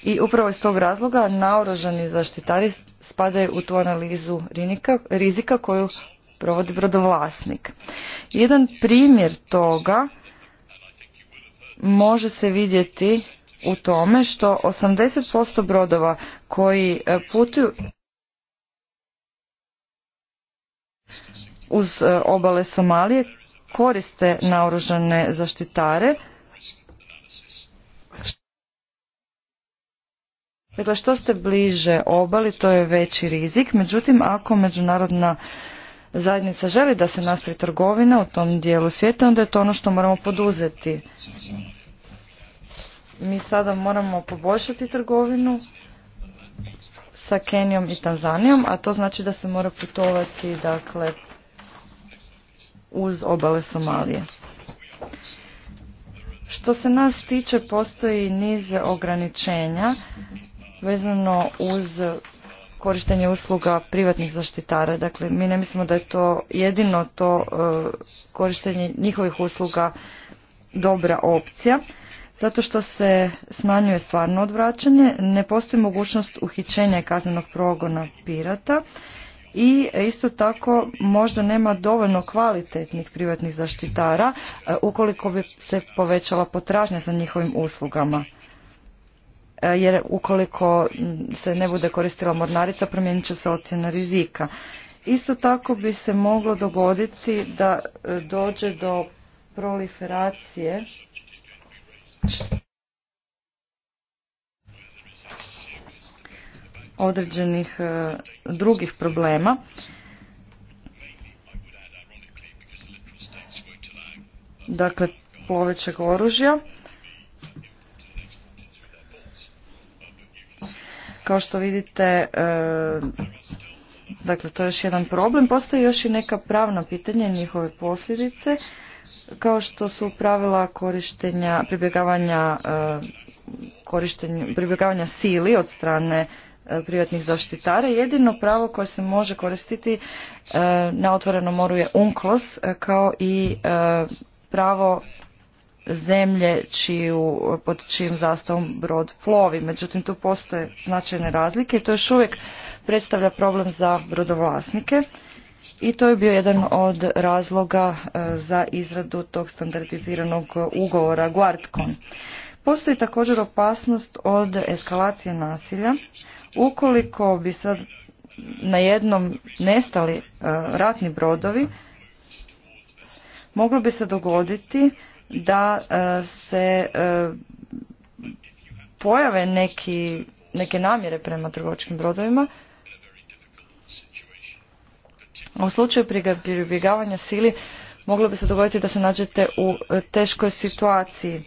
I upravo iz tog razloga naoružani zaštitari spadaju u tu analizu rizika koju provodi brodovlasnik. Jedan primjer toga može se vidjeti u tome što 80% brodova koji e, putuju uz e, obale Somalije koriste naoružane zaštitare Dakle, što ste bliže obali, to je veći rizik. Međutim, ako međunarodna zajednica želi da se nastavi trgovina u tom dijelu svijeta, onda je to ono što moramo poduzeti. Mi sada moramo poboljšati trgovinu sa Kenijom i Tanzanijom, a to znači da se mora putovati dakle, uz obale Somalije. Što se nas tiče, postoji niz ograničenja vezano uz korištenje usluga privatnih zaštitara. Dakle, mi ne mislimo da je to jedino to e, korištenje njihovih usluga dobra opcija. Zato što se smanjuje stvarno odvraćanje, ne postoji mogućnost uhićenja kaznenog progona pirata i isto tako možda nema dovoljno kvalitetnih privatnih zaštitara e, ukoliko bi se povećala potražnja za njihovim uslugama jer ukoliko se ne bude koristila mornarica promijenit će se ocjena rizika. Isto tako bi se moglo dogoditi da e, dođe do proliferacije određenih e, drugih problema. Dakle, povećeg oružja. Kao što vidite, e, dakle to je još jedan problem. Postoji još i neka pravna pitanja njihove posljedice, kao što su pravila korištenja, pribjegavanja e, pribjegavanja sili od strane e, privatnih zaštitara. Jedino pravo koje se može koristiti na otvorenom moru je UNCLOS kao i pravo zemlje čiju, pod čijim zastavom brod plovi. Međutim, tu postoje značajne razlike i to još uvijek predstavlja problem za brodovlasnike i to je bio jedan od razloga e, za izradu tog standardiziranog ugovora Guardcon. Postoji također opasnost od eskalacije nasilja. Ukoliko bi sad na jednom nestali e, ratni brodovi, moglo bi se dogoditi da e, se e, pojave neki, neke namjere prema trgovačkim brodovima. U slučaju pribjegavanja sili moglo bi se dogoditi da se nađete u e, teškoj situaciji.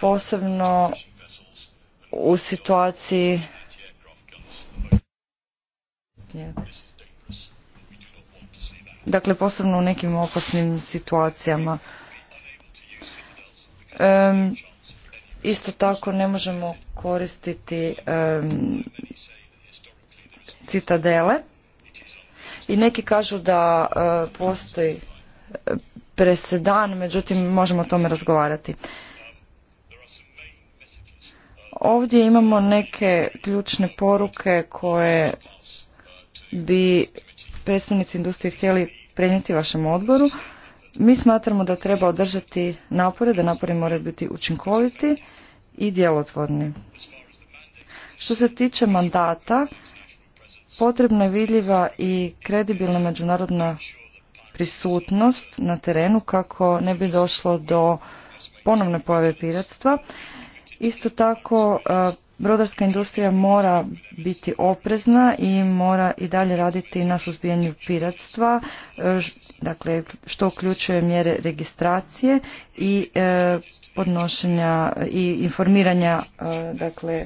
posebno u situaciji dakle posebno u nekim opasnim situacijama. isto tako ne možemo koristiti citadele i neki kažu da e, postoji e, presedan, međutim možemo o tome razgovarati. Ovdje imamo neke ključne poruke koje bi predstavnici industrije htjeli prenijeti vašem odboru. Mi smatramo da treba održati napore, da napori moraju biti učinkoviti i djelotvorni. Što se tiče mandata, potrebna je vidljiva i kredibilna međunarodna prisutnost na terenu kako ne bi došlo do ponovne pojave piratstva. Isto tako Brodarska industrija mora biti oprezna i mora i dalje raditi na suzbijanju piratstva, e, dakle što uključuje mjere registracije i e, podnošenja i informiranja e, dakle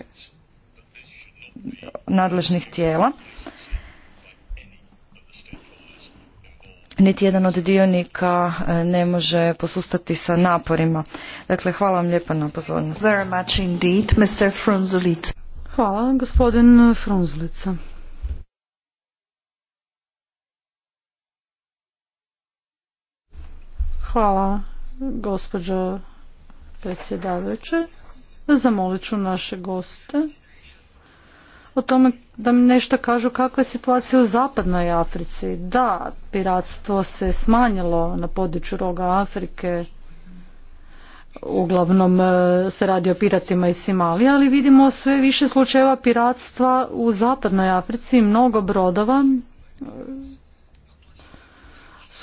nadležnih tijela. niti jedan od dionika e, ne može posustati sa naporima. Dakle, hvala vam lijepa na pozornost. Very much indeed, Mr. Hvala, gospodin Frunzulica. Hvala, gospođo predsjedavajuće. Zamolit ću naše goste o tome da mi nešto kažu kakva je situacija u zapadnoj Africi. Da, piratstvo se smanjilo na području roga Afrike, uglavnom e, se radi o piratima iz Simalija, ali vidimo sve više slučajeva piratstva u zapadnoj Africi, i mnogo brodova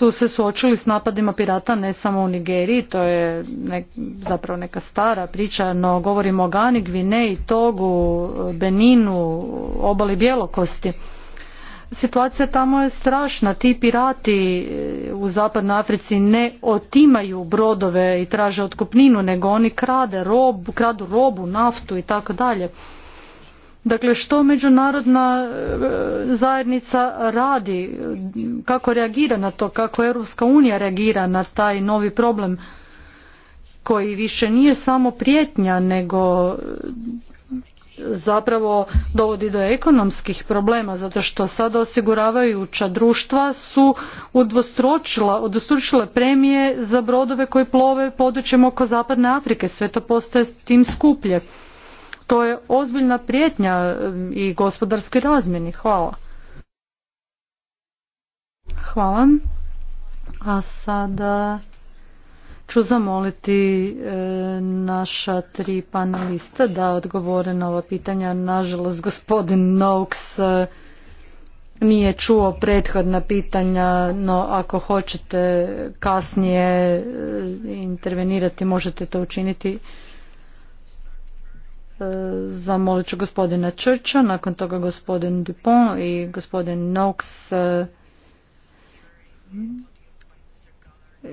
su se suočili s napadima pirata ne samo u Nigeriji, to je zapravo neka stara priča, no govorimo o Gani, Gvineji, Togu, Beninu, obali Bjelokosti. Situacija tamo je strašna, ti pirati e, u zapadnoj Africi ne otimaju brodove i traže otkupninu, nego oni krade robu, kradu robu, naftu i tako dalje. Dakle, što međunarodna e, zajednica radi, kako reagira na to, kako Europska unija reagira na taj novi problem koji više nije samo prijetnja, nego e, zapravo dovodi do ekonomskih problema zato što sada osiguravajuća društva su udvostručile premije za brodove koji plove područjem oko zapadne Afrike. Sve to postaje tim skuplje. To je ozbiljna prijetnja e, i gospodarski razmjeni. Hvala. Hvala. A sada ću zamoliti e, naša tri panelista da odgovore na ova pitanja. Nažalost, gospodin Noakes e, nije čuo prethodna pitanja, no ako hoćete kasnije intervenirati možete to učiniti. E, zamolit ću gospodina Črča, nakon toga gospodin Dupont i gospodin Knox e,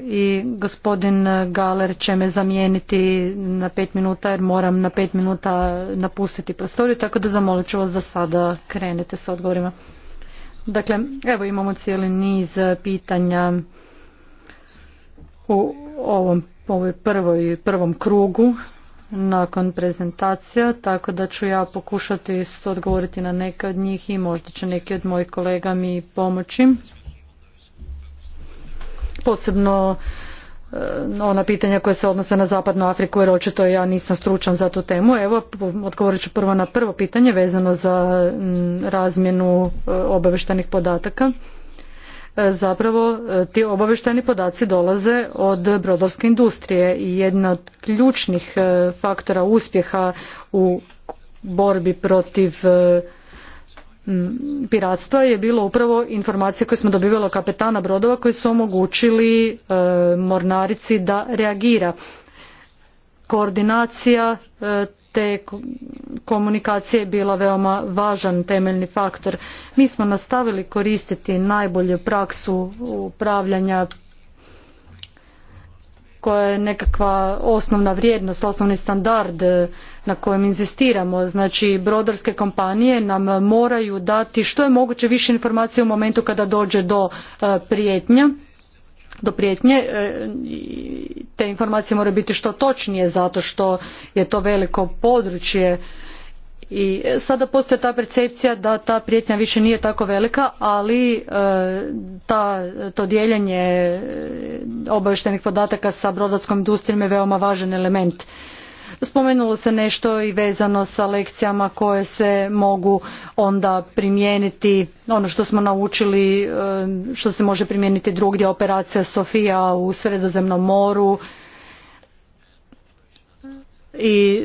i gospodin Galer će me zamijeniti na pet minuta jer moram na pet minuta napustiti prostoriju, tako da zamolit ću vas da sada krenete s odgovorima. Dakle, evo imamo cijeli niz pitanja u ovom ovoj prvoj, prvom krugu nakon prezentacija, tako da ću ja pokušati odgovoriti na neka od njih i možda će neki od mojih kolega mi pomoći. Posebno e, ona pitanja koja se odnose na Zapadnu Afriku jer očito ja nisam stručan za tu temu. Evo, odgovorit ću prvo na prvo pitanje vezano za razmjenu e, obaveštenih podataka. E, zapravo e, ti obavještajni podaci dolaze od brodovske industrije i jedna od ključnih e, faktora uspjeha u borbi protiv piratstva je bilo upravo informacije koje smo dobivali od kapetana brodova koji su omogućili mornarici da reagira koordinacija te komunikacije je bila veoma važan temeljni faktor. Mi smo nastavili koristiti najbolju praksu upravljanja koja je nekakva osnovna vrijednost, osnovni standard eh, na kojem inzistiramo. Znači, brodarske kompanije nam moraju dati što je moguće više informacije u momentu kada dođe do eh, prijetnja do prijetnje. E, te informacije moraju biti što točnije zato što je to veliko područje i sada postoji ta percepcija da ta prijetnja više nije tako velika, ali e, ta, to dijeljenje e, obavještajnih podataka sa brodarskom industrijom je veoma važan element Spomenulo se nešto i vezano sa lekcijama koje se mogu onda primijeniti, ono što smo naučili, e, što se može primijeniti drugdje, operacija Sofija u Sredozemnom moru i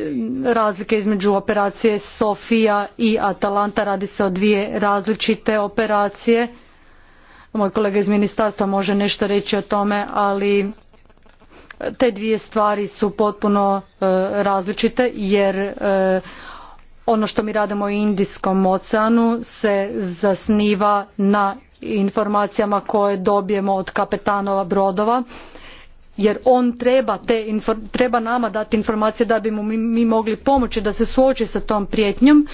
razlike između operacije Sofija i Atalanta radi se o dvije različite operacije. Moj kolega iz ministarstva može nešto reći o tome, ali te dvije stvari su potpuno e, različite jer e, ono što mi radimo u Indijskom oceanu se zasniva na informacijama koje dobijemo od kapetanova brodova jer on treba, te, treba nama dati informacije da bi mi mogli pomoći da se suoči sa tom prijetnjom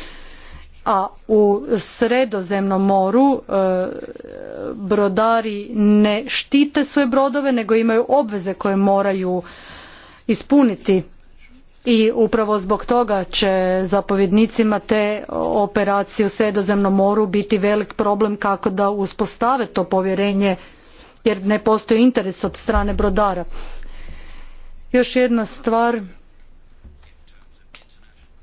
a u sredozemnom moru e, brodari ne štite svoje brodove nego imaju obveze koje moraju ispuniti i upravo zbog toga će zapovjednicima te operacije u sredozemnom moru biti velik problem kako da uspostave to povjerenje jer ne postoji interes od strane brodara. Još jedna stvar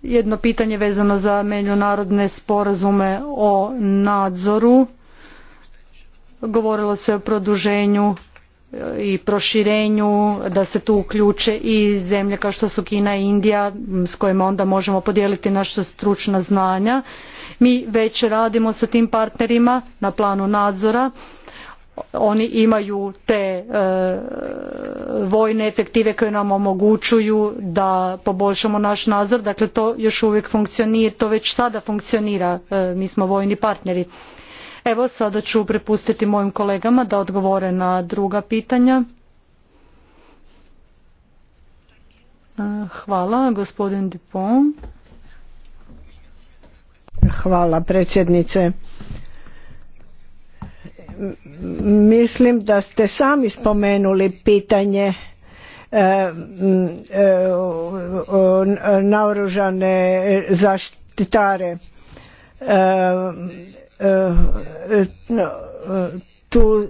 jedno pitanje vezano za međunarodne sporazume o nadzoru. Govorilo se o produženju e, i proširenju, da se tu uključe i zemlje kao što su Kina i Indija s kojima onda možemo podijeliti naša stručna znanja. Mi već radimo sa tim partnerima na planu nadzora oni imaju te e, vojne efektive koje nam omogućuju da poboljšamo naš nadzor dakle to još uvijek funkcionira to već sada funkcionira e, mi smo vojni partneri evo sada ću prepustiti mojim kolegama da odgovore na druga pitanja e, hvala gospodin Dupont hvala predsjednice mislim da ste sami spomenuli pitanje e, e, naoružane zaštitare e, tu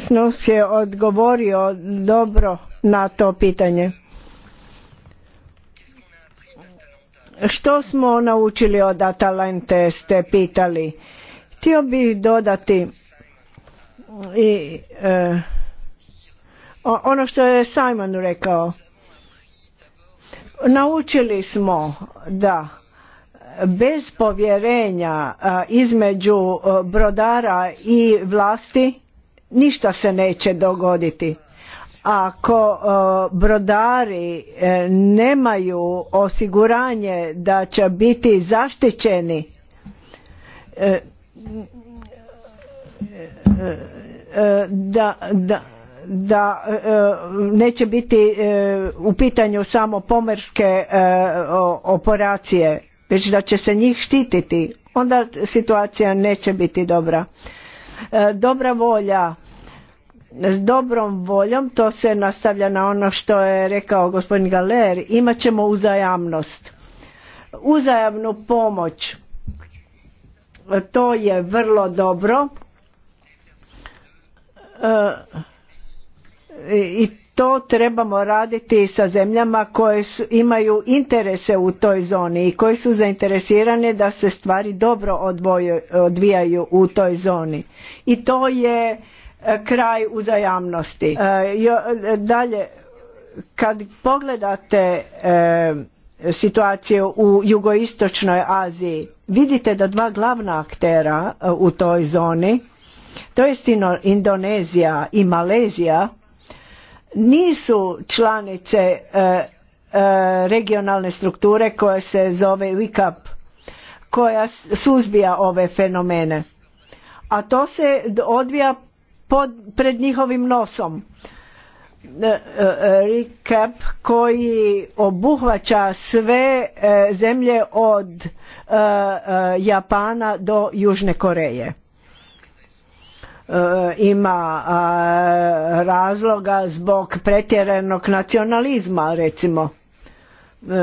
snos je odgovorio dobro na to pitanje što smo naučili od Atalante ste pitali htio bih dodati i e, ono što je Simon rekao naučili smo da bez povjerenja e, između e, brodara i vlasti ništa se neće dogoditi ako brodari nemaju osiguranje da će biti zaštićeni E, da, da, da e, e, neće biti u pitanju samo pomerske operacije već da će se njih štititi onda situacija neće biti dobra dobra volja s dobrom voljom to se nastavlja na ono što je rekao gospodin Galer imat ćemo uzajamnost uzajamnu pomoć to je vrlo dobro E, i to trebamo raditi sa zemljama koje imaju interese u toj zoni i koji su zainteresirane da se stvari dobro odvijaju u toj zoni i to je e, kraj uzajamnosti e, dalje kad pogledate situaciju u jugoistočnoj Aziji vidite da dva glavna aktera u toj zoni to jest Indonezija i Malezija nisu članice e, e, regionalne strukture koja se zove WICAP koja suzbija ove fenomene a to se odvija pred njihovim nosom recap e, koji obuhvaća sve zemlje od Japana do Južne Koreje. E, ima e, razloga zbog pretjeranog nacionalizma recimo e,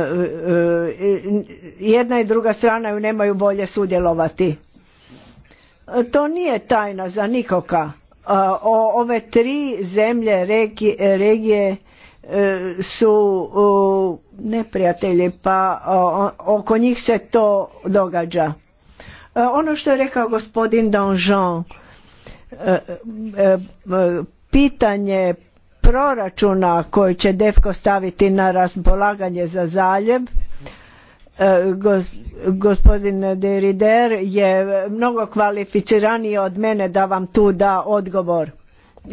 jedna i druga strana ju nemaju bolje sudjelovati to nije tajna za nikoga ove tri zemlje regije su neprijatelji pa oko njih se to događa ono što je rekao gospodin Donjon pitanje proračuna koji će DEFKO staviti na raspolaganje za zaljev e, gospodin Derider je mnogo kvalificiraniji od mene da vam tu da odgovor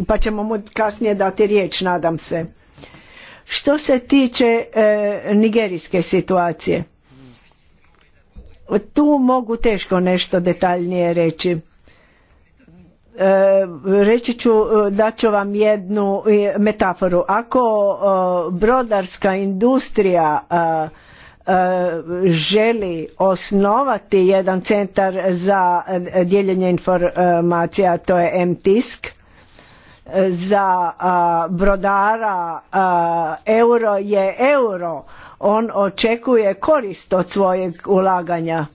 pa ćemo mu kasnije dati riječ nadam se što se tiče e, nigerijske situacije tu mogu teško nešto detaljnije reći E, reći ću e, dat ću vam jednu e, metaforu ako brodarska industrija želi osnovati jedan centar za dijeljenje informacija to je MTISK za brodara euro je euro on očekuje korist od svojeg ulaganja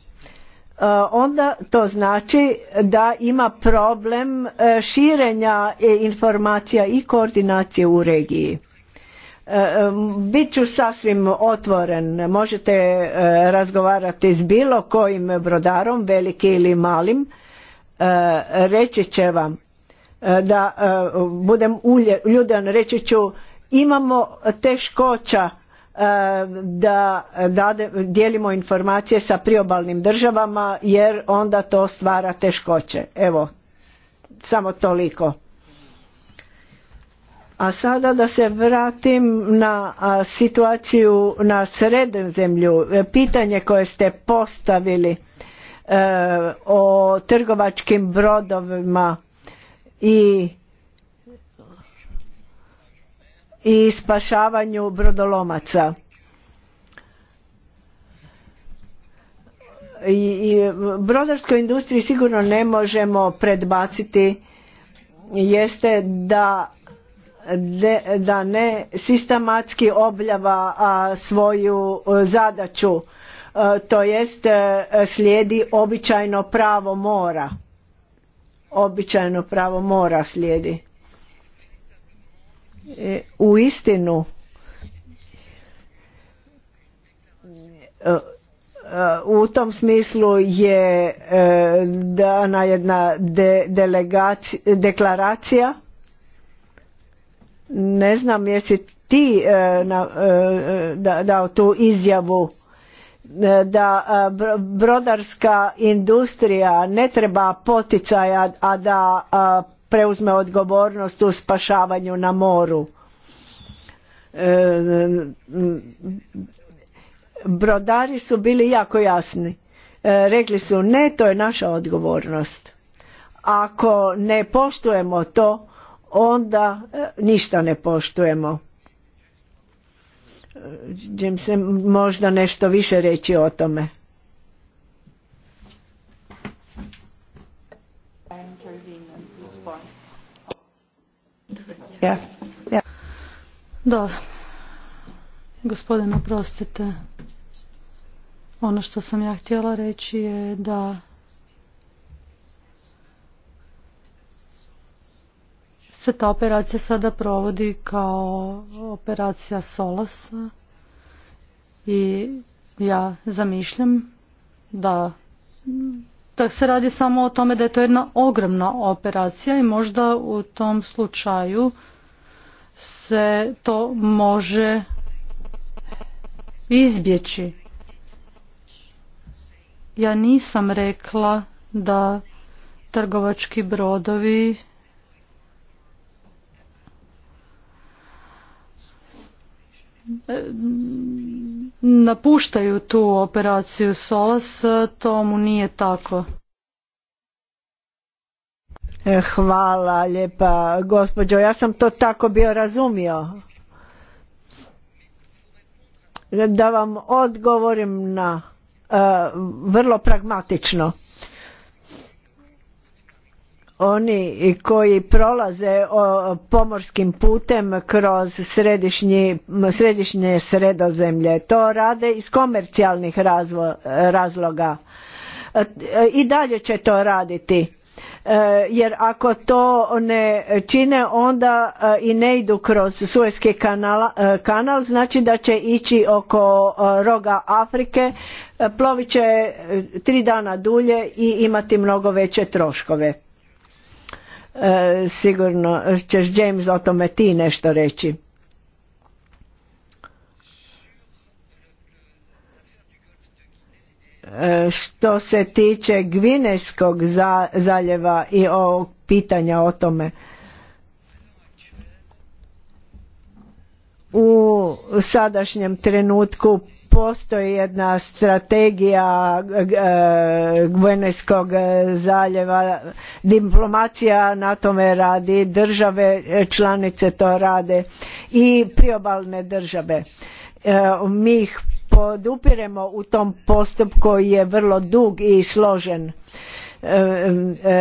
E, onda to znači da ima problem e, širenja e, informacija i koordinacije u regiji. Bit ću sasvim otvoren, možete razgovarati s bilo kojim brodarom, velikim ili malim, reći će vam da budem uljudan, reći ću imamo teškoća da dijelimo informacije sa priobalnim državama jer onda to stvara teškoće. Evo, samo toliko. A sada da se vratim na situaciju na zemlju. E, pitanje koje ste postavili e, o trgovačkim brodovima i i spašavanju brodolomaca. I brodarskoj industriji sigurno ne možemo predbaciti jeste da da ne sistematski obljava svoju e, zadaću, e, to jest e, slijedi običajno pravo mora. Običajno pravo mora slijedi. E, u istinu e, e, u tom smislu je dana jedna deklaracija ne znam jesi ti dao tu izjavu da brodarska industrija ne treba poticaja a da preuzme odgovornost u spašavanju na moru e, brodari su bili jako jasni e, rekli su ne to je naša odgovornost ako ne poštujemo to onda e, ništa ne poštujemo Jim se možda nešto više reći o tome Da. gospodine, oprostite. Ono što sam ja htjela reći je da se ta operacija sada provodi kao operacija solasa i ja zamišljam da da se radi samo o tome da je to jedna ogromna operacija i možda u tom slučaju se to može izbjeći. Ja nisam rekla da trgovački brodovi napuštaju tu operaciju SOLAS, tomu nije tako. E, hvala lijepa gospođo, ja sam to tako bio razumio. Da vam odgovorim na e, vrlo pragmatično oni koji prolaze pomorskim putem kroz središnje sredozemlje. To rade iz komercijalnih razloga. E, I dalje će to raditi. E, jer ako to ne čine onda e, i ne idu kroz Suezki kanal, kanal znači da će ići oko roga Afrike, plovit će tri dana dulje i imati mnogo veće troškove E, sigurno ćeš James o tome ti nešto reći. E, što se tiče Gvineskog za, zaljeva i ovog pitanja o tome, u sadašnjem trenutku postoji jedna strategija e, Gveneskog zaljeva, diplomacija na tome radi, države e, članice to rade i priobalne države. E, mi ih podupiremo u tom postupku koji je vrlo dug i složen E, e,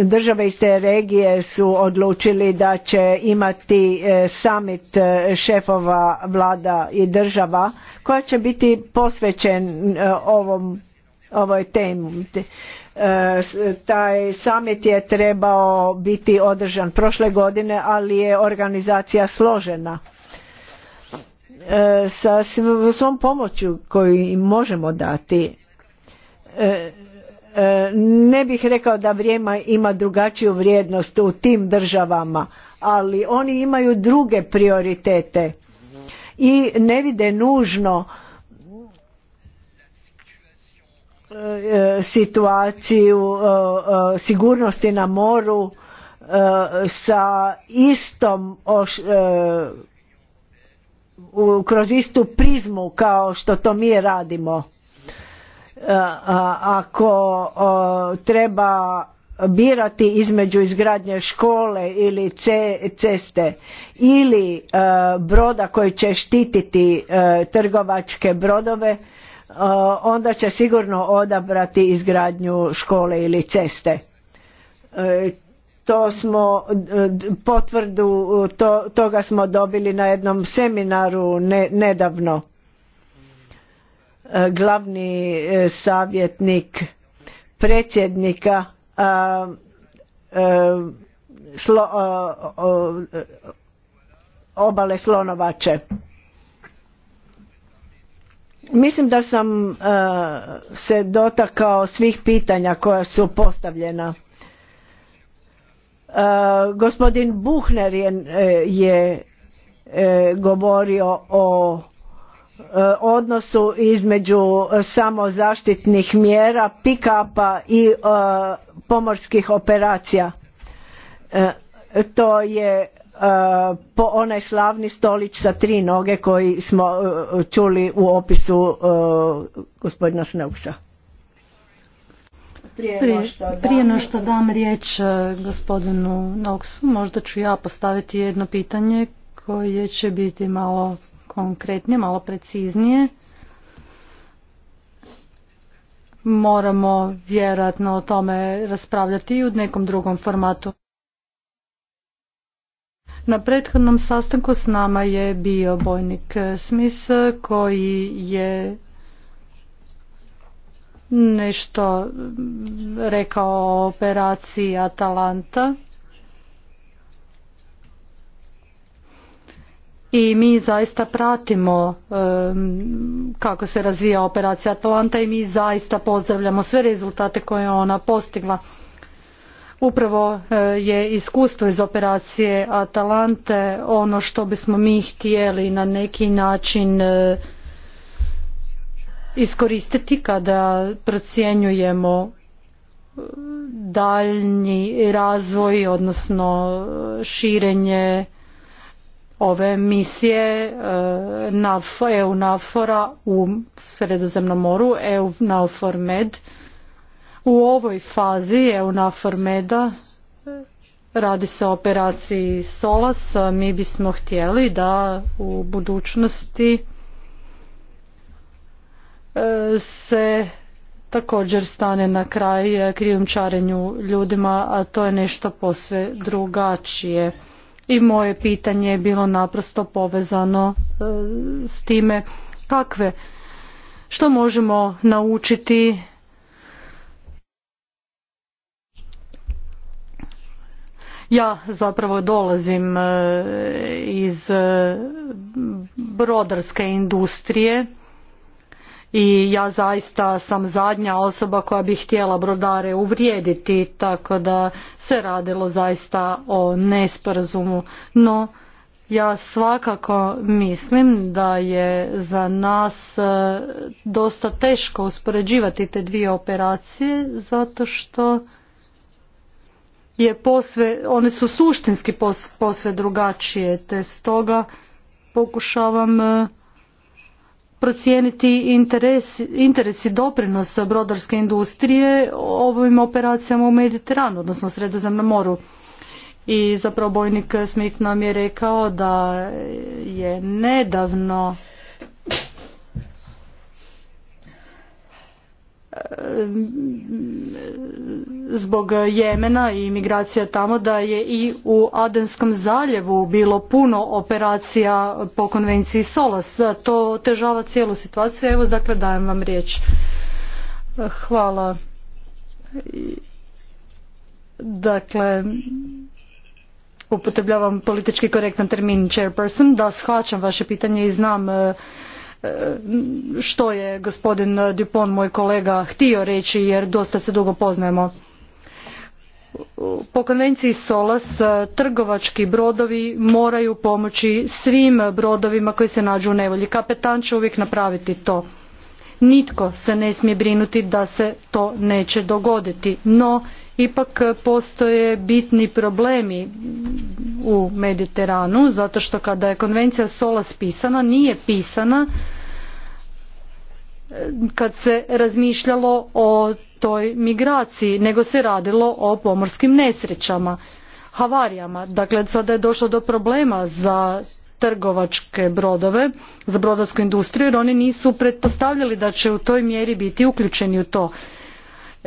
e, države iz te regije su odlučili da će imati summit šefova vlada i država koja će biti posvećen ovom, ovoj temi. Taj summit je trebao biti održan prošle godine, ali je organizacija složena sa svom pomoću koju im možemo dati E, ne bih rekao da vrijeme ima drugačiju vrijednost u tim državama, ali oni imaju druge prioritete i ne vide nužno e, situaciju e, sigurnosti na moru sa istom kroz istu prizmu kao što to mi radimo E, ako treba birati između izgradnje škole ili ceste ili e, broda koji će štititi e, trgovačke brodove onda će sigurno odabrati izgradnju škole ili ceste to smo potvrdu toga smo dobili na jednom seminaru nedavno glavni e, savjetnik predsjednika e, obale slonovače mislim da sam e, se dotakao svih pitanja koja su postavljena gospodin buhner je govorio o Eh, odnosu između eh, samozaštitnih mjera, pikapa i eh, pomorskih operacija. To je po onaj slavni stolić sa tri noge koji smo čuli u opisu gospodina Sneuksa. Prije no što dam riječ gospodinu Noksu, možda ću ja postaviti jedno pitanje koje će biti malo konkretnije, malo preciznije. Moramo vjerojatno o tome raspravljati i u nekom drugom formatu. Na prethodnom sastanku s nama je bio bojnik Smith koji je nešto rekao o operaciji Atalanta i mi zaista pratimo kako se razvija operacija Atalanta i mi zaista pozdravljamo sve rezultate koje je ona postigla. Upravo e, je iskustvo iz operacije Atalante ono što bismo mi htjeli na neki način e, iskoristiti kada procjenjujemo e, daljnji razvoj, odnosno širenje ove misije eunafor e u Sredozemnom moru, EUNAFOR Med. U ovoj fazi EUNAFOR MED e, radi se o operaciji SOLAS. E, mi bismo htjeli da u budućnosti se također stane na kraj krijumčarenju ljudima, a to je nešto posve drugačije i moje pitanje je bilo naprosto povezano e, s time kakve što možemo naučiti Ja zapravo dolazim e, iz e, brodarske industrije i ja zaista sam zadnja osoba koja bi htjela brodare uvrijediti tako da se radilo zaista o nesporazumu no ja svakako mislim da je za nas e, dosta teško uspoređivati te dvije operacije zato što je posve, one su suštinski posve drugačije te stoga pokušavam e, procijeniti interes, i doprinos brodarske industrije ovim operacijama u Mediteranu, odnosno Sredozemnom moru. I zapravo bojnik Smith nam je rekao da je nedavno zbog Jemena i migracija tamo da je i u Adenskom zaljevu bilo puno operacija po konvenciji SOLAS. To težava cijelu situaciju. Evo, dakle, dajem vam riječ. Hvala. Dakle, upotrebljavam politički korektan termin chairperson, da shvaćam vaše pitanje i znam E, što je gospodin Dupont, moj kolega, htio reći jer dosta se dugo poznajemo. Po konvenciji SOLAS e, trgovački brodovi moraju pomoći svim brodovima koji se nađu u nevolji. Kapetan će uvijek napraviti to. Nitko se ne smije brinuti da se to neće dogoditi, no ipak e, postoje bitni problemi u Mediteranu zato što kada je konvencija SOLAS pisana nije pisana e, kad se razmišljalo o toj migraciji nego se radilo o pomorskim nesrećama havarijama dakle sada je došlo do problema za trgovačke brodove za brodarsku industriju jer oni nisu pretpostavljali da će u toj mjeri biti uključeni u to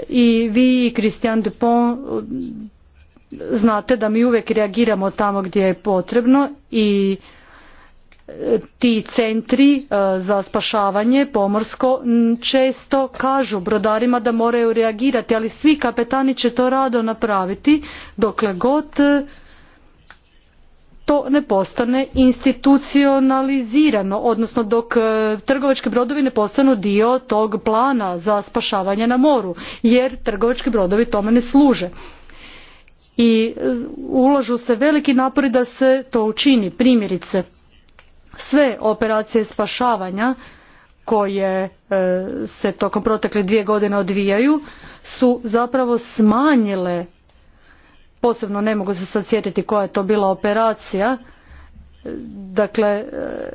i vi i Christian Dupont eh, znate da mi uvijek reagiramo tamo gdje je potrebno i eh, ti centri eh, za spašavanje pomorsko često kažu brodarima da moraju reagirati ali svi kapetani će to rado napraviti dokle god to ne postane institucionalizirano, odnosno dok e, trgovački brodovi ne postanu dio tog plana za spašavanje na moru, jer trgovački brodovi tome ne služe. I e, ulažu se veliki napori da se to učini. Primjerice, sve operacije spašavanja koje e, se tokom protekle dvije godine odvijaju su zapravo smanjile posebno ne mogu se sad sjetiti koja je to bila operacija dakle e,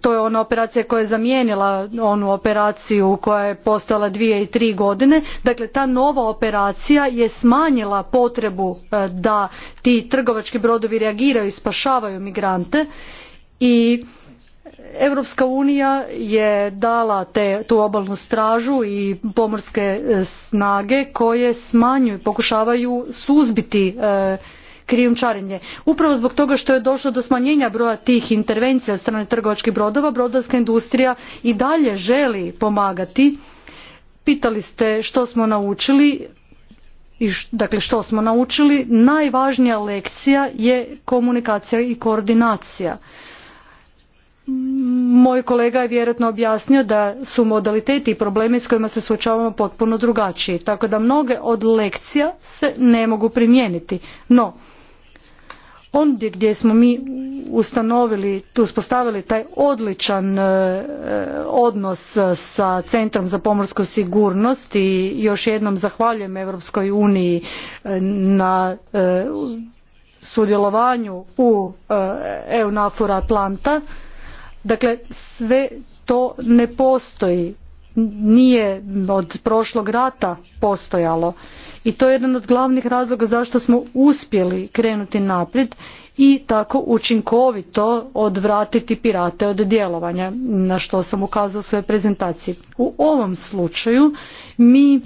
to je ona operacija koja je zamijenila onu operaciju koja je postojala dvije i tri godine dakle ta nova operacija je smanjila potrebu e, da ti trgovački brodovi reagiraju i spašavaju migrante i Europska unija je dala te, tu obalnu stražu i pomorske e, snage koje smanjuju, pokušavaju suzbiti e, krijumčarenje. Upravo zbog toga što je došlo do smanjenja broja tih intervencija od strane trgovačkih brodova, brodarska industrija i dalje želi pomagati. Pitali ste što smo naučili, i dakle što smo naučili, najvažnija lekcija je komunikacija i koordinacija moj kolega je vjerojatno objasnio da su modaliteti i problemi s kojima se suočavamo potpuno drugačiji tako da mnoge od lekcija se ne mogu primijeniti no ondje gdje smo mi ustanovili uspostavili taj odličan e, odnos sa centrom za pomorsku sigurnost i još jednom zahvaljujem europskoj uniji e, na e, sudjelovanju u EUNAFOR Atlanta Dakle, sve to ne postoji, nije od prošlog rata postojalo i to je jedan od glavnih razloga zašto smo uspjeli krenuti naprijed i tako učinkovito odvratiti pirate od djelovanja na što sam ukazao u svojoj prezentaciji. U ovom slučaju mi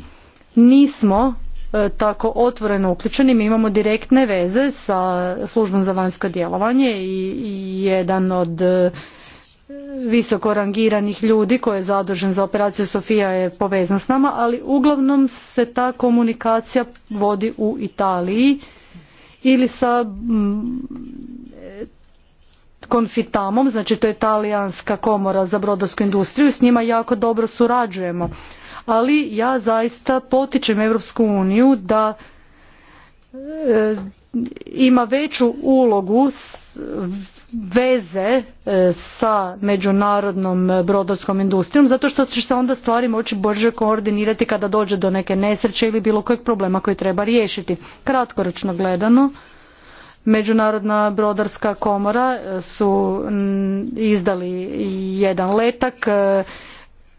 nismo e, tako otvoreno uključeni. Mi imamo direktne veze sa službom za vanjsko djelovanje i jedan od visoko rangiranih ljudi koji je zadužen za operaciju Sofija je povezan s nama, ali uglavnom se ta komunikacija vodi u Italiji ili sa mm, konfitamom, znači to je italijanska komora za brodarsku industriju, s njima jako dobro surađujemo. Ali ja zaista potičem Europsku uniju da e, ima veću ulogu veze e, sa međunarodnom e, brodarskom industrijom zato što će se onda stvari moći brže koordinirati kada dođe do neke nesreće ili bilo kojeg problema koji treba riješiti. Kratkoročno gledano, Međunarodna brodarska komora e, su izdali jedan letak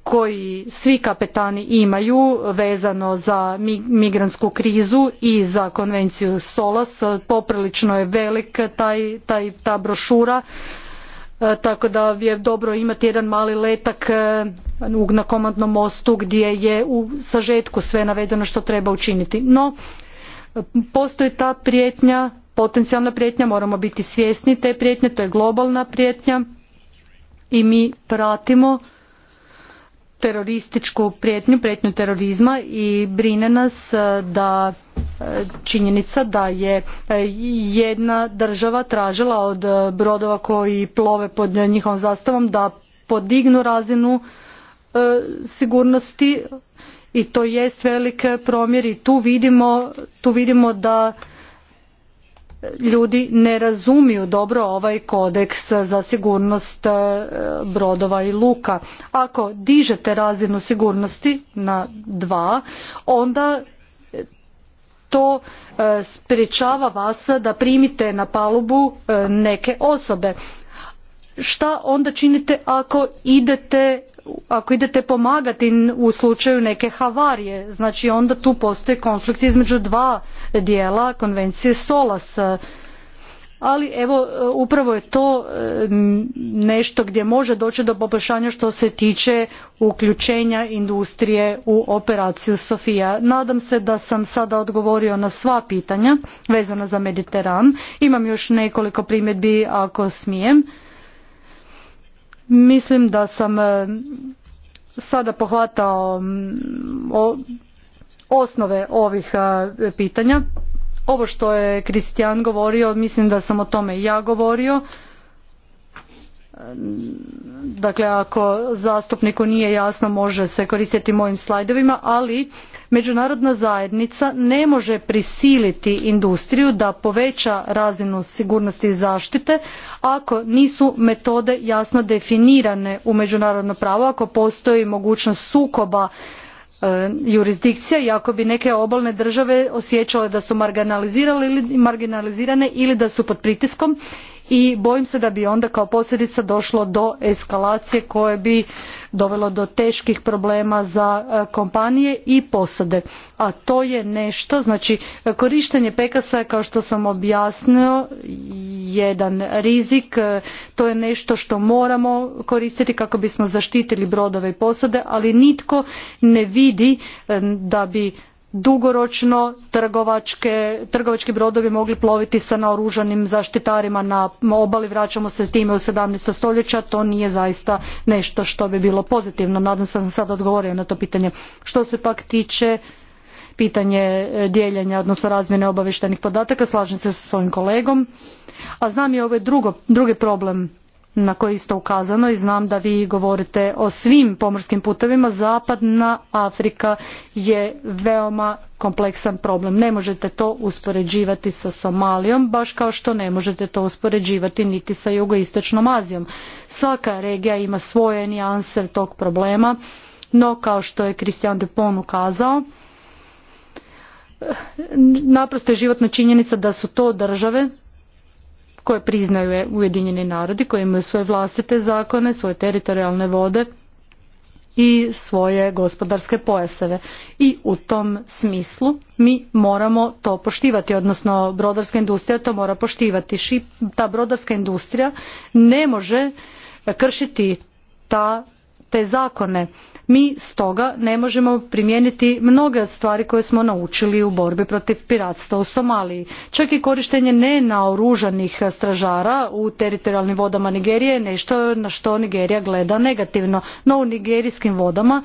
koji svi kapetani imaju vezano za migrantsku krizu i za konvenciju SOLAS. Poprilično je velik ta brošura, e, tako da je dobro imati jedan mali letak e, na komandnom mostu gdje je u sažetku sve navedeno što treba učiniti. No, postoji ta prijetnja, potencijalna prijetnja, moramo biti svjesni te prijetnje, to je globalna prijetnja i mi pratimo terorističku prijetnju, prijetnju terorizma i brine nas e, da e, činjenica da je e, jedna država tražila od brodova koji plove pod njihovom zastavom da podignu razinu sigurnosti i to jest velik promjer i tu vidimo, tu vidimo da ljudi ne razumiju dobro ovaj kodeks za sigurnost e, brodova i luka. Ako dižete razinu sigurnosti na dva, onda to e, sprječava vas da primite na palubu e, neke osobe šta onda činite ako idete ako idete pomagati u slučaju neke havarije, znači onda tu postoji konflikt između dva dijela konvencije SOLAS. Ali evo upravo je to nešto gdje može doći do poboljšanja što se tiče uključenja industrije u operaciju Sofija. Nadam se da sam sada odgovorio na sva pitanja vezana za Mediteran. Imam još nekoliko primjedbi ako smijem. Mislim da sam e, sada pohvatao osnove ovih e, pitanja. Ovo što je Kristijan govorio, mislim da sam o tome i ja govorio dakle ako zastupniku nije jasno može se koristiti mojim slajdovima ali međunarodna zajednica ne može prisiliti industriju da poveća razinu sigurnosti i zaštite ako nisu metode jasno definirane u međunarodno pravo ako postoji mogućnost sukoba e, jurisdikcija i ako bi neke obalne države osjećale da su marginalizirane ili da su pod pritiskom i bojim se da bi onda kao posljedica došlo do eskalacije koje bi dovelo do teških problema za e, kompanije i posade. A to je nešto, znači korištenje pekasa kao što sam objasnio jedan rizik, e, to je nešto što moramo koristiti kako bismo zaštitili brodove i posade, ali nitko ne vidi e, da bi dugoročno trgovački brodovi mogli ploviti sa naoružanim zaštitarima na obali, vraćamo se time u 17. stoljeća, to nije zaista nešto što bi bilo pozitivno. Nadam se da sam sad odgovorio na to pitanje. Što se pak tiče pitanje e, dijeljenja, odnosno razmjene obavještajnih podataka, slažem se sa svojim kolegom. A znam i ovaj drugi problem na koje je isto ukazano i znam da vi govorite o svim pomorskim putovima. Zapadna Afrika je veoma kompleksan problem. Ne možete to uspoređivati sa Somalijom, baš kao što ne možete to uspoređivati niti sa jugoistočnom Azijom. Svaka regija ima svoje nijanse tog problema, no kao što je Christian Dupont ukazao, naprosto je životna činjenica da su to države koje priznaju Ujedinjeni narodi, koji imaju svoje vlastite zakone, svoje teritorijalne vode i svoje gospodarske pojaseve. I u tom smislu mi moramo to poštivati, odnosno brodarska industrija to mora poštivati. Ta brodarska industrija ne može kršiti ta te zakone. Mi stoga ne možemo primijeniti mnoge od stvari koje smo naučili u borbi protiv piratstva u Somaliji. Čak i korištenje nenaoružanih stražara u teritorijalnim vodama Nigerije je nešto na što Nigerija gleda negativno, no u nigerijskim vodama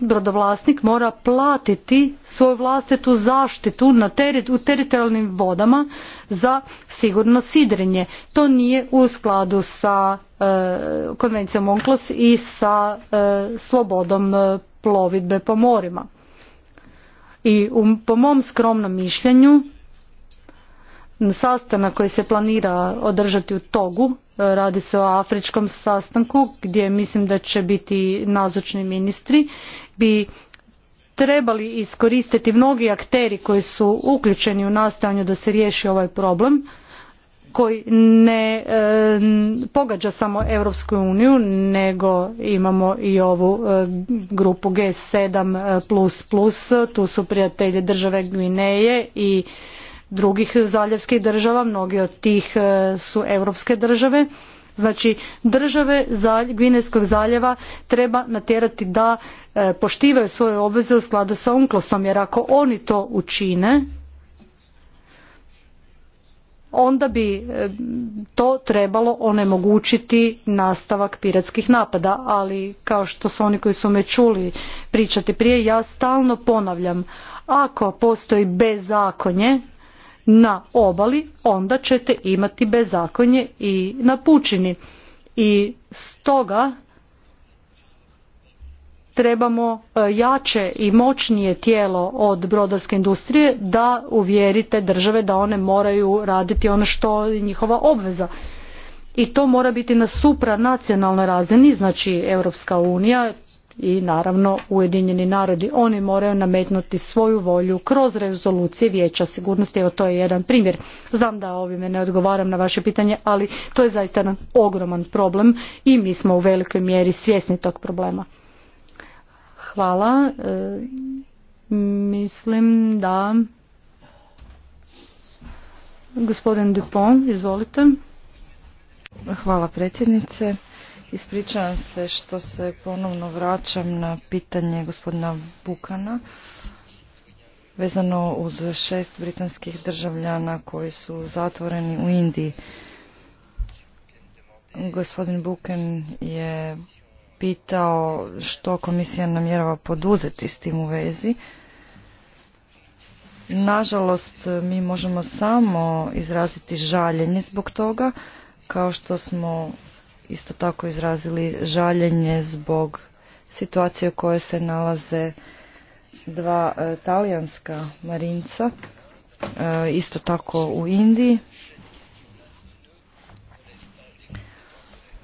brodovlasnik mora platiti svoju vlastitu zaštitu na u teritorijalnim vodama za sigurno sidrenje. To nije u skladu sa E, konvencijom Monklos i sa e, slobodom e, plovidbe po morima. I po mom skromnom mišljenju sastanak koji se planira održati u Togu, radi se o afričkom sastanku gdje mislim da će biti nazočni ministri, bi trebali iskoristiti mnogi akteri koji su uključeni u nastojanju da se riješi ovaj problem koji ne e, pogađa samo Europsku uniju nego imamo i ovu e, grupu G7++, e, tu su prijatelji države Gvineje i drugih zaljevskih država, mnogi od tih su europske države. Znači države Gvinejskog zaljeva treba natjerati da poštivaju svoje obveze u skladu sa unklosom. jer ako oni to učine onda bi e, to trebalo onemogućiti nastavak piratskih napada. Ali kao što su oni koji su me čuli pričati prije, ja stalno ponavljam, ako postoji bezakonje na obali, onda ćete imati bezakonje i na pučini. I stoga trebamo e, jače i moćnije tijelo od brodarske industrije da uvjerite države da one moraju raditi ono što je njihova obveza. I to mora biti na supranacionalnoj razini, znači Europska unija i naravno Ujedinjeni narodi. Oni moraju nametnuti svoju volju kroz rezolucije Vijeća sigurnosti. Evo to je jedan primjer. Znam da ovime ne odgovaram na vaše pitanje, ali to je zaista jedan ogroman problem i mi smo u velikoj mjeri svjesni tog problema. Hvala. E, mislim da... Gospodin Dupont, izvolite. Hvala predsjednice. Ispričavam se što se ponovno vraćam na pitanje gospodina Bukana vezano uz šest britanskih državljana koji su zatvoreni u Indiji. Gospodin Buken je pitao što komisija namjerava poduzeti s tim u vezi. Nažalost, mi možemo samo izraziti žaljenje zbog toga, kao što smo isto tako izrazili žaljenje zbog situacije u kojoj se nalaze dva e, talijanska marinca, e, isto tako u Indiji.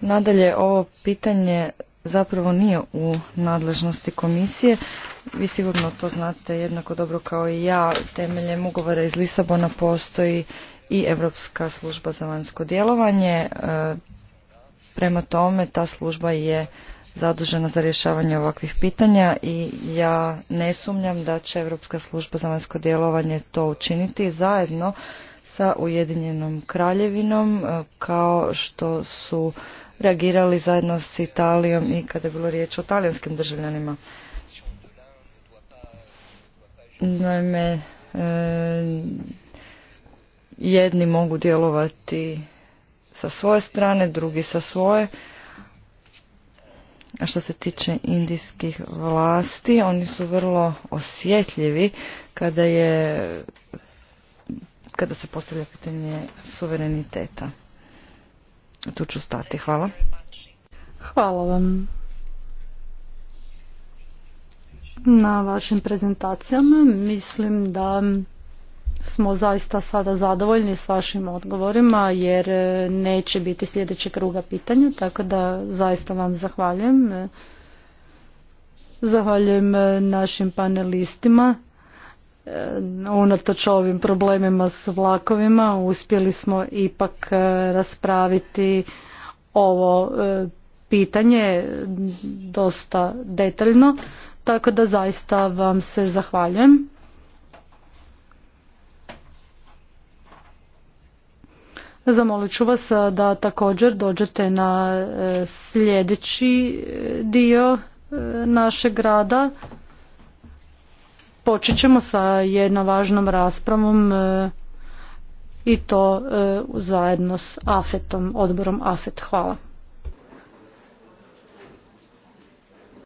Nadalje, ovo pitanje zapravo nije u nadležnosti komisije. Vi sigurno to znate jednako dobro kao i ja. Temeljem ugovora iz Lisabona postoji i Europska služba za vanjsko djelovanje. E, prema tome ta služba je zadužena za rješavanje ovakvih pitanja i ja ne sumnjam da će Europska služba za vanjsko djelovanje to učiniti zajedno sa Ujedinjenom kraljevinom e, kao što su reagirali zajedno s Italijom i kada je bilo riječ o talijanskim državljanima. Naime, e, jedni mogu djelovati sa svoje strane, drugi sa svoje. A što se tiče indijskih vlasti, oni su vrlo osjetljivi kada je kada se postavlja pitanje suvereniteta. Tu ću stati. Hvala. Hvala vam na vašim prezentacijama. Mislim da smo zaista sada zadovoljni s vašim odgovorima jer neće biti sljedećeg kruga pitanja, tako da zaista vam zahvaljujem. Zahvaljujem našim panelistima. E, unatoč ovim problemima s vlakovima uspjeli smo ipak e, raspraviti ovo e, pitanje dosta detaljno tako da zaista vam se zahvaljujem Zamolit ću vas da također dođete na sljedeći dio našeg rada Počet ćemo sa jednom važnom raspravom e, i to e, zajedno s odborom AFET. Hvala.